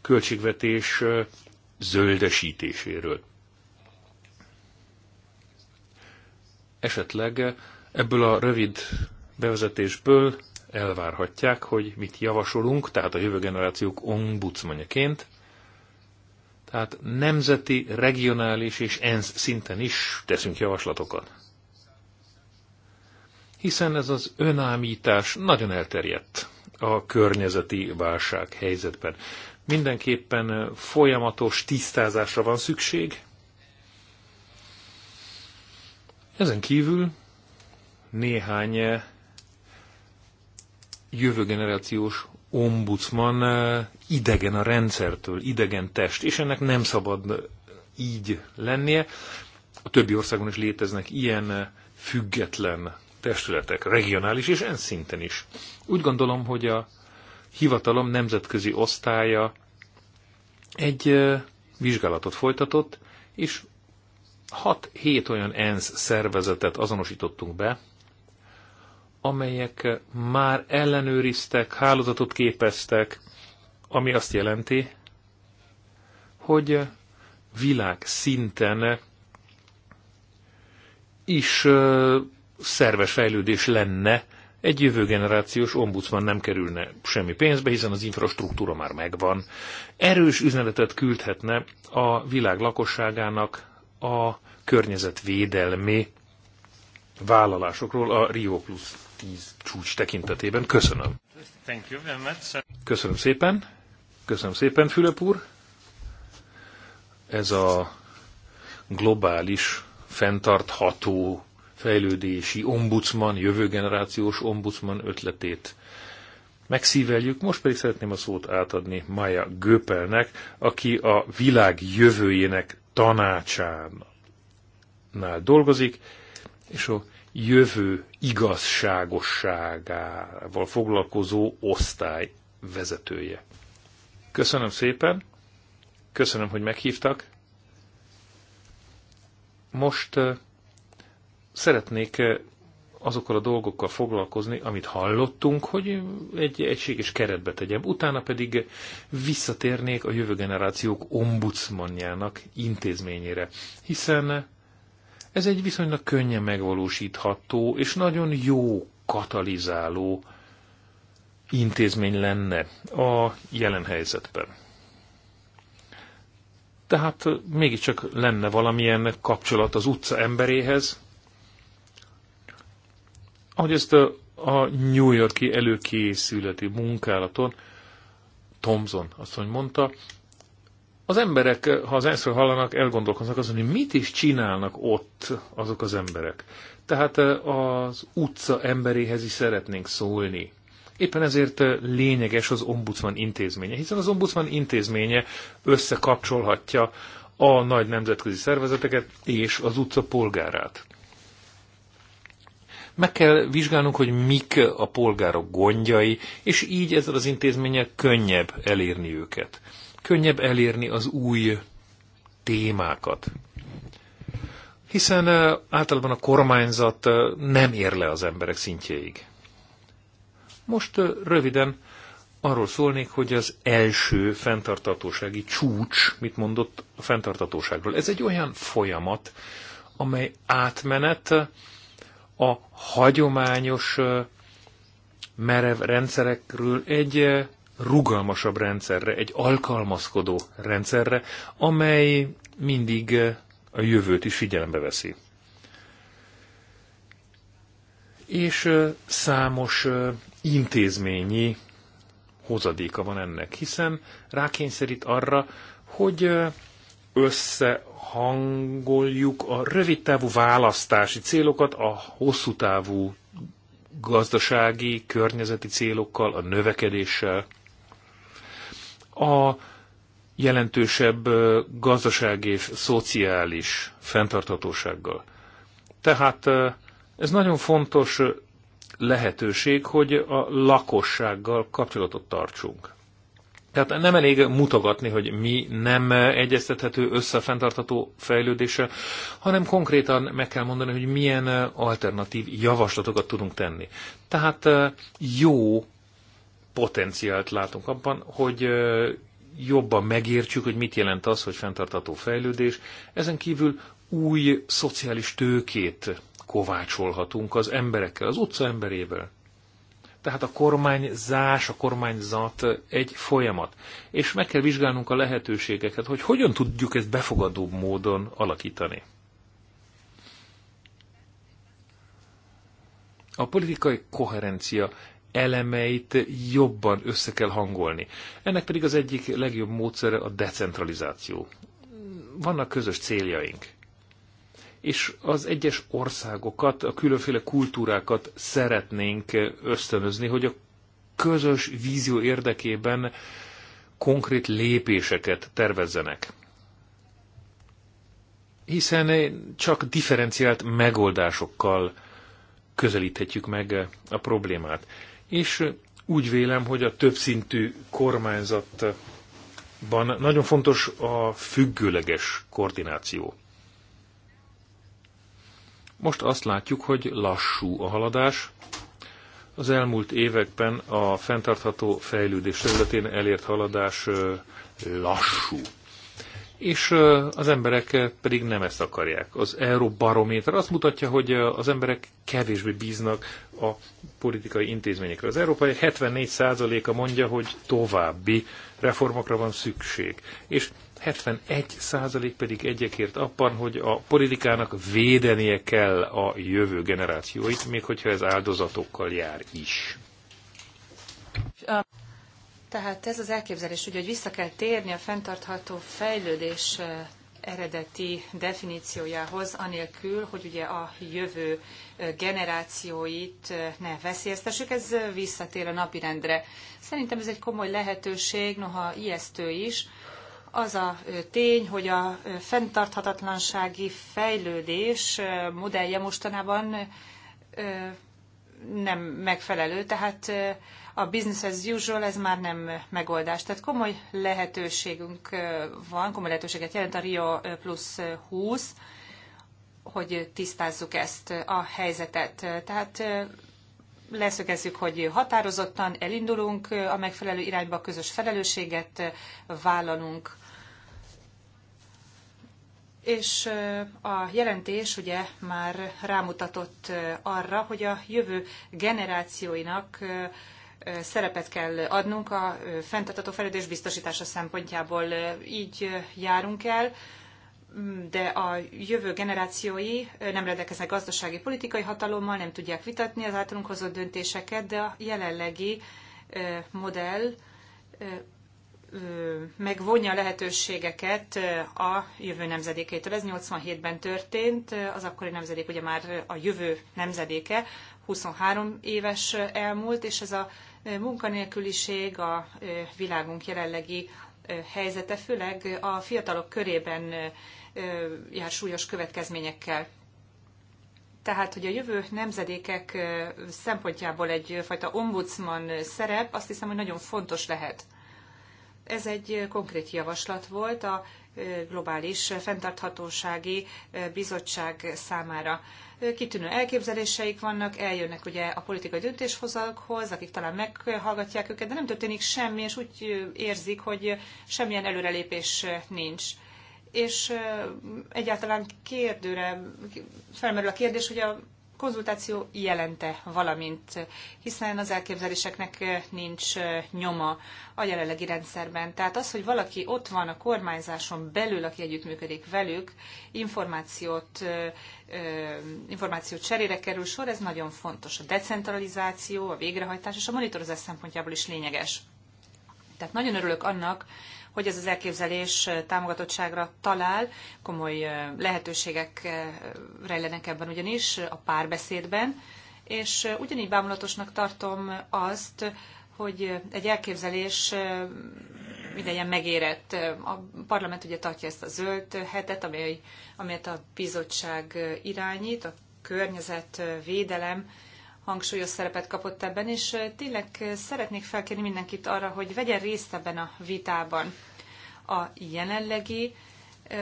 költségvetés zöldesítéséről. Esetleg ebből a rövid bevezetésből elvárhatják, hogy mit javasolunk, tehát a jövő generációk ombudsmanyaként, tehát nemzeti, regionális és ENSZ szinten is teszünk javaslatokat. Hiszen ez az önámítás nagyon elterjedt a környezeti válság helyzetben mindenképpen folyamatos tisztázásra van szükség. Ezen kívül néhány jövő generációs ombudsman idegen a rendszertől, idegen test, és ennek nem szabad így lennie. A többi országon is léteznek ilyen független testületek, regionális és en szinten is. Úgy gondolom, hogy a hivatalom nemzetközi osztálya egy vizsgálatot folytatott, és 6-7 olyan ENSZ szervezetet azonosítottunk be, amelyek már ellenőriztek, hálózatot képeztek, ami azt jelenti, hogy világ szinten is szerves fejlődés lenne egy jövő generációs ombudsman nem kerülne semmi pénzbe, hiszen az infrastruktúra már megvan. Erős üzenetet küldhetne a világ lakosságának a környezetvédelmi vállalásokról a Rio Plus 10 csúcs tekintetében. Köszönöm. Köszönöm szépen. Köszönöm szépen, Fülöp úr. Ez a globális, fenntartható fejlődési ombudsman, jövőgenerációs ombudsman ötletét megszíveljük. Most pedig szeretném a szót átadni Maja Göpelnek, aki a világ jövőjének tanácsánál dolgozik, és a jövő igazságosságával foglalkozó osztály vezetője. Köszönöm szépen, köszönöm, hogy meghívtak. Most szeretnék eh, azokkal a dolgokkal foglalkozni, amit hallottunk, hogy egy egységes keretbe tegyem. Utána pedig visszatérnék a jövő generációk ombudsmanjának intézményére, hiszen ez egy viszonylag könnyen megvalósítható és nagyon jó katalizáló intézmény lenne a jelen helyzetben. Tehát mégiscsak lenne valamilyen kapcsolat az utca emberéhez, ahogy ezt a, a New Yorki előkészületi munkálaton Thomson azt mondta, az emberek, ha az ensz hallanak, elgondolkoznak azon, hogy mit is csinálnak ott azok az emberek. Tehát eh, az utca emberéhez is szeretnénk szólni. Éppen ezért eh, lényeges az ombudsman intézménye, hiszen az ombudsman intézménye összekapcsolhatja a nagy nemzetközi szervezeteket és az utca polgárát. Meg kell vizsgálnunk, hogy mik a polgárok gondjai, és így ezzel az intézménnyel könnyebb elérni őket. Könnyebb elérni az új témákat. Hiszen általában a kormányzat nem ér le az emberek szintjéig. Most röviden arról szólnék, hogy az első fenntartatósági csúcs mit mondott a fenntartatóságról. Ez egy olyan folyamat, amely átmenet a hagyományos merev rendszerekről egy rugalmasabb rendszerre, egy alkalmazkodó rendszerre, amely mindig a jövőt is figyelembe veszi. És számos intézményi hozadéka van ennek, hiszen rákényszerít arra, hogy összehangoljuk a rövidtávú választási célokat a hosszú távú gazdasági, környezeti célokkal, a növekedéssel. A jelentősebb gazdasági és szociális fenntarthatósággal. Tehát ez nagyon fontos lehetőség, hogy a lakossággal kapcsolatot tartsunk. Tehát nem elég mutogatni, hogy mi nem egyeztethető össze a fenntartható fejlődéssel, hanem konkrétan meg kell mondani, hogy milyen alternatív javaslatokat tudunk tenni. Tehát jó potenciált látunk abban, hogy jobban megértsük, hogy mit jelent az, hogy fenntartató fejlődés. Ezen kívül új szociális tőkét kovácsolhatunk az emberekkel, az utca emberével. Tehát a kormányzás, a kormányzat egy folyamat. És meg kell vizsgálnunk a lehetőségeket, hogy hogyan tudjuk ezt befogadóbb módon alakítani. A politikai koherencia elemeit jobban össze kell hangolni. Ennek pedig az egyik legjobb módszere a decentralizáció. Vannak közös céljaink és az egyes országokat, a különféle kultúrákat szeretnénk ösztönözni, hogy a közös vízió érdekében konkrét lépéseket tervezzenek. Hiszen csak differenciált megoldásokkal közelíthetjük meg a problémát. És úgy vélem, hogy a többszintű kormányzatban nagyon fontos a függőleges koordináció. Most azt látjuk, hogy lassú a haladás. Az elmúlt években a fenntartható fejlődés területén elért haladás lassú és az emberek pedig nem ezt akarják. Az Euróbarométer azt mutatja, hogy az emberek kevésbé bíznak a politikai intézményekre. Az európai 74%-a mondja, hogy további reformokra van szükség, és 71% pedig egyekért abban, hogy a politikának védenie kell a jövő generációit, még hogyha ez áldozatokkal jár is. Tehát ez az elképzelés, ugye, hogy vissza kell térni a fenntartható fejlődés eredeti definíciójához, anélkül, hogy ugye a jövő generációit ne veszélyeztessük, ez visszatér a napirendre. Szerintem ez egy komoly lehetőség, noha ijesztő is, az a tény, hogy a fenntarthatatlansági fejlődés modellje mostanában nem megfelelő, tehát a business as usual, ez már nem megoldás. Tehát komoly lehetőségünk van, komoly lehetőséget jelent a Rio plusz 20, hogy tisztázzuk ezt a helyzetet. Tehát leszögezzük, hogy határozottan elindulunk a megfelelő irányba, közös felelősséget vállalunk. És a jelentés ugye már rámutatott arra, hogy a jövő generációinak szerepet kell adnunk a fenntartató fejlődés biztosítása szempontjából. Így járunk el, mm, de a jövő generációi nem rendelkeznek gazdasági politikai hatalommal, nem tudják vitatni az általunk hozott döntéseket, de a jelenlegi modell megvonja a lehetőségeket a jövő nemzedékeitől. Ez 87-ben történt, az akkori nemzedék ugye már a jövő nemzedéke, 23 éves elmúlt, és ez a munkanélküliség, a világunk jelenlegi helyzete, főleg a fiatalok körében jár súlyos következményekkel. Tehát, hogy a jövő nemzedékek szempontjából egyfajta ombudsman szerep, azt hiszem, hogy nagyon fontos lehet. Ez egy konkrét javaslat volt a Globális fenntarthatósági Bizottság számára kitűnő elképzeléseik vannak, eljönnek ugye a politikai döntéshozakhoz, akik talán meghallgatják őket, de nem történik semmi, és úgy érzik, hogy semmilyen előrelépés nincs. És egyáltalán kérdőre felmerül a kérdés, hogy a konzultáció jelente valamint, hiszen az elképzeléseknek eh, nincs eh, nyoma a jelenlegi rendszerben. Tehát az, hogy valaki ott van a kormányzáson belül, aki együttműködik velük, információt, eh, információt cserére kerül sor, ez nagyon fontos. A decentralizáció, a végrehajtás és a monitorozás szempontjából is lényeges. Tehát nagyon örülök annak, hogy ez az elképzelés támogatottságra talál. Komoly lehetőségek rejlenek ebben ugyanis a párbeszédben, és ugyanígy bámulatosnak tartom azt, hogy egy elképzelés ideje megérett. A parlament ugye tartja ezt a zöld hetet, amely, amelyet a bizottság irányít, a környezetvédelem hangsúlyos szerepet kapott ebben, és tényleg szeretnék felkérni mindenkit arra, hogy vegyen részt ebben a vitában. A jelenlegi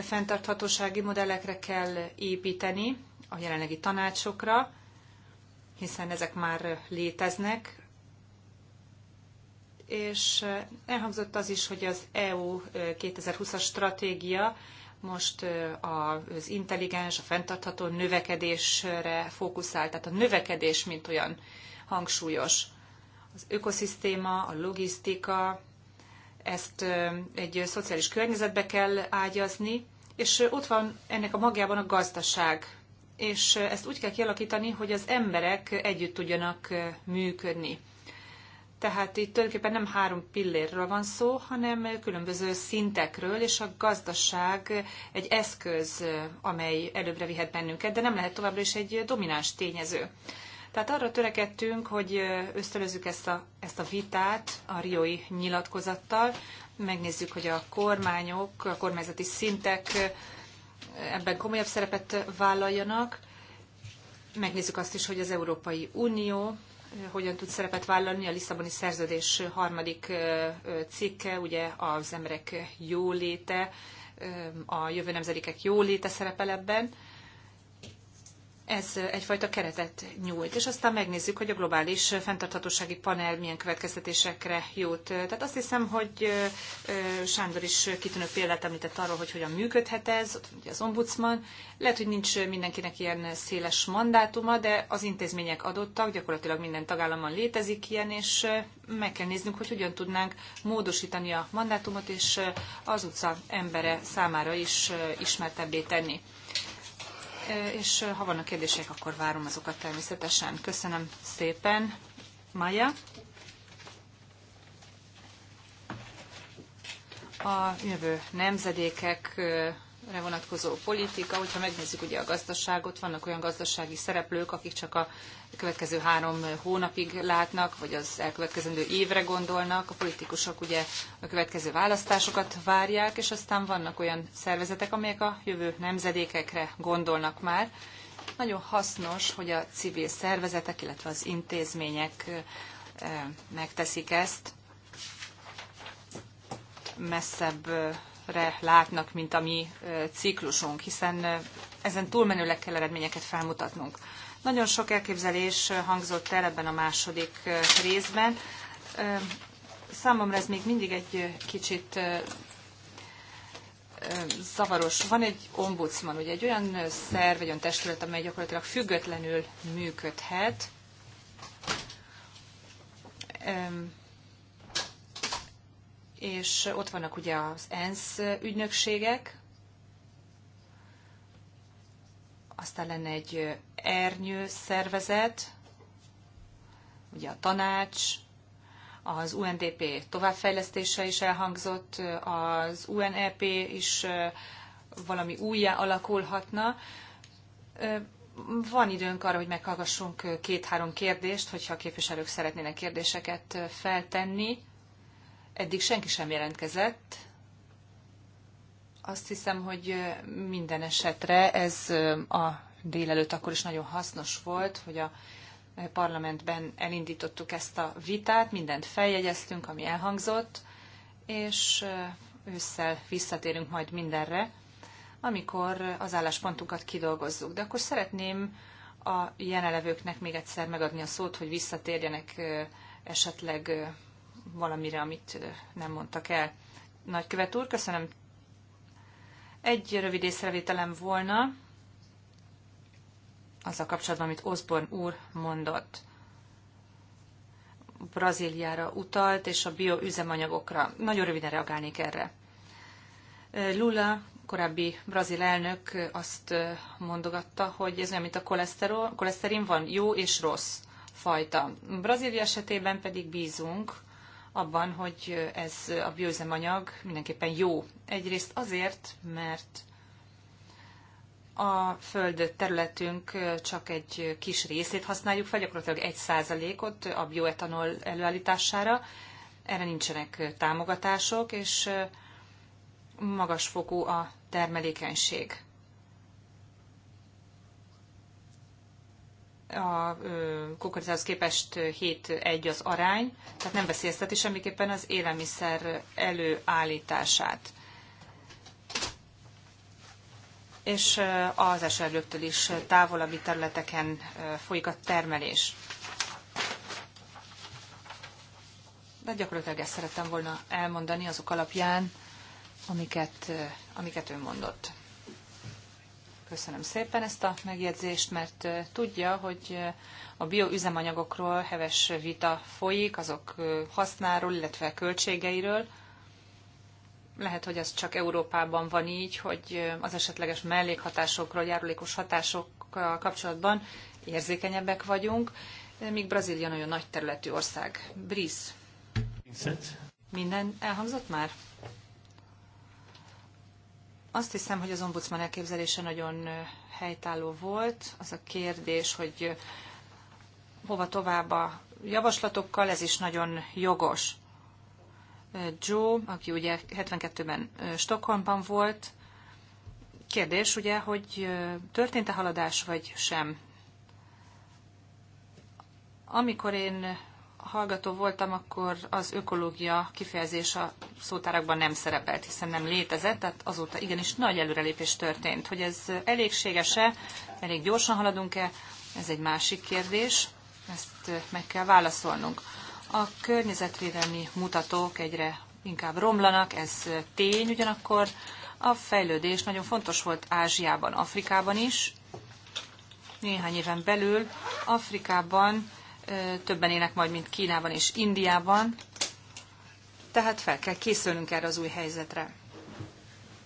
fenntarthatósági modellekre kell építeni, a jelenlegi tanácsokra, hiszen ezek már léteznek, és elhangzott az is, hogy az EU 2020-as stratégia most az intelligens, a fenntartható növekedésre fókuszál, tehát a növekedés, mint olyan hangsúlyos. Az ökoszisztéma, a logisztika, ezt egy szociális környezetbe kell ágyazni, és ott van ennek a magjában a gazdaság, és ezt úgy kell kialakítani, hogy az emberek együtt tudjanak működni. Tehát itt tulajdonképpen nem három pillérről van szó, hanem különböző szintekről, és a gazdaság egy eszköz, amely előbbre vihet bennünket, de nem lehet továbbra is egy domináns tényező. Tehát arra törekedtünk, hogy ösztönözzük ezt a, ezt a vitát a riói nyilatkozattal, megnézzük, hogy a kormányok, a kormányzati szintek ebben komolyabb szerepet vállaljanak, megnézzük azt is, hogy az Európai Unió hogyan tud szerepet vállalni a Lisszaboni szerződés harmadik cikke, ugye az emberek jóléte, a jövő nemzedékek jóléte szerepel ebben ez egyfajta keretet nyújt. És aztán megnézzük, hogy a globális fenntarthatósági panel milyen következtetésekre jut. Tehát azt hiszem, hogy Sándor is kitűnő példát említett arról, hogy hogyan működhet ez, ott ugye az ombudsman. Lehet, hogy nincs mindenkinek ilyen széles mandátuma, de az intézmények adottak, gyakorlatilag minden tagállamban létezik ilyen, és meg kell néznünk, hogy hogyan tudnánk módosítani a mandátumot, és az utca embere számára is ismertebbé tenni és ha vannak kérdések, akkor várom azokat természetesen. Köszönöm szépen, Maja. A jövő nemzedékek vonatkozó politika, hogyha megnézzük ugye a gazdaságot, vannak olyan gazdasági szereplők, akik csak a következő három hónapig látnak, vagy az elkövetkezendő évre gondolnak, a politikusok ugye a következő választásokat várják, és aztán vannak olyan szervezetek, amelyek a jövő nemzedékekre gondolnak már. Nagyon hasznos, hogy a civil szervezetek, illetve az intézmények megteszik ezt messzebb re látnak, mint a mi ciklusunk, hiszen ezen túlmenőleg kell eredményeket felmutatnunk. Nagyon sok elképzelés hangzott el ebben a második részben. Számomra ez még mindig egy kicsit zavaros. Van egy ombudsman, ugye egy olyan szerv, egy olyan testület, amely gyakorlatilag függetlenül működhet és ott vannak ugye az ENSZ ügynökségek, aztán lenne egy ernyő szervezet, ugye a tanács, az UNDP továbbfejlesztése is elhangzott, az UNEP is valami újjá alakulhatna. Van időnk arra, hogy meghallgassunk két-három kérdést, hogyha a képviselők szeretnének kérdéseket feltenni. Eddig senki sem jelentkezett. Azt hiszem, hogy minden esetre ez a délelőtt akkor is nagyon hasznos volt, hogy a parlamentben elindítottuk ezt a vitát, mindent feljegyeztünk, ami elhangzott, és ősszel visszatérünk majd mindenre, amikor az álláspontunkat kidolgozzuk. De akkor szeretném a jelenlevőknek még egyszer megadni a szót, hogy visszatérjenek esetleg valamire, amit nem mondtak el. Nagykövet úr, köszönöm. Egy rövid észrevételem volna az a kapcsolatban, amit Osborne úr mondott. Brazíliára utalt, és a bioüzemanyagokra. Nagyon röviden reagálnék erre. Lula, korábbi brazil elnök azt mondogatta, hogy ez olyan, mint a koleszterol, koleszterin van jó és rossz fajta. Brazília esetében pedig bízunk abban, hogy ez a bioüzemanyag mindenképpen jó. Egyrészt azért, mert a föld területünk csak egy kis részét használjuk fel, gyakorlatilag egy százalékot a bioetanol előállítására. Erre nincsenek támogatások, és magasfokú a termelékenység. a kukoricához képest 7-1 az arány, tehát nem veszélyezteti semmiképpen az élelmiszer előállítását. És az eserdőktől is távolabbi területeken folyik a termelés. De gyakorlatilag ezt szerettem volna elmondani azok alapján, amiket, amiket ő mondott. Köszönöm szépen ezt a megjegyzést, mert tudja, hogy a bioüzemanyagokról heves vita folyik, azok hasznáról, illetve költségeiről. Lehet, hogy az csak Európában van így, hogy az esetleges mellékhatásokról, járulékos hatásokkal kapcsolatban érzékenyebbek vagyunk, míg Brazília nagyon nagy területű ország. Brice. Minden elhangzott már? Azt hiszem, hogy az ombudsman elképzelése nagyon helytálló volt. Az a kérdés, hogy hova tovább a javaslatokkal, ez is nagyon jogos. Joe, aki ugye 72-ben Stockholmban volt, kérdés ugye, hogy történt-e haladás, vagy sem. Amikor én hallgató voltam, akkor az ökológia kifejezés a szótárakban nem szerepelt, hiszen nem létezett, tehát azóta igenis nagy előrelépés történt. Hogy ez elégséges-e, elég gyorsan haladunk-e, ez egy másik kérdés, ezt meg kell válaszolnunk. A környezetvédelmi mutatók egyre inkább romlanak, ez tény, ugyanakkor a fejlődés nagyon fontos volt Ázsiában, Afrikában is. Néhány éven belül Afrikában többen élnek majd, mint Kínában és Indiában, tehát fel kell készülnünk erre az új helyzetre.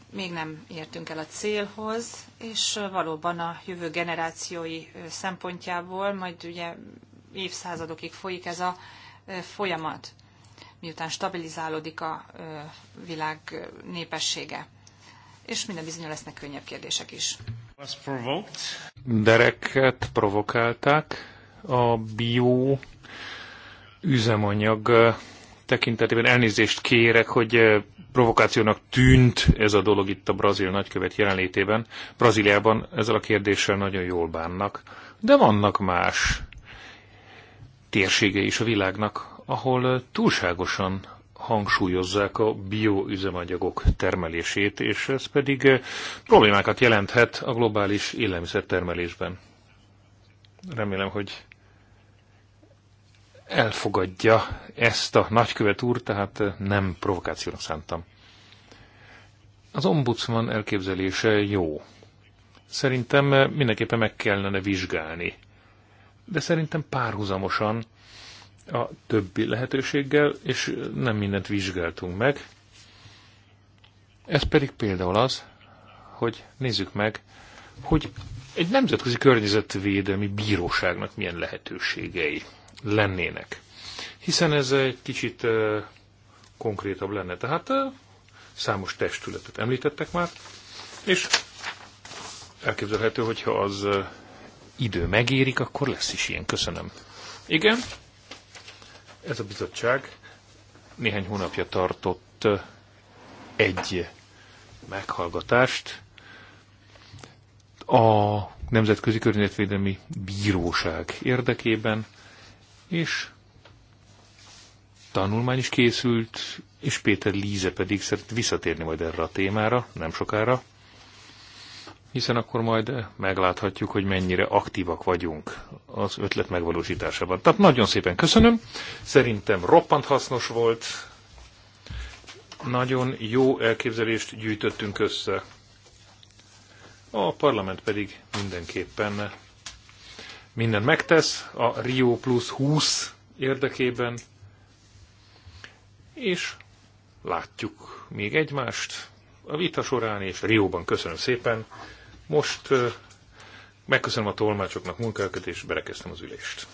Még nem értünk el a célhoz, és valóban a jövő generációi szempontjából majd ugye évszázadokig folyik ez a folyamat, miután stabilizálódik a világ népessége. És minden bizonyos lesznek könnyebb kérdések is. Dereket provokálták a bió üzemanyag tekintetében elnézést kérek, hogy provokációnak tűnt ez a dolog itt a brazil nagykövet jelenlétében. Brazíliában ezzel a kérdéssel nagyon jól bánnak, de vannak más térségei is a világnak, ahol túlságosan hangsúlyozzák a bioüzemanyagok termelését, és ez pedig problémákat jelenthet a globális élelmiszertermelésben. Remélem, hogy elfogadja ezt a nagykövet úr, tehát nem provokációra szántam. Az ombudsman elképzelése jó. Szerintem mindenképpen meg kellene vizsgálni. De szerintem párhuzamosan a többi lehetőséggel, és nem mindent vizsgáltunk meg. Ez pedig például az, hogy nézzük meg, hogy egy nemzetközi környezetvédelmi bíróságnak milyen lehetőségei lennének. Hiszen ez egy kicsit konkrétabb lenne. Tehát számos testületet említettek már, és elképzelhető, hogyha az idő megérik, akkor lesz is ilyen. Köszönöm. Igen, ez a bizottság néhány hónapja tartott egy meghallgatást a Nemzetközi Környezetvédelmi Bíróság érdekében, és tanulmány is készült, és Péter Líze pedig szeret visszatérni majd erre a témára, nem sokára, hiszen akkor majd megláthatjuk, hogy mennyire aktívak vagyunk az ötlet megvalósításában. Tehát nagyon szépen köszönöm, szerintem roppant hasznos volt, nagyon jó elképzelést gyűjtöttünk össze. A parlament pedig mindenképpen mindent megtesz a Rio Plus 20 érdekében, és látjuk még egymást a vita során és Rióban. Köszönöm szépen. Most megköszönöm a tolmácsoknak munkájukat, és berekeztem az ülést.